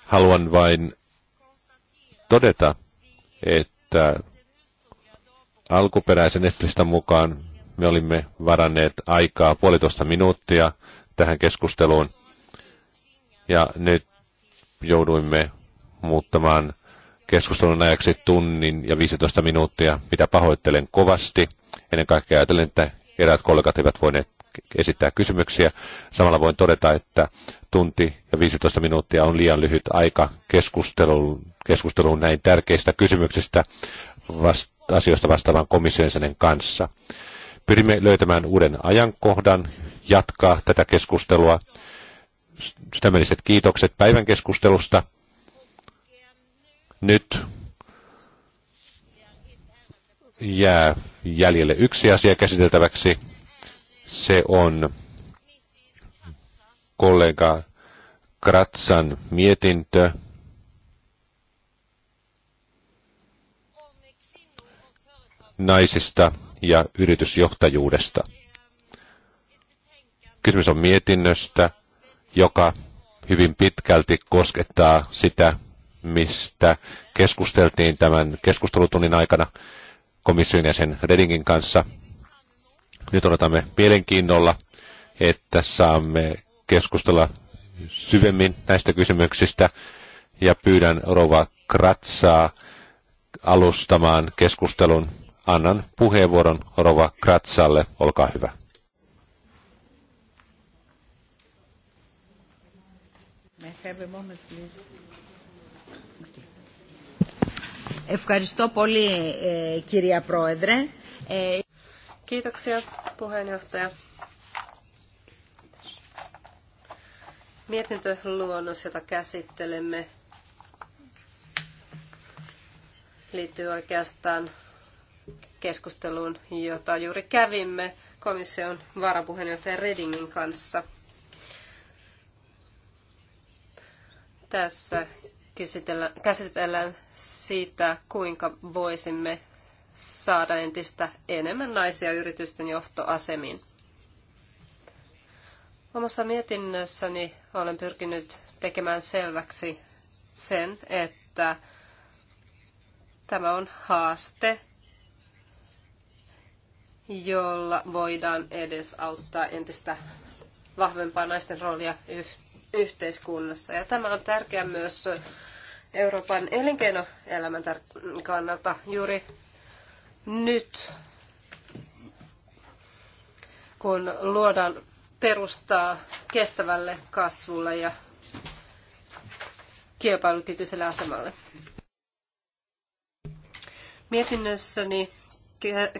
Speaker 1: Haluan vain todeta, että alkuperäisen esplistan mukaan me olimme varanneet aikaa puolitoista minuuttia tähän keskusteluun. Ja nyt jouduimme muuttamaan keskustelun ajaksi tunnin ja 15 minuuttia, mitä pahoittelen kovasti. Ennen kaikkea ajatellen, että eräät kollegat eivät voineet esittää kysymyksiä. Samalla voin todeta, että tunti ja 15 minuuttia on liian lyhyt aika keskusteluun, keskusteluun näin tärkeistä kysymyksistä vast, asioista vastaavan komission kanssa. Pyrimme löytämään uuden ajankohdan jatkaa tätä keskustelua. Sydämelliset kiitokset päivän keskustelusta. Nyt jää jäljelle yksi asia käsiteltäväksi. Se on kollega Kratsan mietintö naisista ja yritysjohtajuudesta. Kysymys on mietinnöstä, joka hyvin pitkälti koskettaa sitä, mistä keskusteltiin tämän keskustelutunnin aikana komission jäsen Redingin kanssa. Nyt odotamme mielenkiinnolla, että saamme keskustella syvemmin näistä kysymyksistä ja pyydän Rova Kratsaa alustamaan keskustelun annan puheenvuoron Rova Kratsalle. Olkaa hyvä.
Speaker 2: Kiitoksia, puheenjohtaja. Mietintöluonnos, jota käsittelemme, liittyy oikeastaan keskusteluun, jota juuri kävimme komission varapuheenjohtaja Redingin kanssa. Tässä käsitellään siitä, kuinka voisimme saada entistä enemmän naisia yritysten johtoasemiin. Omassa mietinnössäni olen pyrkinyt tekemään selväksi sen, että tämä on haaste jolla voidaan edesauttaa entistä vahvempaa naisten roolia yhteiskunnassa. Ja tämä on tärkeää myös Euroopan elinkeinoelämän kannalta juuri nyt, kun luodaan perustaa kestävälle kasvulle ja kilpailukykyiselle asemalle. Mietinnössäni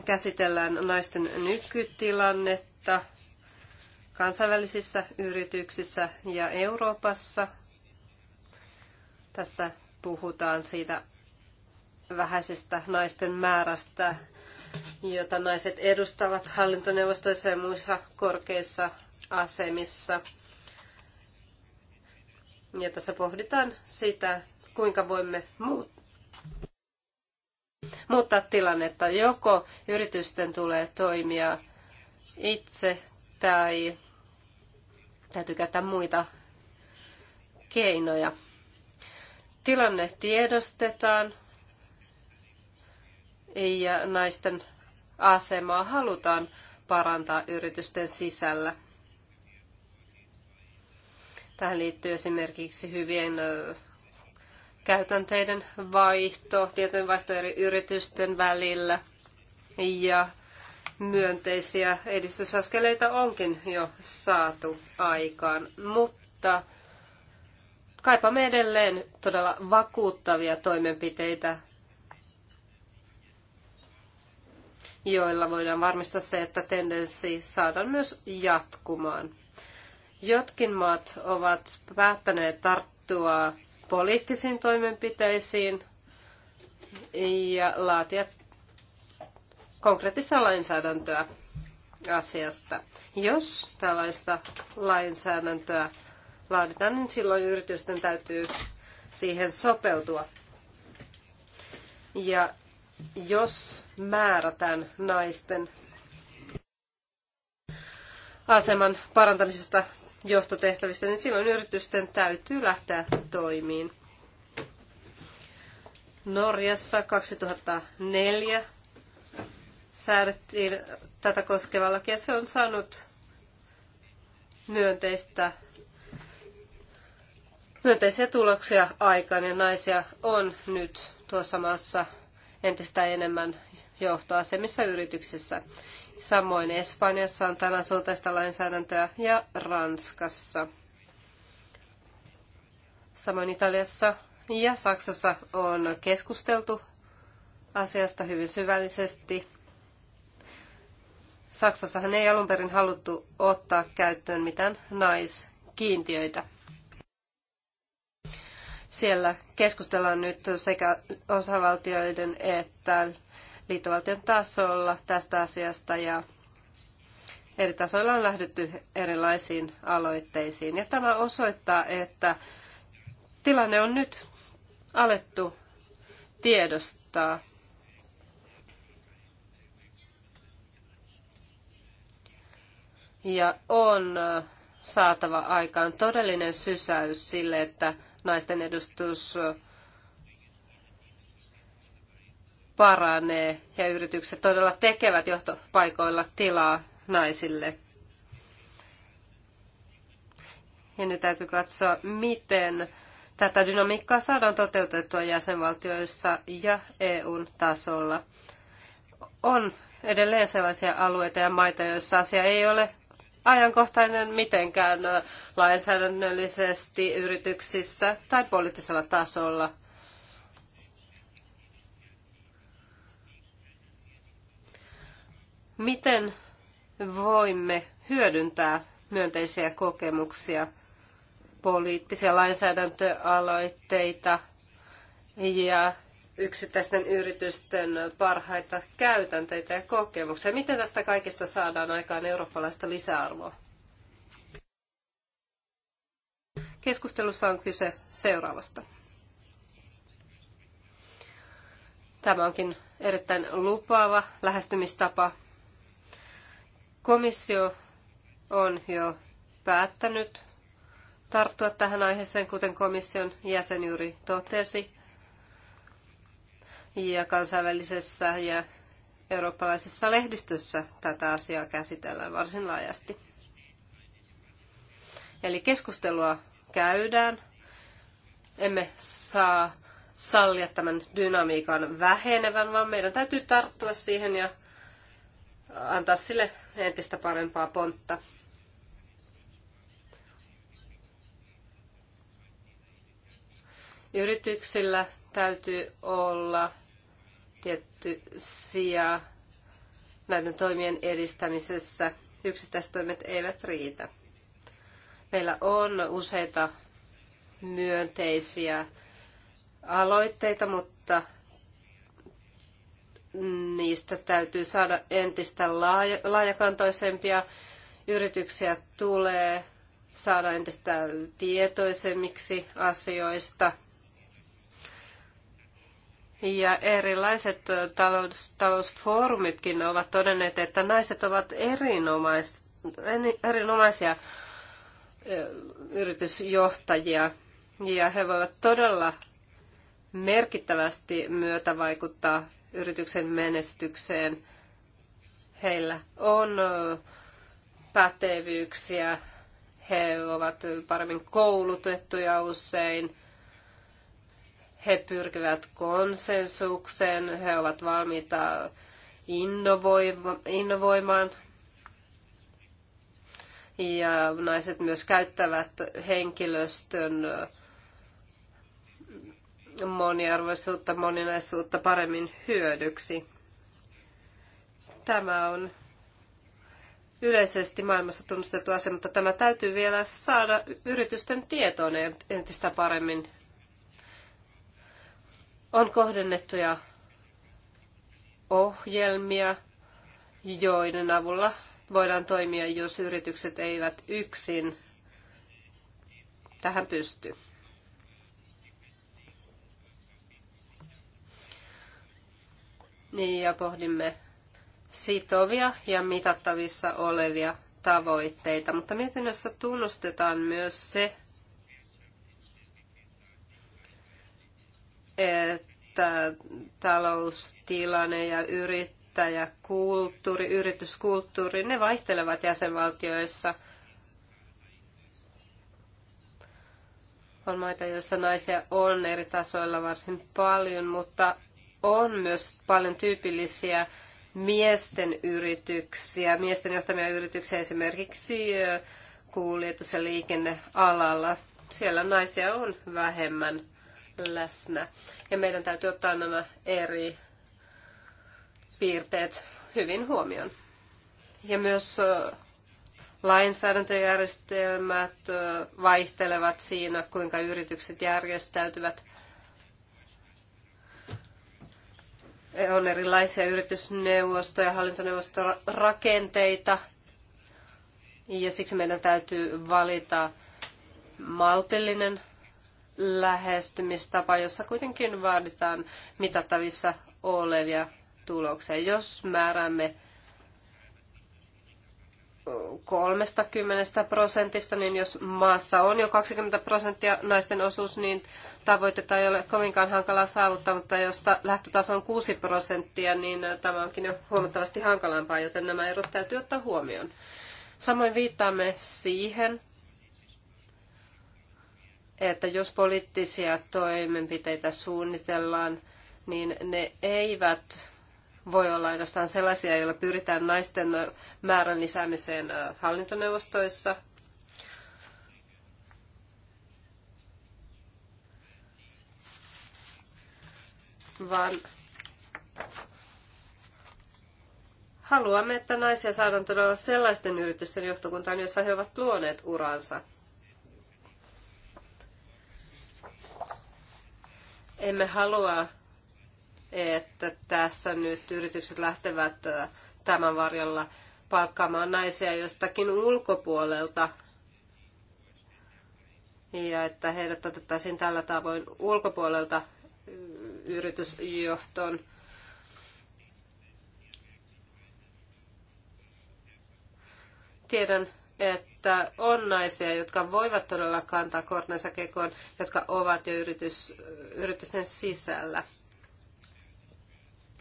Speaker 2: käsitellään naisten nykytilannetta kansainvälisissä yrityksissä ja Euroopassa. Tässä puhutaan siitä vähäisestä naisten määrästä, jota naiset edustavat hallintoneuvostoissa ja muissa korkeissa asemissa. Ja tässä pohditaan sitä, kuinka voimme muuttaa muuttaa tilannetta. Joko yritysten tulee toimia itse tai täytyy käyttää muita keinoja. Tilanne tiedostetaan ja naisten asemaa halutaan parantaa yritysten sisällä. Tähän liittyy esimerkiksi hyvien käytänteiden vaihto, tietojen vaihto eri yritysten välillä ja myönteisiä edistysaskeleita onkin jo saatu aikaan, mutta kaipaamme edelleen todella vakuuttavia toimenpiteitä, joilla voidaan varmistaa se, että tendenssi saadaan myös jatkumaan. Jotkin maat ovat päättäneet tarttua poliittisiin toimenpiteisiin ja laatia konkreettista lainsäädäntöä asiasta. Jos tällaista lainsäädäntöä laaditaan, niin silloin yritysten täytyy siihen sopeutua. Ja jos määrätään naisten aseman parantamisesta johtotehtävissä, niin silloin yritysten täytyy lähteä toimiin. Norjassa 2004 säädettiin tätä koskeva laki ja se on saanut myönteistä, myönteisiä tuloksia aikaan ja naisia on nyt tuossa maassa entistä enemmän johtoasemissa yrityksissä. Samoin Espanjassa on tämän suuntaista lainsäädäntöä ja Ranskassa. Samoin Italiassa ja Saksassa on keskusteltu asiasta hyvin syvällisesti. Saksassahan ei alun perin haluttu ottaa käyttöön mitään naiskiintiöitä. Siellä keskustellaan nyt sekä osavaltioiden että liittovaltion tasolla tästä asiasta ja eri tasoilla on lähdetty erilaisiin aloitteisiin. Ja tämä osoittaa, että tilanne on nyt alettu tiedostaa. Ja on saatava aikaan todellinen sysäys sille, että naisten edustus paranee ja yritykset todella tekevät johtopaikoilla tilaa naisille. Ja nyt täytyy katsoa, miten tätä dynamiikkaa saadaan toteutettua jäsenvaltioissa ja EUn tasolla. On edelleen sellaisia alueita ja maita, joissa asia ei ole ajankohtainen mitenkään lainsäädännöllisesti yrityksissä tai poliittisella tasolla – Miten voimme hyödyntää myönteisiä kokemuksia, poliittisia lainsäädäntöaloitteita ja yksittäisten yritysten parhaita käytänteitä ja kokemuksia. Miten tästä kaikesta saadaan aikaan eurooppalaista lisäarvoa? Keskustelussa on kyse seuraavasta. Tämä onkin erittäin lupaava lähestymistapa Komissio on jo päättänyt tarttua tähän aiheeseen, kuten komission jäsen juuri totesi. Ja kansainvälisessä ja eurooppalaisessa lehdistössä tätä asiaa käsitellään varsin laajasti. Eli keskustelua käydään. Emme saa sallia tämän dynamiikan vähenevän, vaan meidän täytyy tarttua siihen ja antaa sille entistä parempaa pontta. Yrityksillä täytyy olla tietty sija näiden toimien edistämisessä. Yksittäistoimet eivät riitä. Meillä on useita myönteisiä aloitteita, mutta niistä täytyy saada entistä laaja, laajakantoisempia. Yrityksiä tulee saada entistä tietoisemmiksi asioista. Ja erilaiset talous, talousfoorumitkin ovat todenneet, että naiset ovat erinomais, erinomaisia yritysjohtajia ja he voivat todella merkittävästi myötävaikuttaa yrityksen menestykseen. Heillä on pätevyyksiä, he ovat paremmin koulutettuja usein, he pyrkivät konsensukseen, he ovat valmiita innovoimaan. Ja naiset myös käyttävät henkilöstön moniarvoisuutta, moninaisuutta paremmin hyödyksi. Tämä on yleisesti maailmassa tunnustettu asia, mutta tämä täytyy vielä saada yritysten tietoon entistä paremmin. On kohdennettuja ohjelmia, joiden avulla voidaan toimia, jos yritykset eivät yksin tähän pysty. Niin ja pohdimme sitovia ja mitattavissa olevia tavoitteita, mutta mietinnössä tunnustetaan myös se, että taloustilanne ja yrittäjäkulttuuri, yrityskulttuuri, ne vaihtelevat jäsenvaltioissa. On maita, joissa naisia on eri tasoilla varsin paljon, mutta on myös paljon tyypillisiä miesten yrityksiä, miesten johtamia yrityksiä esimerkiksi kuljetus- ja liikennealalla. Siellä naisia on vähemmän läsnä. Ja meidän täytyy ottaa nämä eri piirteet hyvin huomioon. Ja myös lainsäädäntöjärjestelmät vaihtelevat siinä, kuinka yritykset järjestäytyvät. on erilaisia yritysneuvostoja, hallintoneuvostorakenteita, ja siksi meidän täytyy valita maltillinen lähestymistapa, jossa kuitenkin vaaditaan mitattavissa olevia tuloksia. Jos määräämme 30 prosentista, niin jos maassa on jo 20 prosenttia naisten osuus, niin tavoitetta ei ole kovinkaan hankalaa saavuttaa, mutta jos lähtötaso on 6 prosenttia, niin tämä onkin jo huomattavasti hankalampaa, joten nämä erot täytyy ottaa huomioon. Samoin viittaamme siihen, että jos poliittisia toimenpiteitä suunnitellaan, niin ne eivät voi olla ainoastaan sellaisia, joilla pyritään naisten määrän lisäämiseen hallintoneuvostoissa. Vaan haluamme, että naisia saadaan todella sellaisten yritysten johtokuntaan, jossa he ovat luoneet uransa. Emme halua että tässä nyt yritykset lähtevät tämän varjolla palkkaamaan naisia jostakin ulkopuolelta ja että heidät otettaisiin tällä tavoin ulkopuolelta yritysjohtoon. Tiedän, että on naisia, jotka voivat todella kantaa kortensa kekoon, jotka ovat jo yritys, yritysten sisällä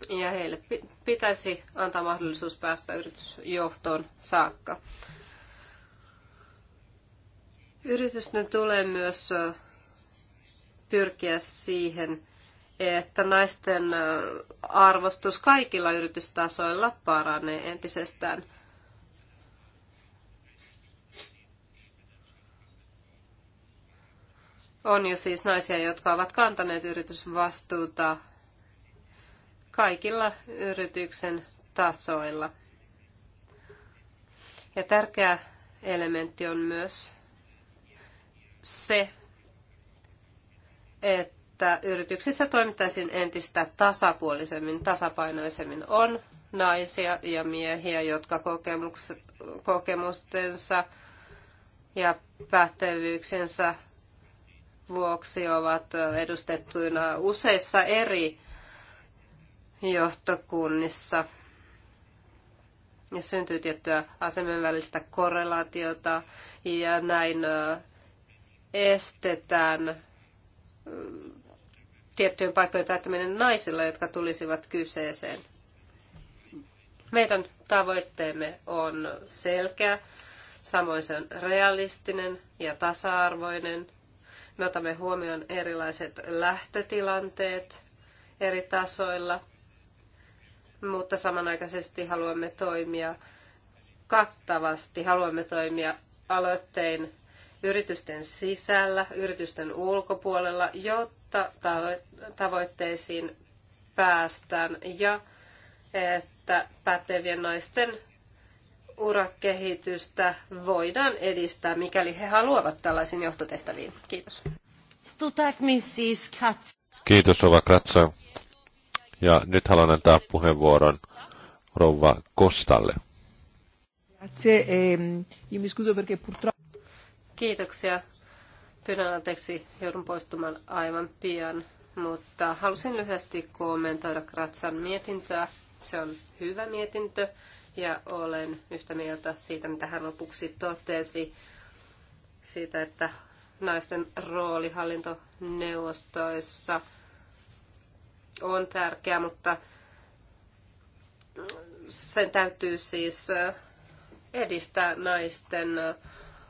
Speaker 2: ja heille pitäisi antaa mahdollisuus päästä yritysjohtoon saakka. Yritysten tulee myös pyrkiä siihen, että naisten arvostus kaikilla yritystasoilla paranee entisestään. On jo siis naisia, jotka ovat kantaneet yritysvastuuta kaikilla yrityksen tasoilla. Ja tärkeä elementti on myös se, että yrityksissä toimittaisiin entistä tasapuolisemmin, tasapainoisemmin. On naisia ja miehiä, jotka kokemustensa ja pätevyyksensä vuoksi ovat edustettuina useissa eri johtokunnissa. Ja syntyy tiettyä asemien välistä korrelaatiota ja näin estetään tiettyjen paikkojen täyttäminen naisilla, jotka tulisivat kyseeseen. Meidän tavoitteemme on selkeä, samoin se on realistinen ja tasa-arvoinen. Me otamme huomioon erilaiset lähtötilanteet eri tasoilla – mutta samanaikaisesti haluamme toimia kattavasti. Haluamme toimia aloittein yritysten sisällä, yritysten ulkopuolella, jotta tavoitteisiin päästään ja että pätevien naisten urakehitystä voidaan edistää, mikäli he haluavat tällaisiin johtotehtäviin. Kiitos.
Speaker 1: Kiitos Ova Kratsa. Ja nyt haluan antaa puheenvuoron rouva Kostalle.
Speaker 3: Ehm,
Speaker 2: Kiitoksia. Pyydän anteeksi, joudun poistumaan aivan pian, mutta halusin lyhyesti kommentoida Kratsan mietintöä. Se on hyvä mietintö ja olen yhtä mieltä siitä, mitä hän lopuksi totesi, siitä, että naisten rooli hallintoneuvostoissa – on tärkeä, mutta sen täytyy siis edistää naisten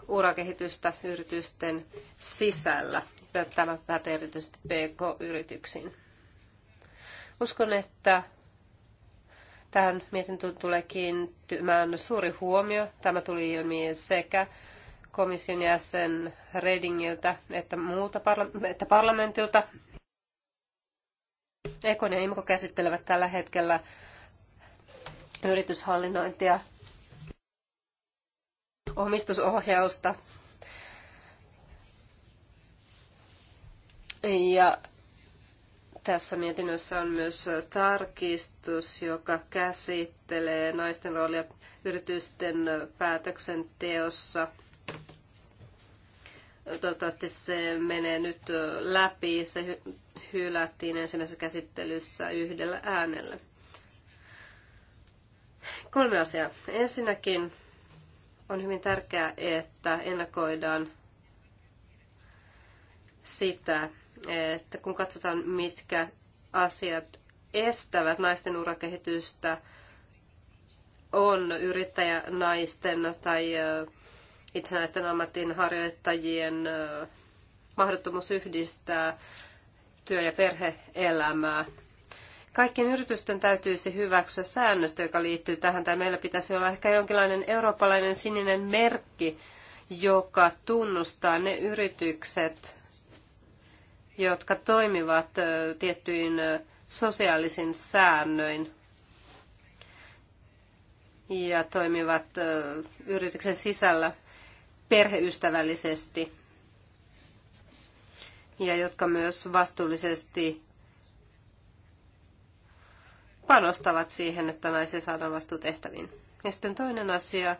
Speaker 2: urakehitystä yritysten sisällä. Tämä pätee erityisesti PK-yrityksiin. Uskon, että tähän mietintöön tulee kiinnittymään suuri huomio. Tämä tuli ilmi sekä komission jäsen Redingiltä että, muuta parla- että parlamentilta Ekon ja Imko käsittelevät tällä hetkellä yrityshallinnointia, omistusohjausta ja tässä mietinnössä on myös tarkistus, joka käsittelee naisten roolia yritysten päätöksenteossa – Toivottavasti se menee nyt läpi. Se hylättiin ensimmäisessä käsittelyssä yhdellä äänellä. Kolme asiaa. Ensinnäkin on hyvin tärkeää, että ennakoidaan sitä, että kun katsotaan, mitkä asiat estävät naisten urakehitystä, on naisten tai itsenäisten ammatinharjoittajien mahdottomuus yhdistää työ- ja perheelämää. Kaikkien yritysten täytyisi hyväksyä säännöstö, joka liittyy tähän, tai meillä pitäisi olla ehkä jonkinlainen eurooppalainen sininen merkki, joka tunnustaa ne yritykset, jotka toimivat tiettyin sosiaalisin säännöin ja toimivat yrityksen sisällä perheystävällisesti ja jotka myös vastuullisesti panostavat siihen, että naisia saadaan vastuutehtäviin. Ja sitten toinen asia,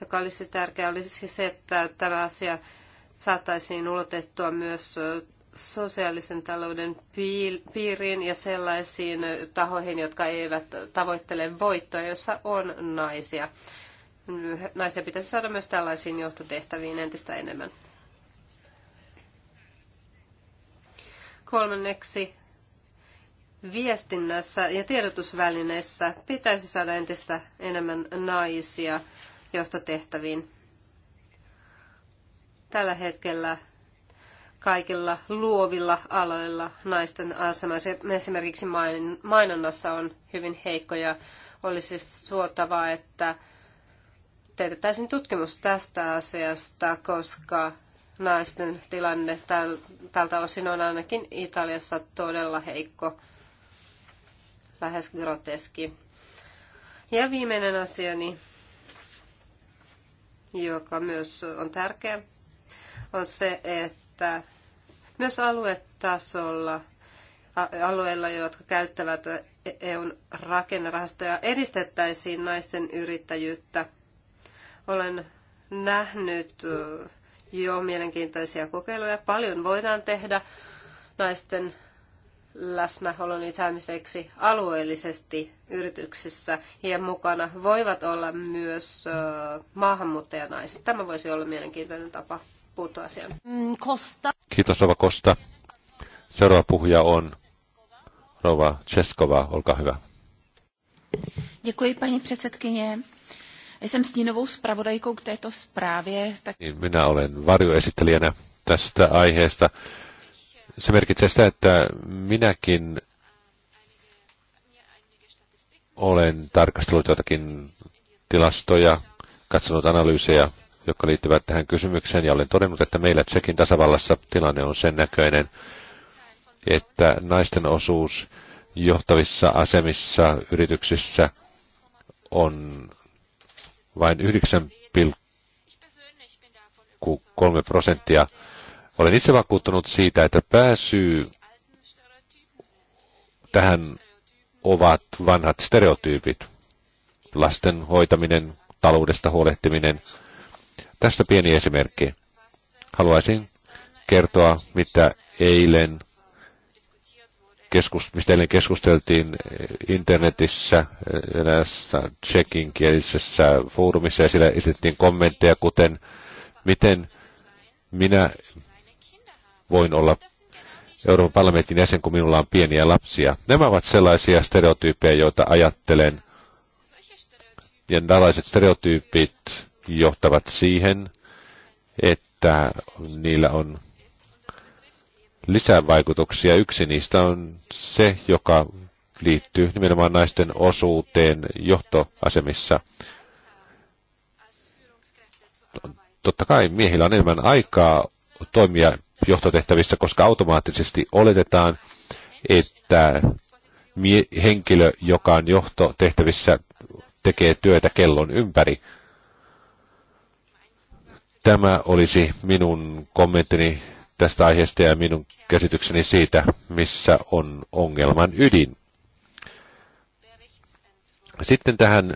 Speaker 2: joka olisi tärkeä, olisi se, että tämä asia saataisiin ulotettua myös sosiaalisen talouden piiriin ja sellaisiin tahoihin, jotka eivät tavoittele voittoa, jossa on naisia naisia pitäisi saada myös tällaisiin johtotehtäviin entistä enemmän. Kolmanneksi viestinnässä ja tiedotusvälineissä pitäisi saada entistä enemmän naisia johtotehtäviin. Tällä hetkellä kaikilla luovilla aloilla naisten asema, esimerkiksi mainonnassa on hyvin heikko ja olisi suotavaa, että teetettäisiin tutkimus tästä asiasta, koska naisten tilanne tältä osin on ainakin Italiassa todella heikko, lähes groteski. Ja viimeinen asiani, joka myös on tärkeä, on se, että myös aluetasolla, alueilla, jotka käyttävät EUn rakennerahastoja, edistettäisiin naisten yrittäjyyttä olen nähnyt jo mielenkiintoisia kokeiluja. Paljon voidaan tehdä naisten läsnäolon lisäämiseksi alueellisesti yrityksissä ja mukana voivat olla myös maahanmuuttajanaiset. Tämä voisi olla mielenkiintoinen tapa puuttua asiaan. Mm, Kosta.
Speaker 1: Kiitos Rova Kosta. Seuraava puhuja on Rova Cheskova. olkaa hyvä.
Speaker 2: Děkuji paní předsedkyně.
Speaker 3: Jsem stínovou zpravodajkou k této zprávě. Tak...
Speaker 1: Niin, minä olen varjoesittelijänä tästä aiheesta. Se merkitsee sitä, että minäkin olen tarkastellut jotakin tilastoja, katsonut analyysejä, jotka liittyvät tähän kysymykseen, ja olen todennut, että meillä Tsekin tasavallassa tilanne on sen näköinen, että naisten osuus johtavissa asemissa yrityksissä on vain 9,3 prosenttia. Olen itse vakuuttunut siitä, että pääsyy tähän ovat vanhat stereotyypit. Lasten hoitaminen, taloudesta huolehtiminen. Tästä pieni esimerkki. Haluaisin kertoa, mitä eilen keskust, mistä eilen keskusteltiin eh, internetissä eh, eräässä tsekin kielisessä foorumissa ja siellä esitettiin kommentteja, kuten miten minä voin olla Euroopan parlamentin jäsen, kun minulla on pieniä lapsia. Nämä ovat sellaisia stereotyyppejä, joita ajattelen. Ja tällaiset stereotyypit johtavat siihen, että niillä on lisävaikutuksia. Yksi niistä on se, joka liittyy nimenomaan naisten osuuteen johtoasemissa. Totta kai miehillä on enemmän aikaa toimia johtotehtävissä, koska automaattisesti oletetaan, että henkilö, joka on johtotehtävissä, tekee työtä kellon ympäri. Tämä olisi minun kommenttini tästä aiheesta ja minun käsitykseni siitä, missä on ongelman ydin. Sitten tähän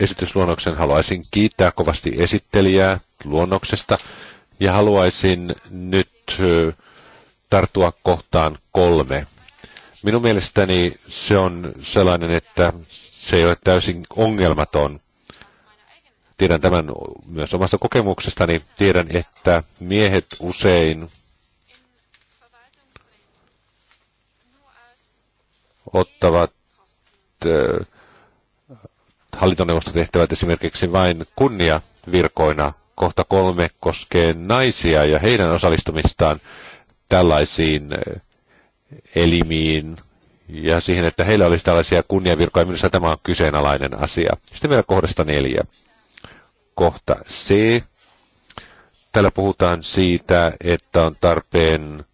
Speaker 1: esitysluonnoksen haluaisin kiittää kovasti esittelijää luonnoksesta ja haluaisin nyt tarttua kohtaan kolme. Minun mielestäni se on sellainen, että se ei ole täysin ongelmaton. Tiedän tämän myös omasta kokemuksestani. Tiedän, että miehet usein ottavat hallintoneuvostotehtävät esimerkiksi vain kunnia virkoina Kohta kolme koskee naisia ja heidän osallistumistaan tällaisiin elimiin ja siihen, että heillä olisi tällaisia kunniavirkoja. Minusta tämä on kyseenalainen asia. Sitten vielä kohdasta neljä. Kohta C. Täällä puhutaan siitä, että on tarpeen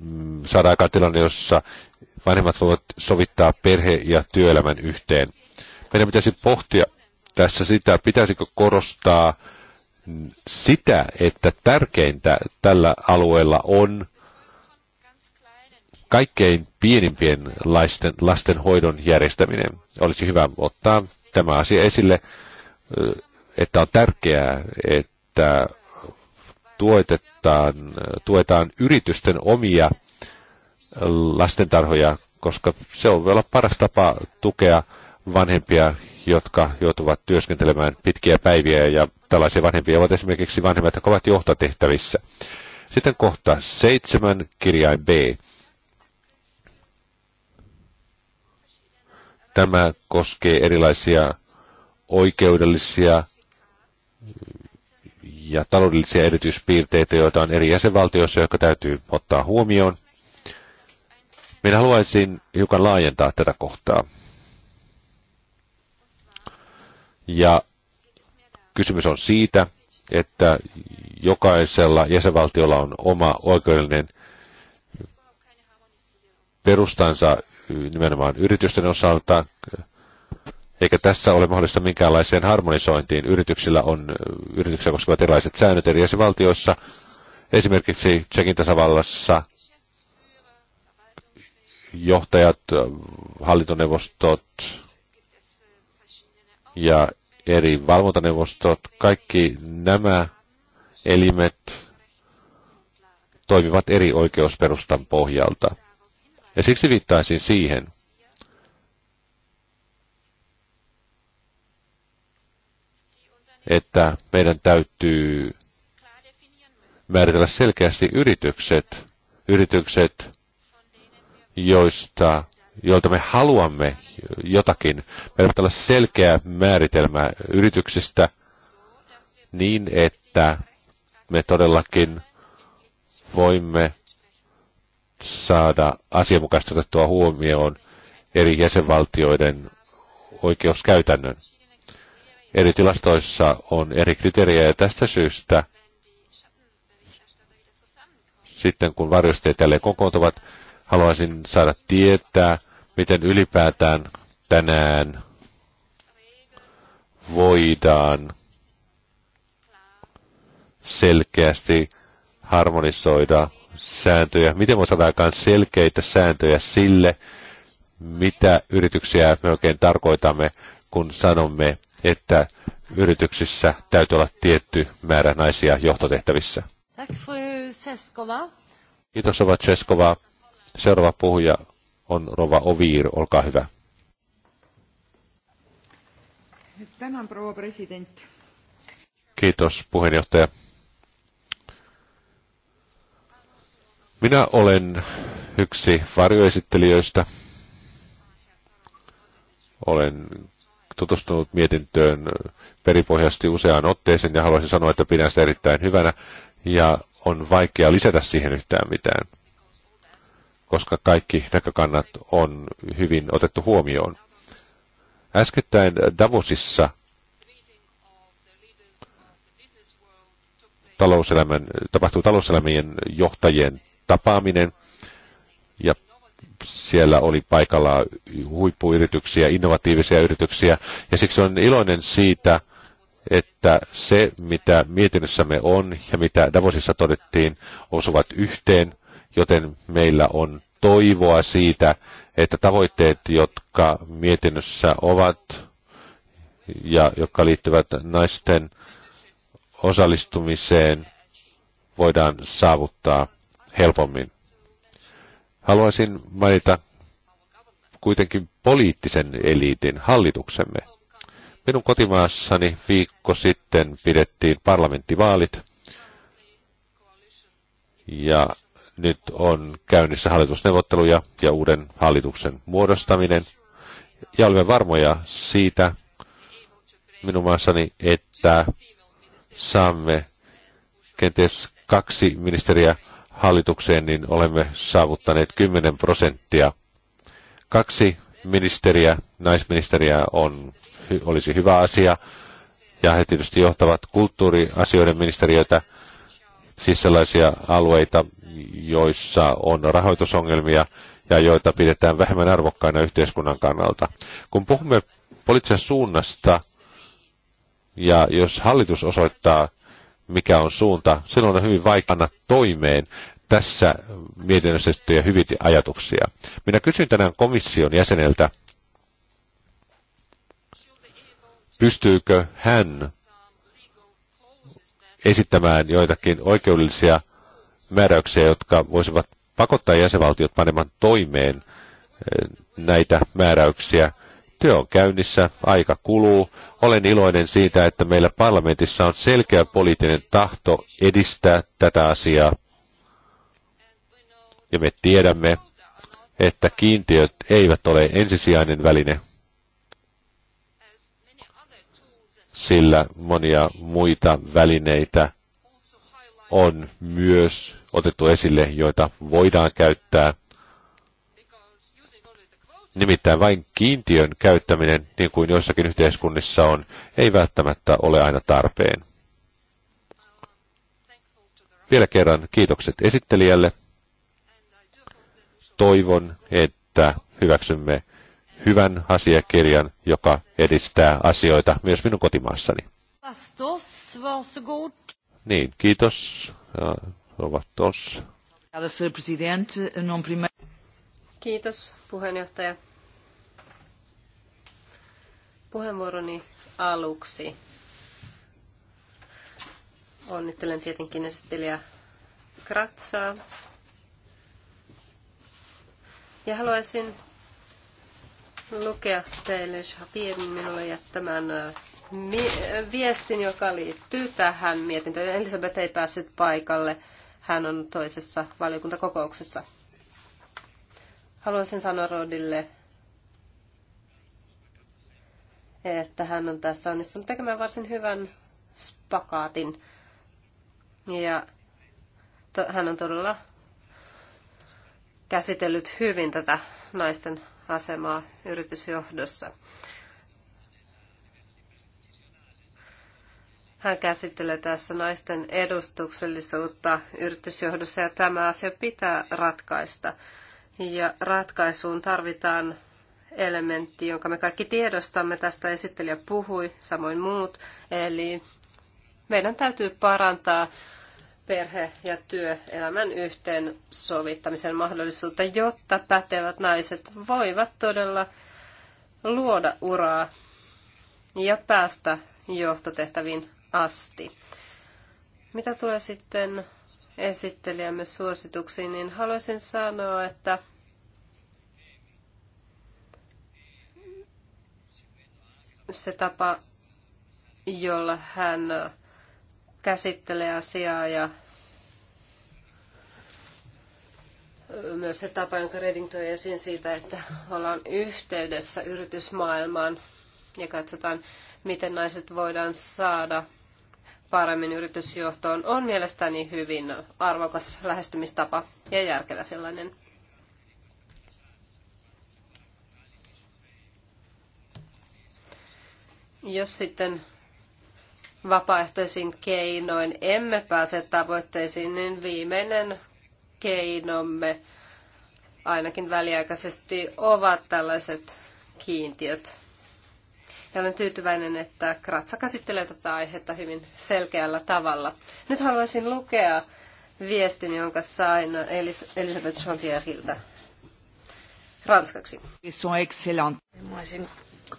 Speaker 1: Mm, saada aikaan tilanne, jossa vanhemmat voivat sovittaa perhe- ja työelämän yhteen. Meidän pitäisi pohtia tässä sitä, pitäisikö korostaa sitä, että tärkeintä tällä alueella on kaikkein pienimpien lasten, lasten hoidon järjestäminen. Olisi hyvä ottaa tämä asia esille, että on tärkeää, että tuotetaan, tuetaan yritysten omia äh, lastentarhoja, koska se on vielä paras tapa tukea vanhempia, jotka joutuvat työskentelemään pitkiä päiviä ja tällaisia vanhempia ovat esimerkiksi vanhemmat, jotka ovat johtotehtävissä. Sitten kohta seitsemän kirjain B. Tämä koskee erilaisia oikeudellisia ja taloudellisia erityispiirteitä, joita on eri jäsenvaltioissa, jotka täytyy ottaa huomioon. Minä haluaisin hiukan laajentaa tätä kohtaa. Ja kysymys on siitä, että jokaisella jäsenvaltiolla on oma oikeudellinen perustansa nimenomaan yritysten osalta, eikä tässä ole mahdollista minkäänlaiseen harmonisointiin. Yrityksillä on yrityksiä koskevat erilaiset säännöt eri jäsenvaltioissa. Esimerkiksi Tsekin tasavallassa johtajat, hallintoneuvostot ja eri valvontaneuvostot, kaikki nämä elimet toimivat eri oikeusperustan pohjalta. Ja siksi viittaisin siihen, että meidän täytyy määritellä selkeästi yritykset, yritykset, joista, joilta me haluamme jotakin. Meillä pitää olla selkeä määritelmä yrityksistä niin, että me todellakin voimme saada asianmukaisesti otettua huomioon eri jäsenvaltioiden oikeuskäytännön. Eri tilastoissa on eri kriteerejä ja tästä syystä sitten kun varjosteet jälleen kokoontuvat, haluaisin saada tietää, miten ylipäätään tänään voidaan selkeästi harmonisoida sääntöjä. Miten voisi saada selkeitä sääntöjä sille, mitä yrityksiä me oikein tarkoitamme, kun sanomme että yrityksissä täytyy olla tietty määrä naisia johtotehtävissä. Kiitos Rova Cheskova. Seuraava puhuja on Rova Ovir, olkaa hyvä.
Speaker 2: Tänään rouva presidentti.
Speaker 1: Kiitos puheenjohtaja. Minä olen yksi varjoesittelijöistä. Olen tutustunut mietintöön peripohjaisesti useaan otteeseen ja haluaisin sanoa, että pidän sitä erittäin hyvänä ja on vaikea lisätä siihen yhtään mitään, koska kaikki näkökannat on hyvin otettu huomioon. Äskettäin Davosissa talouselämän, tapahtuu talouselämien johtajien tapaaminen – siellä oli paikalla huippuyrityksiä, innovatiivisia yrityksiä, ja siksi on iloinen siitä, että se, mitä mietinnössämme on ja mitä Davosissa todettiin, osuvat yhteen, joten meillä on toivoa siitä, että tavoitteet, jotka mietinnössä ovat ja jotka liittyvät naisten osallistumiseen, voidaan saavuttaa helpommin. Haluaisin mainita kuitenkin poliittisen eliitin, hallituksemme. Minun kotimaassani viikko sitten pidettiin parlamenttivaalit, ja nyt on käynnissä hallitusneuvotteluja ja uuden hallituksen muodostaminen. Ja olemme varmoja siitä minun maassani, että saamme kenties kaksi ministeriä hallitukseen, niin olemme saavuttaneet 10 prosenttia. Kaksi ministeriä, naisministeriä on, olisi hyvä asia, ja he tietysti johtavat kulttuuriasioiden ministeriötä, siis sellaisia alueita, joissa on rahoitusongelmia ja joita pidetään vähemmän arvokkaina yhteiskunnan kannalta. Kun puhumme poliittisesta suunnasta, ja jos hallitus osoittaa mikä on suunta, silloin on hyvin vaikea panna toimeen tässä mietinnössä esitettyjä hyviä ajatuksia. Minä kysyn tänään komission jäseneltä, pystyykö hän esittämään joitakin oikeudellisia määräyksiä, jotka voisivat pakottaa jäsenvaltiot panemaan toimeen eh, näitä määräyksiä Työ on käynnissä, aika kuluu. Olen iloinen siitä, että meillä parlamentissa on selkeä poliittinen tahto edistää tätä asiaa. Ja me tiedämme, että kiintiöt eivät ole ensisijainen väline, sillä monia muita välineitä on myös otettu esille, joita voidaan käyttää – Nimittäin vain kiintiön käyttäminen, niin kuin joissakin yhteiskunnissa on, ei välttämättä ole aina tarpeen. Vielä kerran kiitokset esittelijälle. Toivon, että hyväksymme hyvän asiakirjan, joka edistää asioita myös minun kotimaassani. Niin, kiitos. Ovat
Speaker 2: Kiitos puheenjohtaja. Puheenvuoroni aluksi. Onnittelen tietenkin esittelijä Kratsaa. Ja haluaisin lukea teille Shapirin minulle jättämän äh, äh, viestin, joka liittyy tähän mietintöön. Elisabeth ei päässyt paikalle. Hän on toisessa valiokuntakokouksessa. Haluaisin sanoa Rodille, että hän on tässä onnistunut tekemään varsin hyvän spakaatin. Ja to, hän on todella käsitellyt hyvin tätä naisten asemaa yritysjohdossa. Hän käsittelee tässä naisten edustuksellisuutta yritysjohdossa ja tämä asia pitää ratkaista. Ja ratkaisuun tarvitaan elementti, jonka me kaikki tiedostamme, tästä esittelijä puhui, samoin muut. Eli meidän täytyy parantaa perhe- ja työelämän yhteensovittamisen mahdollisuutta, jotta pätevät naiset voivat todella luoda uraa ja päästä johtotehtäviin asti. Mitä tulee sitten esittelijämme suosituksiin, niin haluaisin sanoa, että se tapa, jolla hän käsittelee asiaa ja myös se tapa, jonka Reding toi esiin siitä, että ollaan yhteydessä yritysmaailmaan ja katsotaan, miten naiset voidaan saada paremmin yritysjohtoon on mielestäni hyvin arvokas lähestymistapa ja järkevä sellainen. Jos sitten vapaaehtoisin keinoin emme pääse tavoitteisiin, niin viimeinen keinomme ainakin väliaikaisesti ovat tällaiset kiintiöt. Ja olen tyytyväinen, että Kratsa käsittelee tätä aihetta hyvin selkeällä tavalla. Nyt haluaisin lukea viestin, jonka sain Elis- Elisabeth Chantierilta ranskaksi.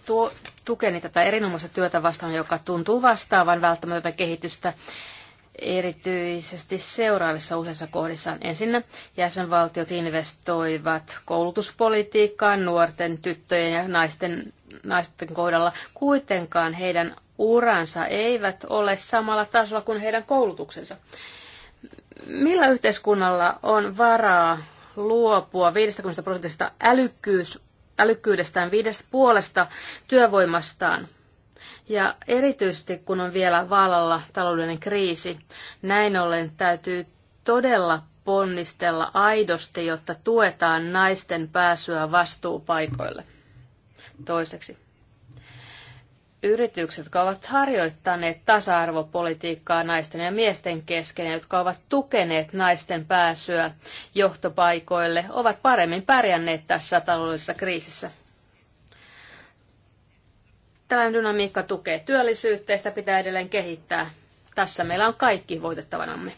Speaker 3: tuo, tukeni tätä erinomaista työtä vastaan, joka tuntuu vastaavan välttämätöntä kehitystä erityisesti seuraavissa useissa kohdissa. Ensin jäsenvaltiot investoivat koulutuspolitiikkaan, nuorten, tyttöjen ja naisten naisten kohdalla. Kuitenkaan heidän uransa eivät ole samalla tasolla kuin heidän koulutuksensa. Millä yhteiskunnalla on varaa luopua 50 prosentista älykkyys, älykkyydestään viidestä puolesta työvoimastaan? Ja erityisesti kun on vielä vaalalla taloudellinen kriisi, näin ollen täytyy todella ponnistella aidosti, jotta tuetaan naisten pääsyä vastuupaikoille. Toiseksi, yritykset, jotka ovat harjoittaneet tasa-arvopolitiikkaa naisten ja miesten kesken ja jotka ovat tukeneet naisten pääsyä johtopaikoille, ovat paremmin pärjänneet tässä taloudellisessa kriisissä. Tällainen dynamiikka tukee työllisyyttä ja sitä pitää edelleen kehittää. Tässä meillä on kaikki voitettavanamme.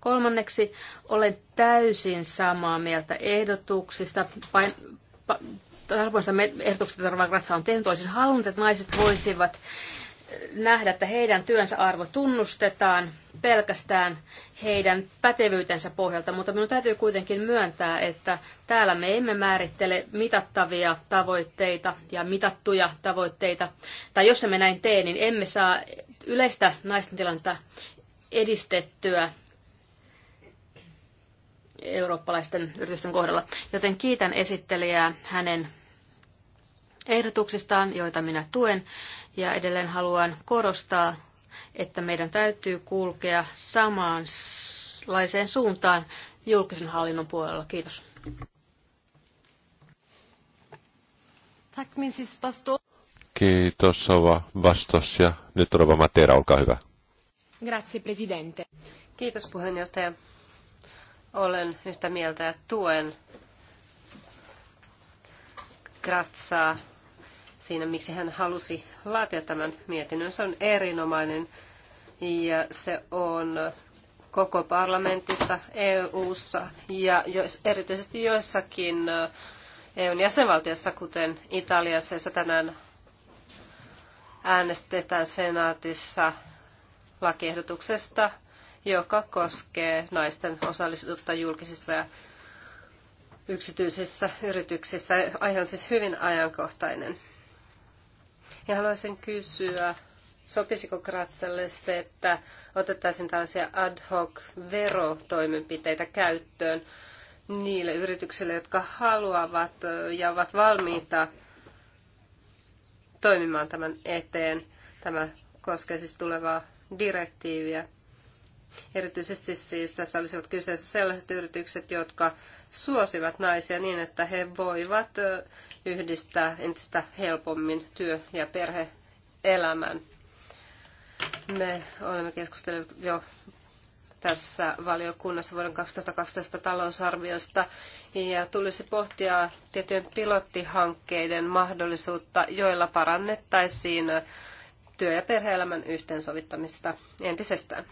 Speaker 3: Kolmanneksi, olen täysin samaa mieltä ehdotuksista, pain, tarpoista ehdotuksesta, jota Kratsa on tehnyt, olisin halunnut, että naiset voisivat eh, nähdä, että heidän työnsä arvo tunnustetaan pelkästään heidän pätevyytensä pohjalta, mutta minun täytyy kuitenkin myöntää, että täällä me emme määrittele mitattavia tavoitteita ja mitattuja tavoitteita, tai jos emme näin tee, niin emme saa yleistä naisten tilannetta edistettyä eurooppalaisten yritysten kohdalla. Joten kiitän esittelijää hänen ehdotuksistaan, joita minä tuen. Ja edelleen haluan korostaa, että meidän täytyy kulkea samanlaiseen suuntaan julkisen hallinnon puolella. Kiitos.
Speaker 1: Kiitos, ova Vastos. Ja nyt Rova Matera, olkaa hyvä.
Speaker 2: Grazie, presidente. Kiitos, puheenjohtaja. Olen yhtä mieltä ja tuen Gratsaa siinä, miksi hän halusi laatia tämän mietinnön. Se on erinomainen ja se on koko parlamentissa, EU:ssa ja erityisesti joissakin EUn jäsenvaltiossa, kuten Italiassa, jossa tänään äänestetään senaatissa lakiehdotuksesta, joka koskee naisten osallisuutta julkisissa ja yksityisissä yrityksissä. Aihe on siis hyvin ajankohtainen. Ja haluaisin kysyä, sopisiko Kratsalle se, että otettaisiin tällaisia ad hoc verotoimenpiteitä käyttöön niille yrityksille, jotka haluavat ja ovat valmiita toimimaan tämän eteen. Tämä koskee siis tulevaa direktiiviä. Erityisesti siis tässä olisivat kyseessä sellaiset yritykset, jotka suosivat naisia niin, että he voivat yhdistää entistä helpommin työ- ja perhe-elämän. Me olemme keskustelleet jo tässä valiokunnassa vuoden 2012 talousarviosta ja tulisi pohtia tiettyjen pilottihankkeiden mahdollisuutta, joilla parannettaisiin työ- ja perhe-elämän yhteensovittamista entisestään.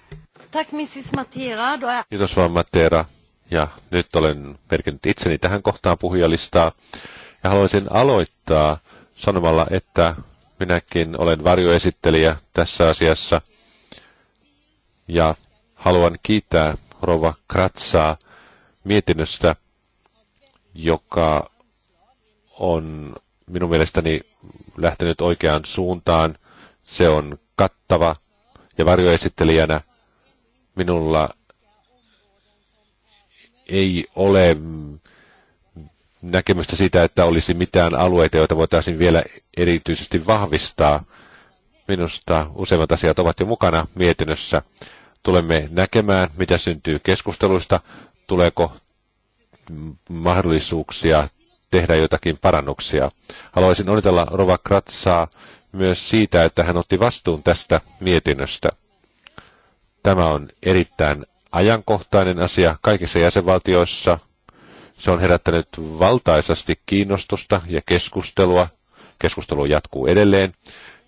Speaker 1: Kiitos vaan Matera. Ja nyt olen merkinnyt itseni tähän kohtaan puhujalistaa. Ja haluaisin aloittaa sanomalla, että minäkin olen varjoesittelijä tässä asiassa. Ja haluan kiittää Rova Kratsaa mietinnöstä, joka on minun mielestäni lähtenyt oikeaan suuntaan. Se on kattava ja varjoesittelijänä Minulla ei ole näkemystä siitä, että olisi mitään alueita, joita voitaisiin vielä erityisesti vahvistaa. Minusta useimmat asiat ovat jo mukana mietinnössä. Tulemme näkemään, mitä syntyy keskusteluista, tuleeko mahdollisuuksia tehdä jotakin parannuksia. Haluaisin onnitella Rova Kratsaa myös siitä, että hän otti vastuun tästä mietinnöstä. Tämä on erittäin ajankohtainen asia kaikissa jäsenvaltioissa. Se on herättänyt valtaisasti kiinnostusta ja keskustelua. Keskustelu jatkuu edelleen.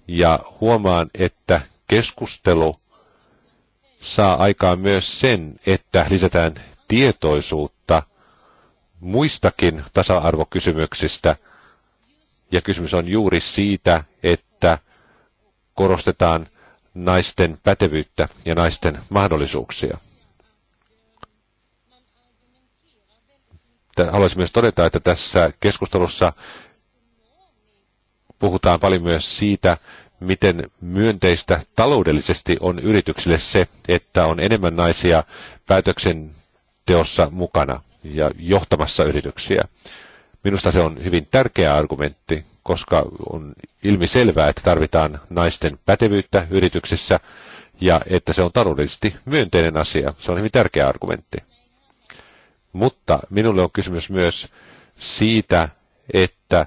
Speaker 1: Ja huomaan, että keskustelu saa aikaan myös sen, että lisätään tietoisuutta muistakin tasa-arvokysymyksistä. Ja kysymys on juuri siitä, että korostetaan naisten pätevyyttä ja naisten mahdollisuuksia. Haluaisin myös todeta, että tässä keskustelussa puhutaan paljon myös siitä, miten myönteistä taloudellisesti on yrityksille se, että on enemmän naisia päätöksenteossa mukana ja johtamassa yrityksiä. Minusta se on hyvin tärkeä argumentti, koska on ilmi selvää, että tarvitaan naisten pätevyyttä yrityksissä ja että se on taloudellisesti myönteinen asia. Se on hyvin tärkeä argumentti. Mutta minulle on kysymys myös siitä, että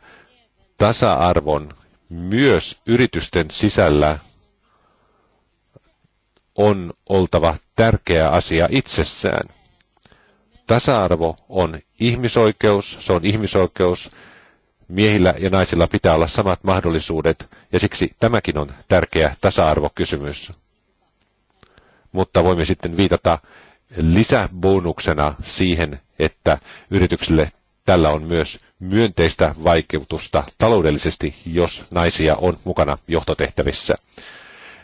Speaker 1: tasa-arvon myös yritysten sisällä on oltava tärkeä asia itsessään. Tasa-arvo on ihmisoikeus, se on ihmisoikeus. Miehillä ja naisilla pitää olla samat mahdollisuudet, ja siksi tämäkin on tärkeä tasa-arvokysymys. Mutta voimme sitten viitata lisäbonuksena siihen, että yrityksille tällä on myös myönteistä vaikutusta taloudellisesti, jos naisia on mukana johtotehtävissä.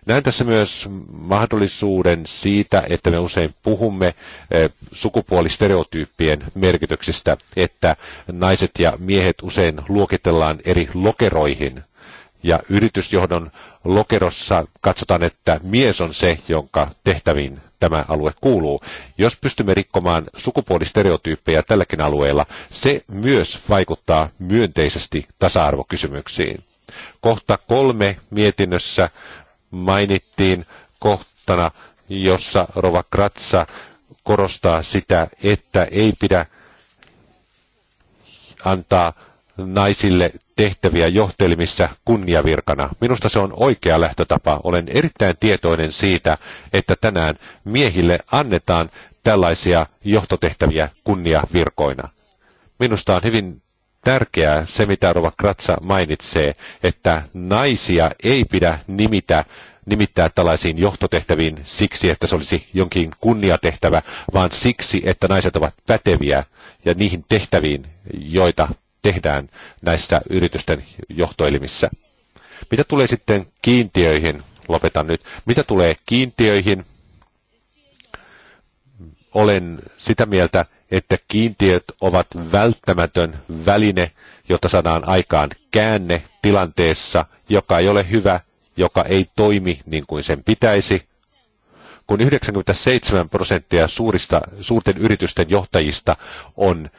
Speaker 1: Näen tässä myös mahdollisuuden siitä, että me usein puhumme eh, sukupuolistereotyyppien merkityksistä, että naiset ja miehet usein luokitellaan eri lokeroihin. Ja yritysjohdon lokerossa katsotaan, että mies on se, jonka tehtäviin tämä alue kuuluu. Jos pystymme rikkomaan sukupuolistereotyyppejä tälläkin alueella, se myös vaikuttaa myönteisesti tasa-arvokysymyksiin. Kohta kolme mietinnössä mainittiin kohtana, jossa Rova Kratsa korostaa sitä, että ei pidä antaa naisille tehtäviä johtelmissa kunniavirkana. Minusta se on oikea lähtötapa. Olen erittäin tietoinen siitä, että tänään miehille annetaan tällaisia johtotehtäviä kunniavirkoina. Minusta on hyvin tärkeää se, mitä Rova Kratsa mainitsee, että naisia ei pidä nimitä nimittää tällaisiin johtotehtäviin siksi, että se olisi jonkin kunniatehtävä, vaan siksi, että naiset ovat päteviä ja niihin tehtäviin, joita tehdään näissä yritysten johtoelimissä. Mitä tulee sitten kiintiöihin, lopetan nyt, mitä tulee kiintiöihin, olen sitä mieltä, että kiintiöt ovat välttämätön väline, jotta saadaan aikaan käänne tilanteessa, joka ei ole hyvä, joka ei toimi niin kuin sen pitäisi. Kun 97 prosenttia suurista, suurten yritysten johtajista on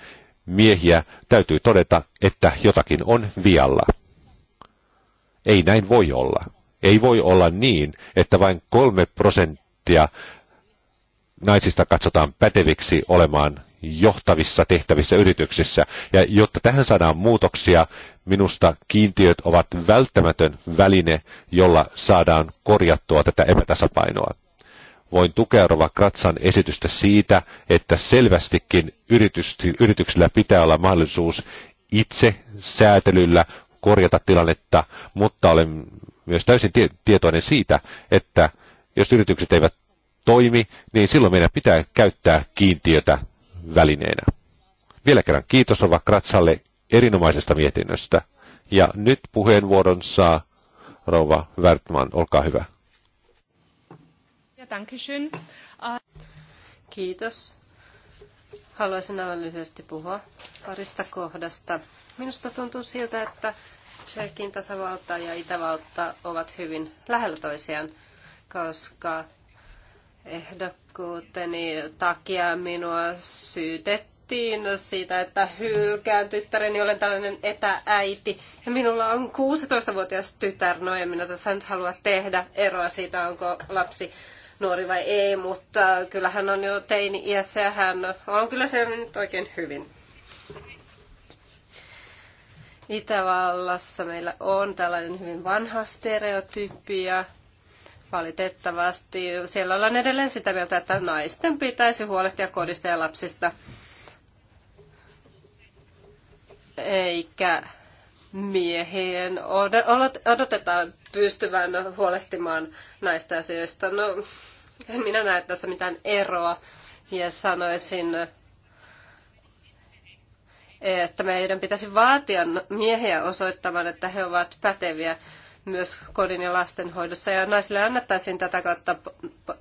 Speaker 1: miehiä, täytyy todeta, että jotakin on vialla. Ei näin voi olla. Ei voi olla niin, että vain kolme prosenttia naisista katsotaan päteviksi olemaan johtavissa tehtävissä yrityksissä. Ja jotta tähän saadaan muutoksia, minusta kiintiöt ovat välttämätön väline, jolla saadaan korjattua tätä epätasapainoa. Voin tukea Rova Kratsan esitystä siitä, että selvästikin yrityksillä pitää olla mahdollisuus itse säätelyllä korjata tilannetta, mutta olen myös täysin tie tietoinen siitä, että jos yritykset eivät toimi, niin silloin meidän pitää käyttää kiintiötä välineenä. Vielä kerran kiitos Rova Kratsalle erinomaisesta mietinnöstä. Ja nyt puheenvuoron saa Rova Wertman, olkaa hyvä.
Speaker 2: Ja dankeschön. Ah. Kiitos. Haluaisin aivan lyhyesti puhua parista kohdasta. Minusta tuntuu siltä, että Tsekin tasavalta ja Itävalta ovat hyvin lähellä toisiaan, koska ehdokkuuteni takia minua syytettiin siitä, että hylkään tyttäreni, olen tällainen etääiti. Ja minulla on 16-vuotias tytär, no en minä tässä nyt halua tehdä eroa siitä, onko lapsi nuori vai ei, mutta kyllähän on jo teini-iässä ja hän on kyllä nyt oikein hyvin. Itävallassa meillä on tällainen hyvin vanha stereotypia Valitettavasti siellä ollaan edelleen sitä mieltä, että naisten pitäisi huolehtia kodista ja lapsista, eikä miehien odotetaan pystyvän huolehtimaan näistä asioista. No, en minä näe tässä mitään eroa ja sanoisin, että meidän pitäisi vaatia miehiä osoittamaan, että he ovat päteviä myös kodin ja lastenhoidossa. Ja naisille annettaisiin tätä kautta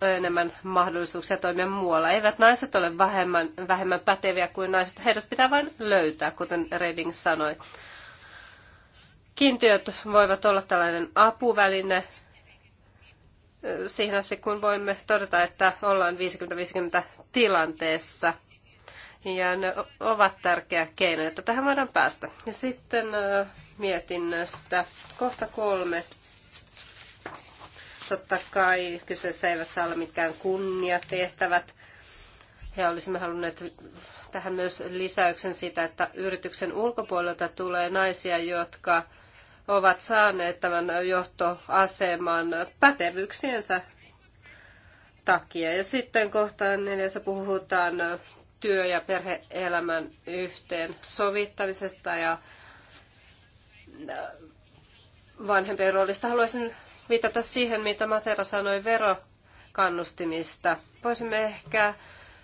Speaker 2: enemmän mahdollisuuksia toimia muualla. Eivät naiset ole vähemmän, vähemmän päteviä kuin naiset. Heidät pitää vain löytää, kuten Reding sanoi. Kiintiöt voivat olla tällainen apuväline siihen asti, kun voimme todeta, että ollaan 50-50 tilanteessa – ja ne ovat tärkeä keino, jotta tähän voidaan päästä. Ja sitten mietinnöstä kohta kolme. Totta kai kyseessä eivät saa olla mitkään kunniatehtävät. Ja olisimme halunneet tähän myös lisäyksen siitä, että yrityksen ulkopuolelta tulee naisia, jotka ovat saaneet tämän johtoaseman pätevyyksiensä takia. Ja sitten kohtaan neljässä puhutaan työ- ja perheelämän yhteen sovittamisesta ja äh, vanhempien roolista. Haluaisin viitata siihen, mitä Matera sanoi verokannustimista. Voisimme ehkä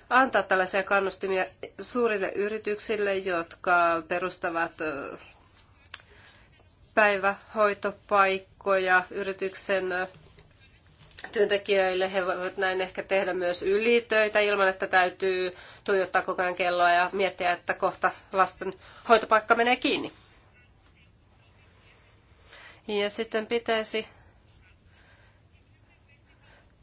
Speaker 2: antaa tällaisia kannustimia suurille yrityksille, jotka perustavat äh, päivähoitopaikkoja yrityksen äh, työntekijöille. He voivat näin ehkä tehdä myös ylitöitä ilman, että täytyy tuijottaa koko ajan kelloa ja miettiä, että kohta lasten hoitopaikka menee kiinni. Ja sitten pitäisi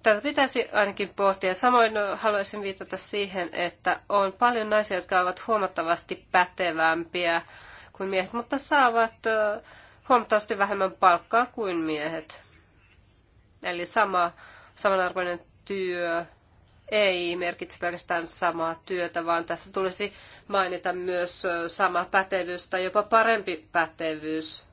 Speaker 2: Tätä pitäisi ainakin pohtia. Samoin haluaisin viitata siihen, että on paljon naisia, jotka ovat huomattavasti pätevämpiä kuin miehet, mutta saavat huomattavasti vähemmän palkkaa kuin miehet. Eli sama, samanarvoinen työ ei merkitse pelkästään samaa työtä, vaan tässä tulisi mainita myös sama pätevyys tai jopa parempi pätevyys,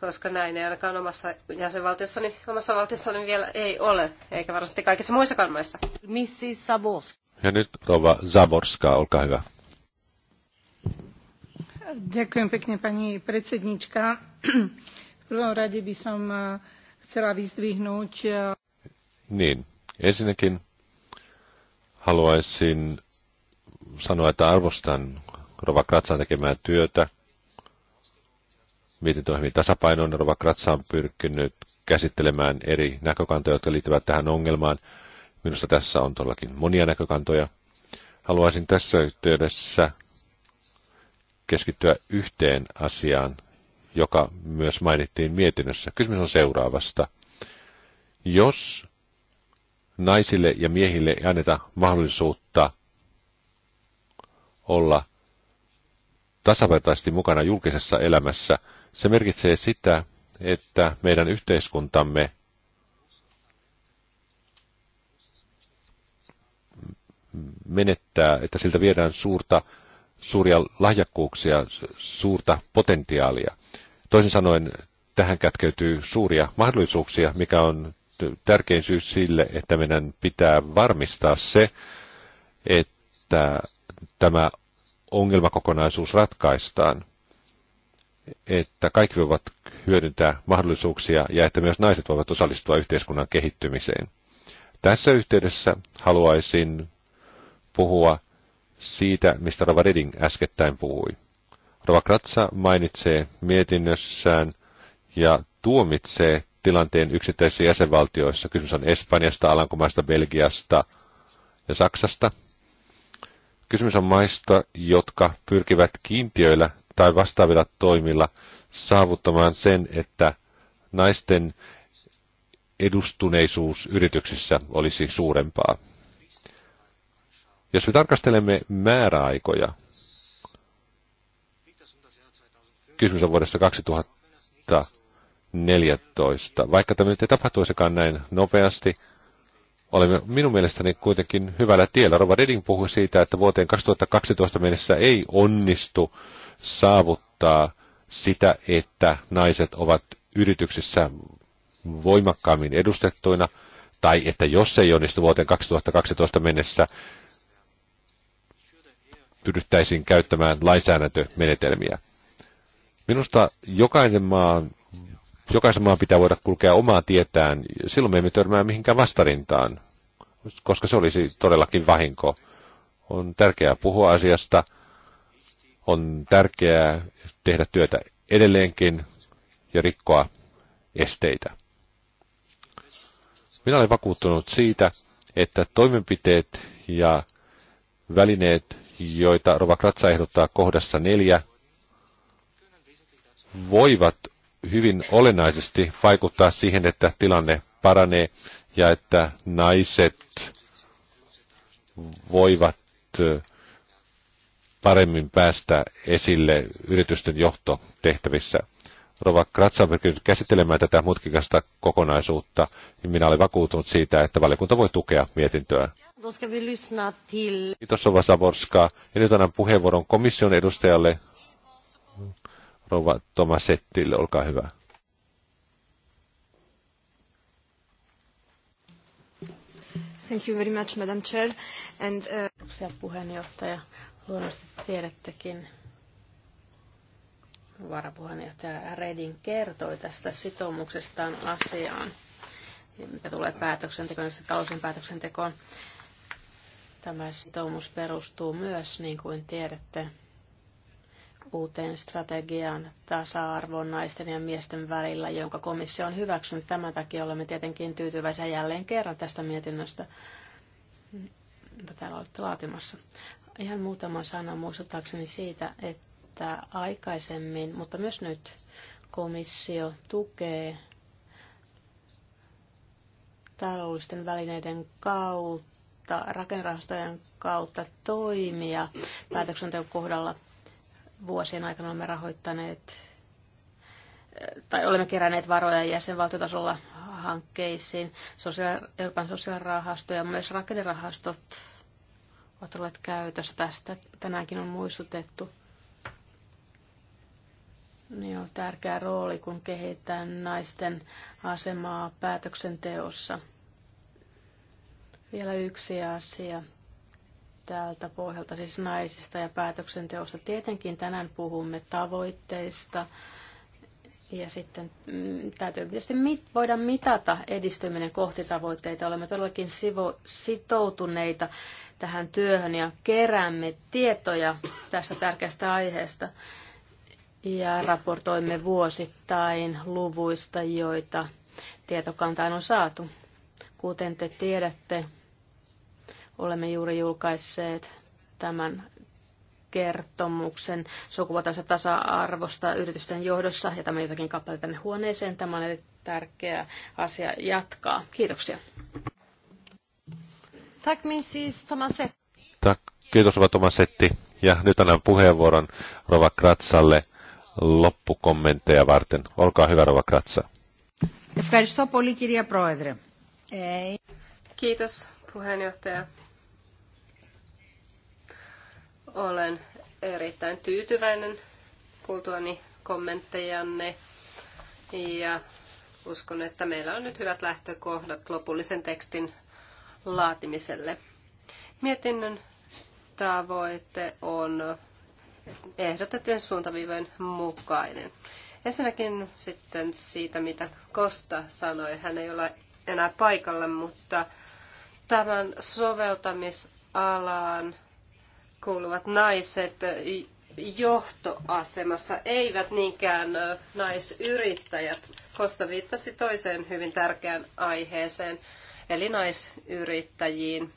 Speaker 2: koska näin ei ainakaan omassa jäsenvaltiossani, omassa valtiossani vielä ei ole, eikä varmasti kaikissa muissa maissa. Missi Saborska.
Speaker 1: Ja nyt rouva Zaborska, olkaa hyvä.
Speaker 2: Ďakujem pekne, pani predsednička. V prvom rade by som chcela vyzdvihnúť. Eh,
Speaker 1: niin, ensinnäkin haluaisin sanoa, että arvostan Rova Kratsan tekemää työtä. Mietin on hyvin Rova Kratsa on pyrkinyt käsittelemään eri näkökantoja, jotka liittyvät tähän ongelmaan. Minusta tässä on todellakin monia näkökantoja. Haluaisin tässä yhteydessä keskittyä yhteen asiaan, joka myös mainittiin mietinnössä. Kysymys on seuraavasta. Jos naisille ja miehille ei anneta mahdollisuutta olla tasavertaisesti mukana julkisessa elämässä, se merkitsee sitä, että meidän yhteiskuntamme menettää, että siltä viedään suurta, suuria lahjakkuuksia, suurta potentiaalia. Toisin sanoen tähän kätkeytyy suuria mahdollisuuksia, mikä on tärkein syy sille, että meidän pitää varmistaa se, että tämä ongelmakokonaisuus ratkaistaan, että kaikki voivat hyödyntää mahdollisuuksia ja että myös naiset voivat osallistua yhteiskunnan kehittymiseen. Tässä yhteydessä haluaisin puhua siitä, mistä Rova Redding äskettäin puhui. Rova Kratsa mainitsee mietinnössään ja tuomitsee tilanteen yksittäisissä jäsenvaltioissa. Kysymys on Espanjasta, Alankomaista, Belgiasta ja Saksasta. Kysymys on maista, jotka pyrkivät kiintiöillä tai vastaavilla toimilla saavuttamaan sen, että naisten edustuneisuus yrityksissä olisi suurempaa. Jos me tarkastelemme määräaikoja, Kysymys on vuodesta 2014. Vaikka tämä nyt ei tapahtuisikaan näin nopeasti, olemme minun mielestäni kuitenkin hyvällä tiellä. Rova Redding puhui siitä, että vuoteen 2012 mennessä ei onnistu saavuttaa sitä, että naiset ovat yrityksissä voimakkaammin edustettuina, tai että jos se ei onnistu vuoteen 2012 mennessä, pyrittäisiin käyttämään lainsäädäntömenetelmiä. Minusta jokainen maa, jokaisen maan pitää voida kulkea omaa tietään. Silloin me emme törmää mihinkään vastarintaan, koska se olisi todellakin vahinko. On tärkeää puhua asiasta, on tärkeää tehdä työtä edelleenkin ja rikkoa esteitä. Minä olen vakuuttunut siitä, että toimenpiteet ja välineet, joita Rova Kratsa ehdottaa kohdassa neljä, voivat hyvin olennaisesti vaikuttaa siihen, että tilanne paranee ja että naiset voivat paremmin päästä esille yritysten johtotehtävissä. Rova Kratsa on pyrkinyt käsittelemään tätä mutkikasta kokonaisuutta, ja niin minä olen vakuutunut siitä, että valiokunta voi tukea mietintöä.
Speaker 2: Kiitos
Speaker 1: Sova Saborska, ja nyt annan puheenvuoron komission edustajalle rouva Tomasettille, olkaa hyvä.
Speaker 2: Thank
Speaker 3: you very much, Madam Chair. And, uh... puheenjohtaja, luonnollisesti tiedättekin, varapuheenjohtaja Redin kertoi tästä sitoumuksestaan asiaan, mitä tulee päätöksentekoon, siis talousen päätöksentekoon. Tämä sitoumus perustuu myös, niin kuin tiedätte, uuteen strategiaan tasa-arvon naisten ja miesten välillä, jonka komissio on hyväksynyt. Tämän takia olemme tietenkin tyytyväisiä jälleen kerran tästä mietinnöstä, mitä täällä olette laatimassa. Ihan muutama sana muistuttaakseni siitä, että aikaisemmin, mutta myös nyt, komissio tukee taloudellisten välineiden kautta, rakennerahastojen kautta toimia päätöksenteon kohdalla vuosien aikana olemme rahoittaneet tai olemme keränneet varoja jäsenvaltiotasolla hankkeisiin. Sosiaal- Euroopan sosiaalirahasto ja myös rakennerahastot ovat olleet käytössä. Tästä tänäänkin on muistutettu. Niin on tärkeä rooli, kun kehitetään naisten asemaa päätöksenteossa. Vielä yksi asia tältä pohjalta, siis naisista ja päätöksenteosta. Tietenkin tänään puhumme tavoitteista ja sitten mm, täytyy tietysti mit, voida mitata edistyminen kohti tavoitteita. Olemme todellakin sivo, sitoutuneita tähän työhön ja keräämme tietoja tästä tärkeästä aiheesta ja raportoimme vuosittain luvuista, joita tietokantaan on saatu. Kuten te tiedätte, Olemme juuri julkaisseet tämän kertomuksen sukupuolten tasa-arvosta yritysten johdossa, ja tämä jotakin kappale tänne huoneeseen. Tämä on tärkeä asia jatkaa. Kiitoksia.
Speaker 2: Tack siis
Speaker 1: Tak, kiitos Rova Tomasetti. Ja nyt annan puheenvuoron Rova Kratsalle loppukommentteja varten. Olkaa hyvä Rova Kratsa.
Speaker 2: Kiitos puheenjohtaja. Olen erittäin tyytyväinen kuultuani kommenttejanne ja uskon, että meillä on nyt hyvät lähtökohdat lopullisen tekstin laatimiselle. Mietinnön tavoite on ehdotettujen suuntaviivojen mukainen. Ensinnäkin sitten siitä, mitä Kosta sanoi. Hän ei ole enää paikalla, mutta tämän soveltamisalaan kuuluvat naiset johtoasemassa, eivät niinkään naisyrittäjät. Kosta viittasi toiseen hyvin tärkeään aiheeseen, eli naisyrittäjiin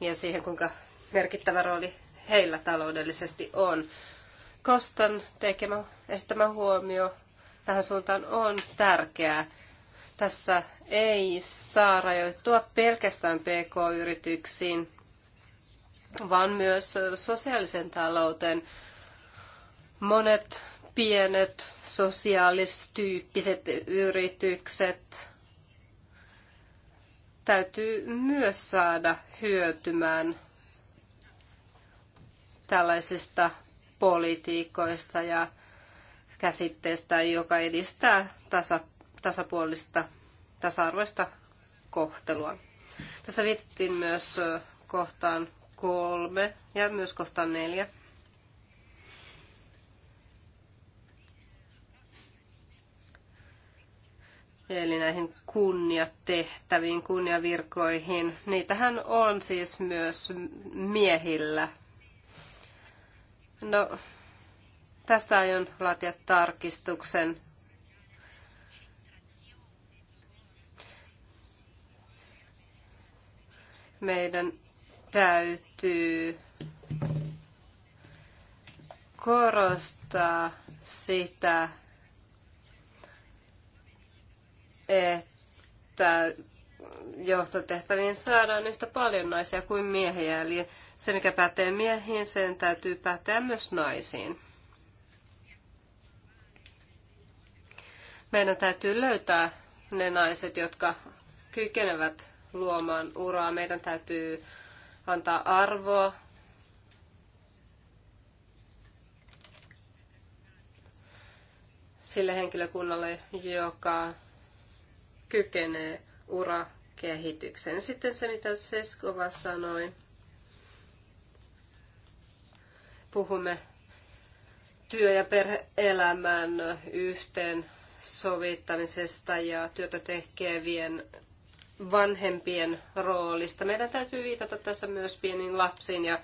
Speaker 2: ja siihen, kuinka merkittävä rooli heillä taloudellisesti on. Kostan tekemä esittämä huomio tähän suuntaan on tärkeää. Tässä ei saa rajoittua pelkästään pk-yrityksiin, vaan myös sosiaalisen talouteen. Monet pienet sosiaalistyyppiset yritykset täytyy myös saada hyötymään tällaisista politiikoista ja käsitteestä, joka edistää tasa, tasapuolista, tasa-arvoista kohtelua. Tässä viitattiin myös kohtaan kolme ja myös kohtaan neljä. Eli näihin kunniatehtäviin, kunniavirkoihin. Niitähän on siis myös miehillä. No, tästä aion laatia tarkistuksen. Meidän täytyy korostaa sitä, että johtotehtäviin saadaan yhtä paljon naisia kuin miehiä. Eli se, mikä pätee miehiin, sen täytyy päteä myös naisiin. Meidän täytyy löytää ne naiset, jotka kykenevät luomaan uraa. Meidän täytyy antaa arvoa. sille henkilökunnalle, joka kykenee urakehitykseen. Sitten se, mitä Seskova sanoi. Puhumme työ- ja perheelämän yhteen sovittamisesta ja työtä tekevien vanhempien roolista. Meidän täytyy viitata tässä myös pieniin lapsiin ja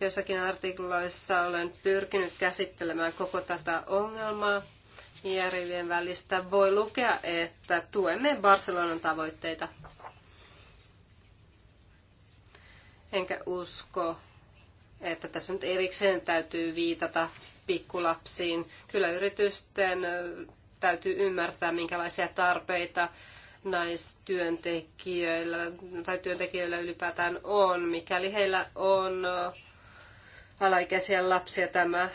Speaker 2: jossakin artikloissa olen pyrkinyt käsittelemään koko tätä ongelmaa järvien välistä. Voi lukea, että tuemme Barcelonan tavoitteita. Enkä usko, että tässä nyt erikseen täytyy viitata pikkulapsiin. Kyllä yritysten täytyy ymmärtää, minkälaisia tarpeita naistyöntekijöillä tai työntekijöillä ylipäätään on. Mikäli heillä on alaikäisiä lapsia, tämä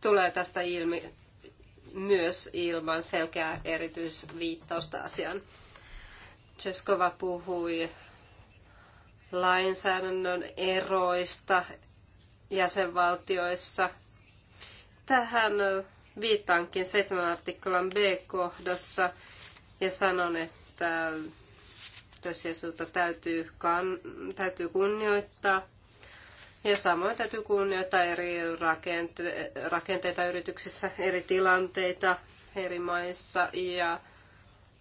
Speaker 2: tulee tästä ilmi myös ilman selkeää erityisviittausta asiaan. Cheskova puhui lainsäädännön eroista jäsenvaltioissa. Tähän viittaankin 7 artiklan B-kohdassa, ja sanon, että tosiasuutta täytyy, kan, täytyy kunnioittaa. Ja samoin täytyy kunnioittaa eri rakente, rakenteita yrityksissä, eri tilanteita eri maissa ja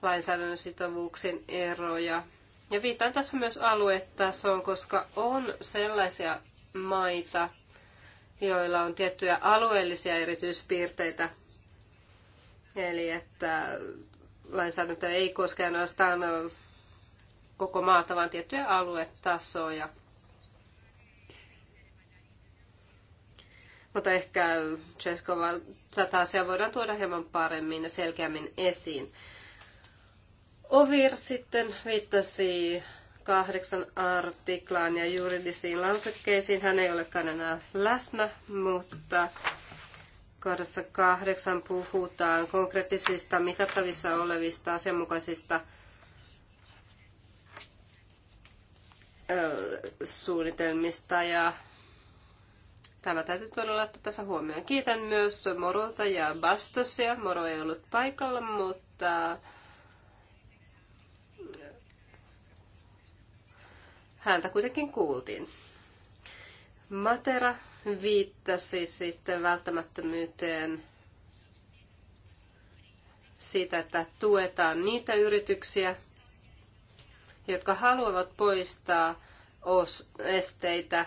Speaker 2: lainsäädännön sitovuuksien eroja. Ja viitan tässä myös aluetasoon, koska on sellaisia maita, joilla on tiettyjä alueellisia erityispiirteitä. Eli että lainsäädäntö ei koske ainoastaan koko maata, vaan tiettyjä aluetasoja. Mutta ehkä Cheskova tätä asiaa voidaan tuoda hieman paremmin ja selkeämmin esiin. Ovir sitten viittasi kahdeksan artiklaan ja juridisiin lausekkeisiin. Hän ei olekaan enää läsnä, mutta Kohdassa kahdeksan puhutaan konkreettisista mitattavissa olevista asianmukaisista suunnitelmista ja tämä täytyy todella ottaa tässä huomioon. Kiitän myös Morolta ja Bastosia. Moro ei ollut paikalla, mutta häntä kuitenkin kuultiin. Matera viittasi sitten välttämättömyyteen siitä, että tuetaan niitä yrityksiä, jotka haluavat poistaa esteitä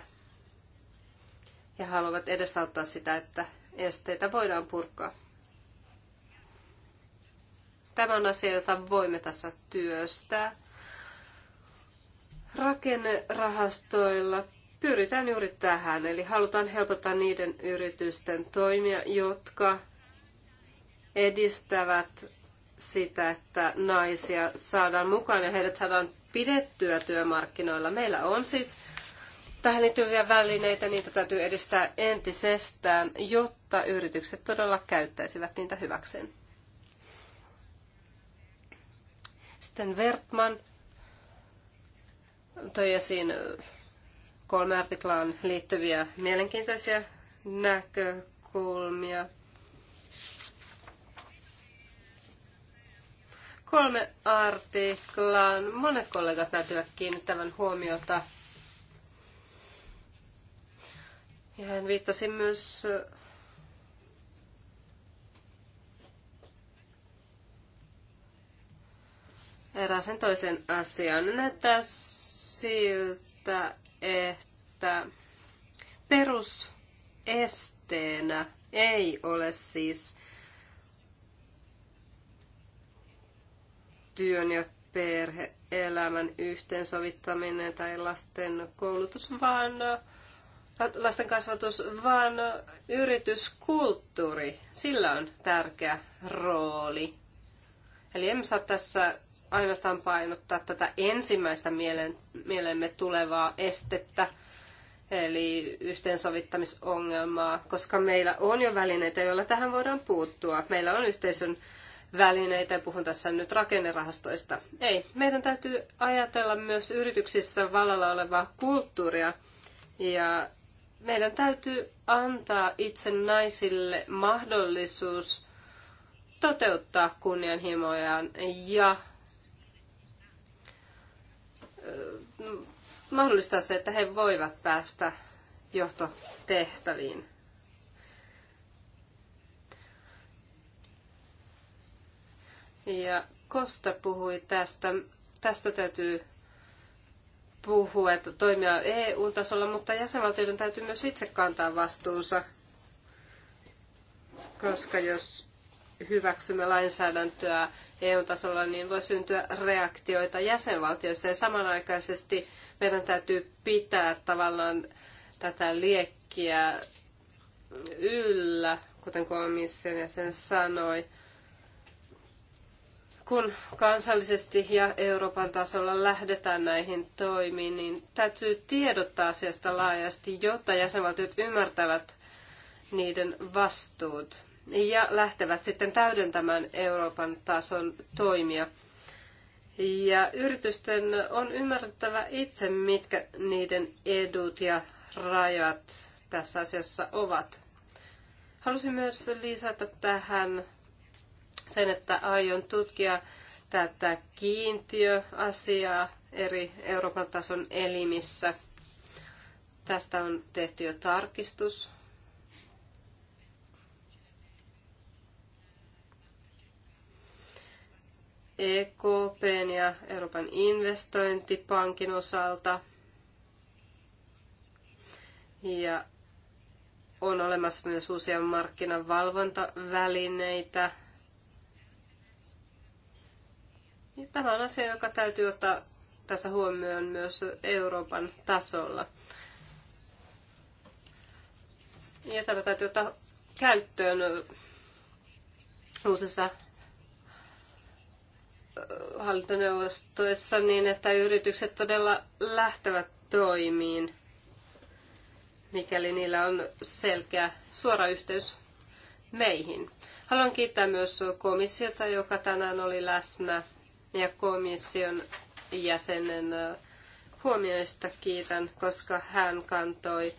Speaker 2: ja haluavat edesauttaa sitä, että esteitä voidaan purkaa. Tämä on asia, jota voimme tässä työstää. Rakennerahastoilla pyritään juuri tähän. Eli halutaan helpottaa niiden yritysten toimia, jotka edistävät sitä, että naisia saadaan mukaan ja heidät saadaan pidettyä työmarkkinoilla. Meillä on siis tähän liittyviä välineitä, niitä täytyy edistää entisestään, jotta yritykset todella käyttäisivät niitä hyväkseen. Sitten Vertman toi esiin kolme artiklaan liittyviä mielenkiintoisia näkökulmia. Kolme artiklaan. Monet kollegat näyttävät kiinnittävän huomiota. Ja hän viittasi myös erääseen toisen asiaan. Näyttää siltä, että perusesteenä ei ole siis työn ja perhe-elämän yhteensovittaminen tai lasten koulutus, vaan lasten kasvatus, vaan yrityskulttuuri. Sillä on tärkeä rooli. Eli emme saa tässä ainoastaan painottaa tätä ensimmäistä mieleen, mieleemme tulevaa estettä, eli yhteensovittamisongelmaa, koska meillä on jo välineitä, joilla tähän voidaan puuttua. Meillä on yhteisön välineitä, ja puhun tässä nyt rakennerahastoista. Ei, meidän täytyy ajatella myös yrityksissä vallalla olevaa kulttuuria, ja meidän täytyy antaa itse naisille mahdollisuus toteuttaa kunnianhimojaan ja mahdollistaa se, että he voivat päästä johtotehtäviin. Ja Kosta puhui tästä. Tästä täytyy puhua, että toimia EU-tasolla, mutta jäsenvaltioiden täytyy myös itse kantaa vastuunsa. Koska jos hyväksymme lainsäädäntöä EU-tasolla, niin voi syntyä reaktioita jäsenvaltioissa. Ja samanaikaisesti meidän täytyy pitää tavallaan tätä liekkiä yllä, kuten komission jäsen sanoi. Kun kansallisesti ja Euroopan tasolla lähdetään näihin toimiin, niin täytyy tiedottaa asiasta laajasti, jotta jäsenvaltiot ymmärtävät niiden vastuut ja lähtevät sitten täydentämään Euroopan tason toimia. Ja yritysten on ymmärrettävä itse, mitkä niiden edut ja rajat tässä asiassa ovat. Halusin myös lisätä tähän sen, että aion tutkia tätä kiintiöasiaa eri Euroopan tason elimissä. Tästä on tehty jo tarkistus EKPn ja Euroopan investointipankin osalta. Ja on olemassa myös uusia markkinavalvontavälineitä. Ja tämä on asia, joka täytyy ottaa tässä huomioon myös Euroopan tasolla. Ja tämä täytyy ottaa käyttöön uusissa hallintoneuvostoissa niin, että yritykset todella lähtevät toimiin, mikäli niillä on selkeä suora yhteys meihin. Haluan kiittää myös komissiota, joka tänään oli läsnä, ja komission jäsenen huomioista kiitän, koska hän kantoi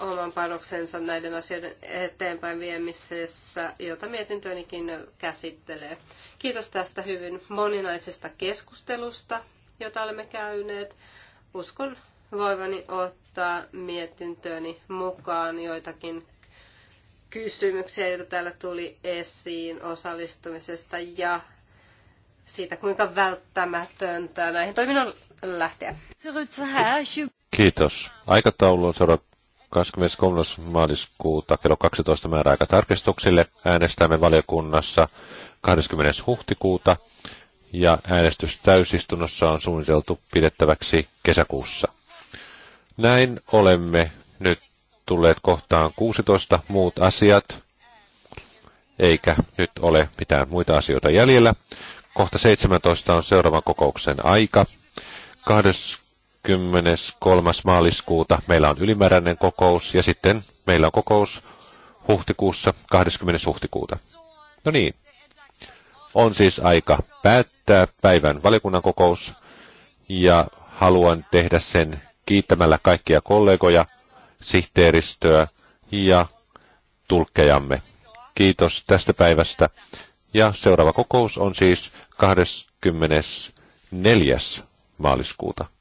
Speaker 2: oman panoksensa näiden asioiden eteenpäin viemisessä, jota mietintönikin käsittelee. Kiitos tästä hyvin moninaisesta keskustelusta, jota olemme käyneet. Uskon voivani ottaa mietintööni mukaan joitakin kysymyksiä, joita täällä tuli esiin osallistumisesta ja siitä, kuinka välttämätöntä näihin toiminnan lähteä.
Speaker 1: Kiitos. Aikataulu on seuraava. 23. maaliskuuta kello 12 määräaika tarkistuksille. Äänestämme valiokunnassa 20. huhtikuuta ja äänestys täysistunnossa on suunniteltu pidettäväksi kesäkuussa. Näin olemme nyt tulleet kohtaan 16 muut asiat, eikä nyt ole mitään muita asioita jäljellä. Kohta 17 on seuraavan kokouksen aika. 20 23. maaliskuuta meillä on ylimääräinen kokous ja sitten meillä on kokous huhtikuussa 20. huhtikuuta. No niin, on siis aika päättää päivän valiokunnan kokous ja haluan tehdä sen kiittämällä kaikkia kollegoja, sihteeristöä ja tulkkejamme. Kiitos tästä päivästä ja seuraava kokous on siis 24. maaliskuuta.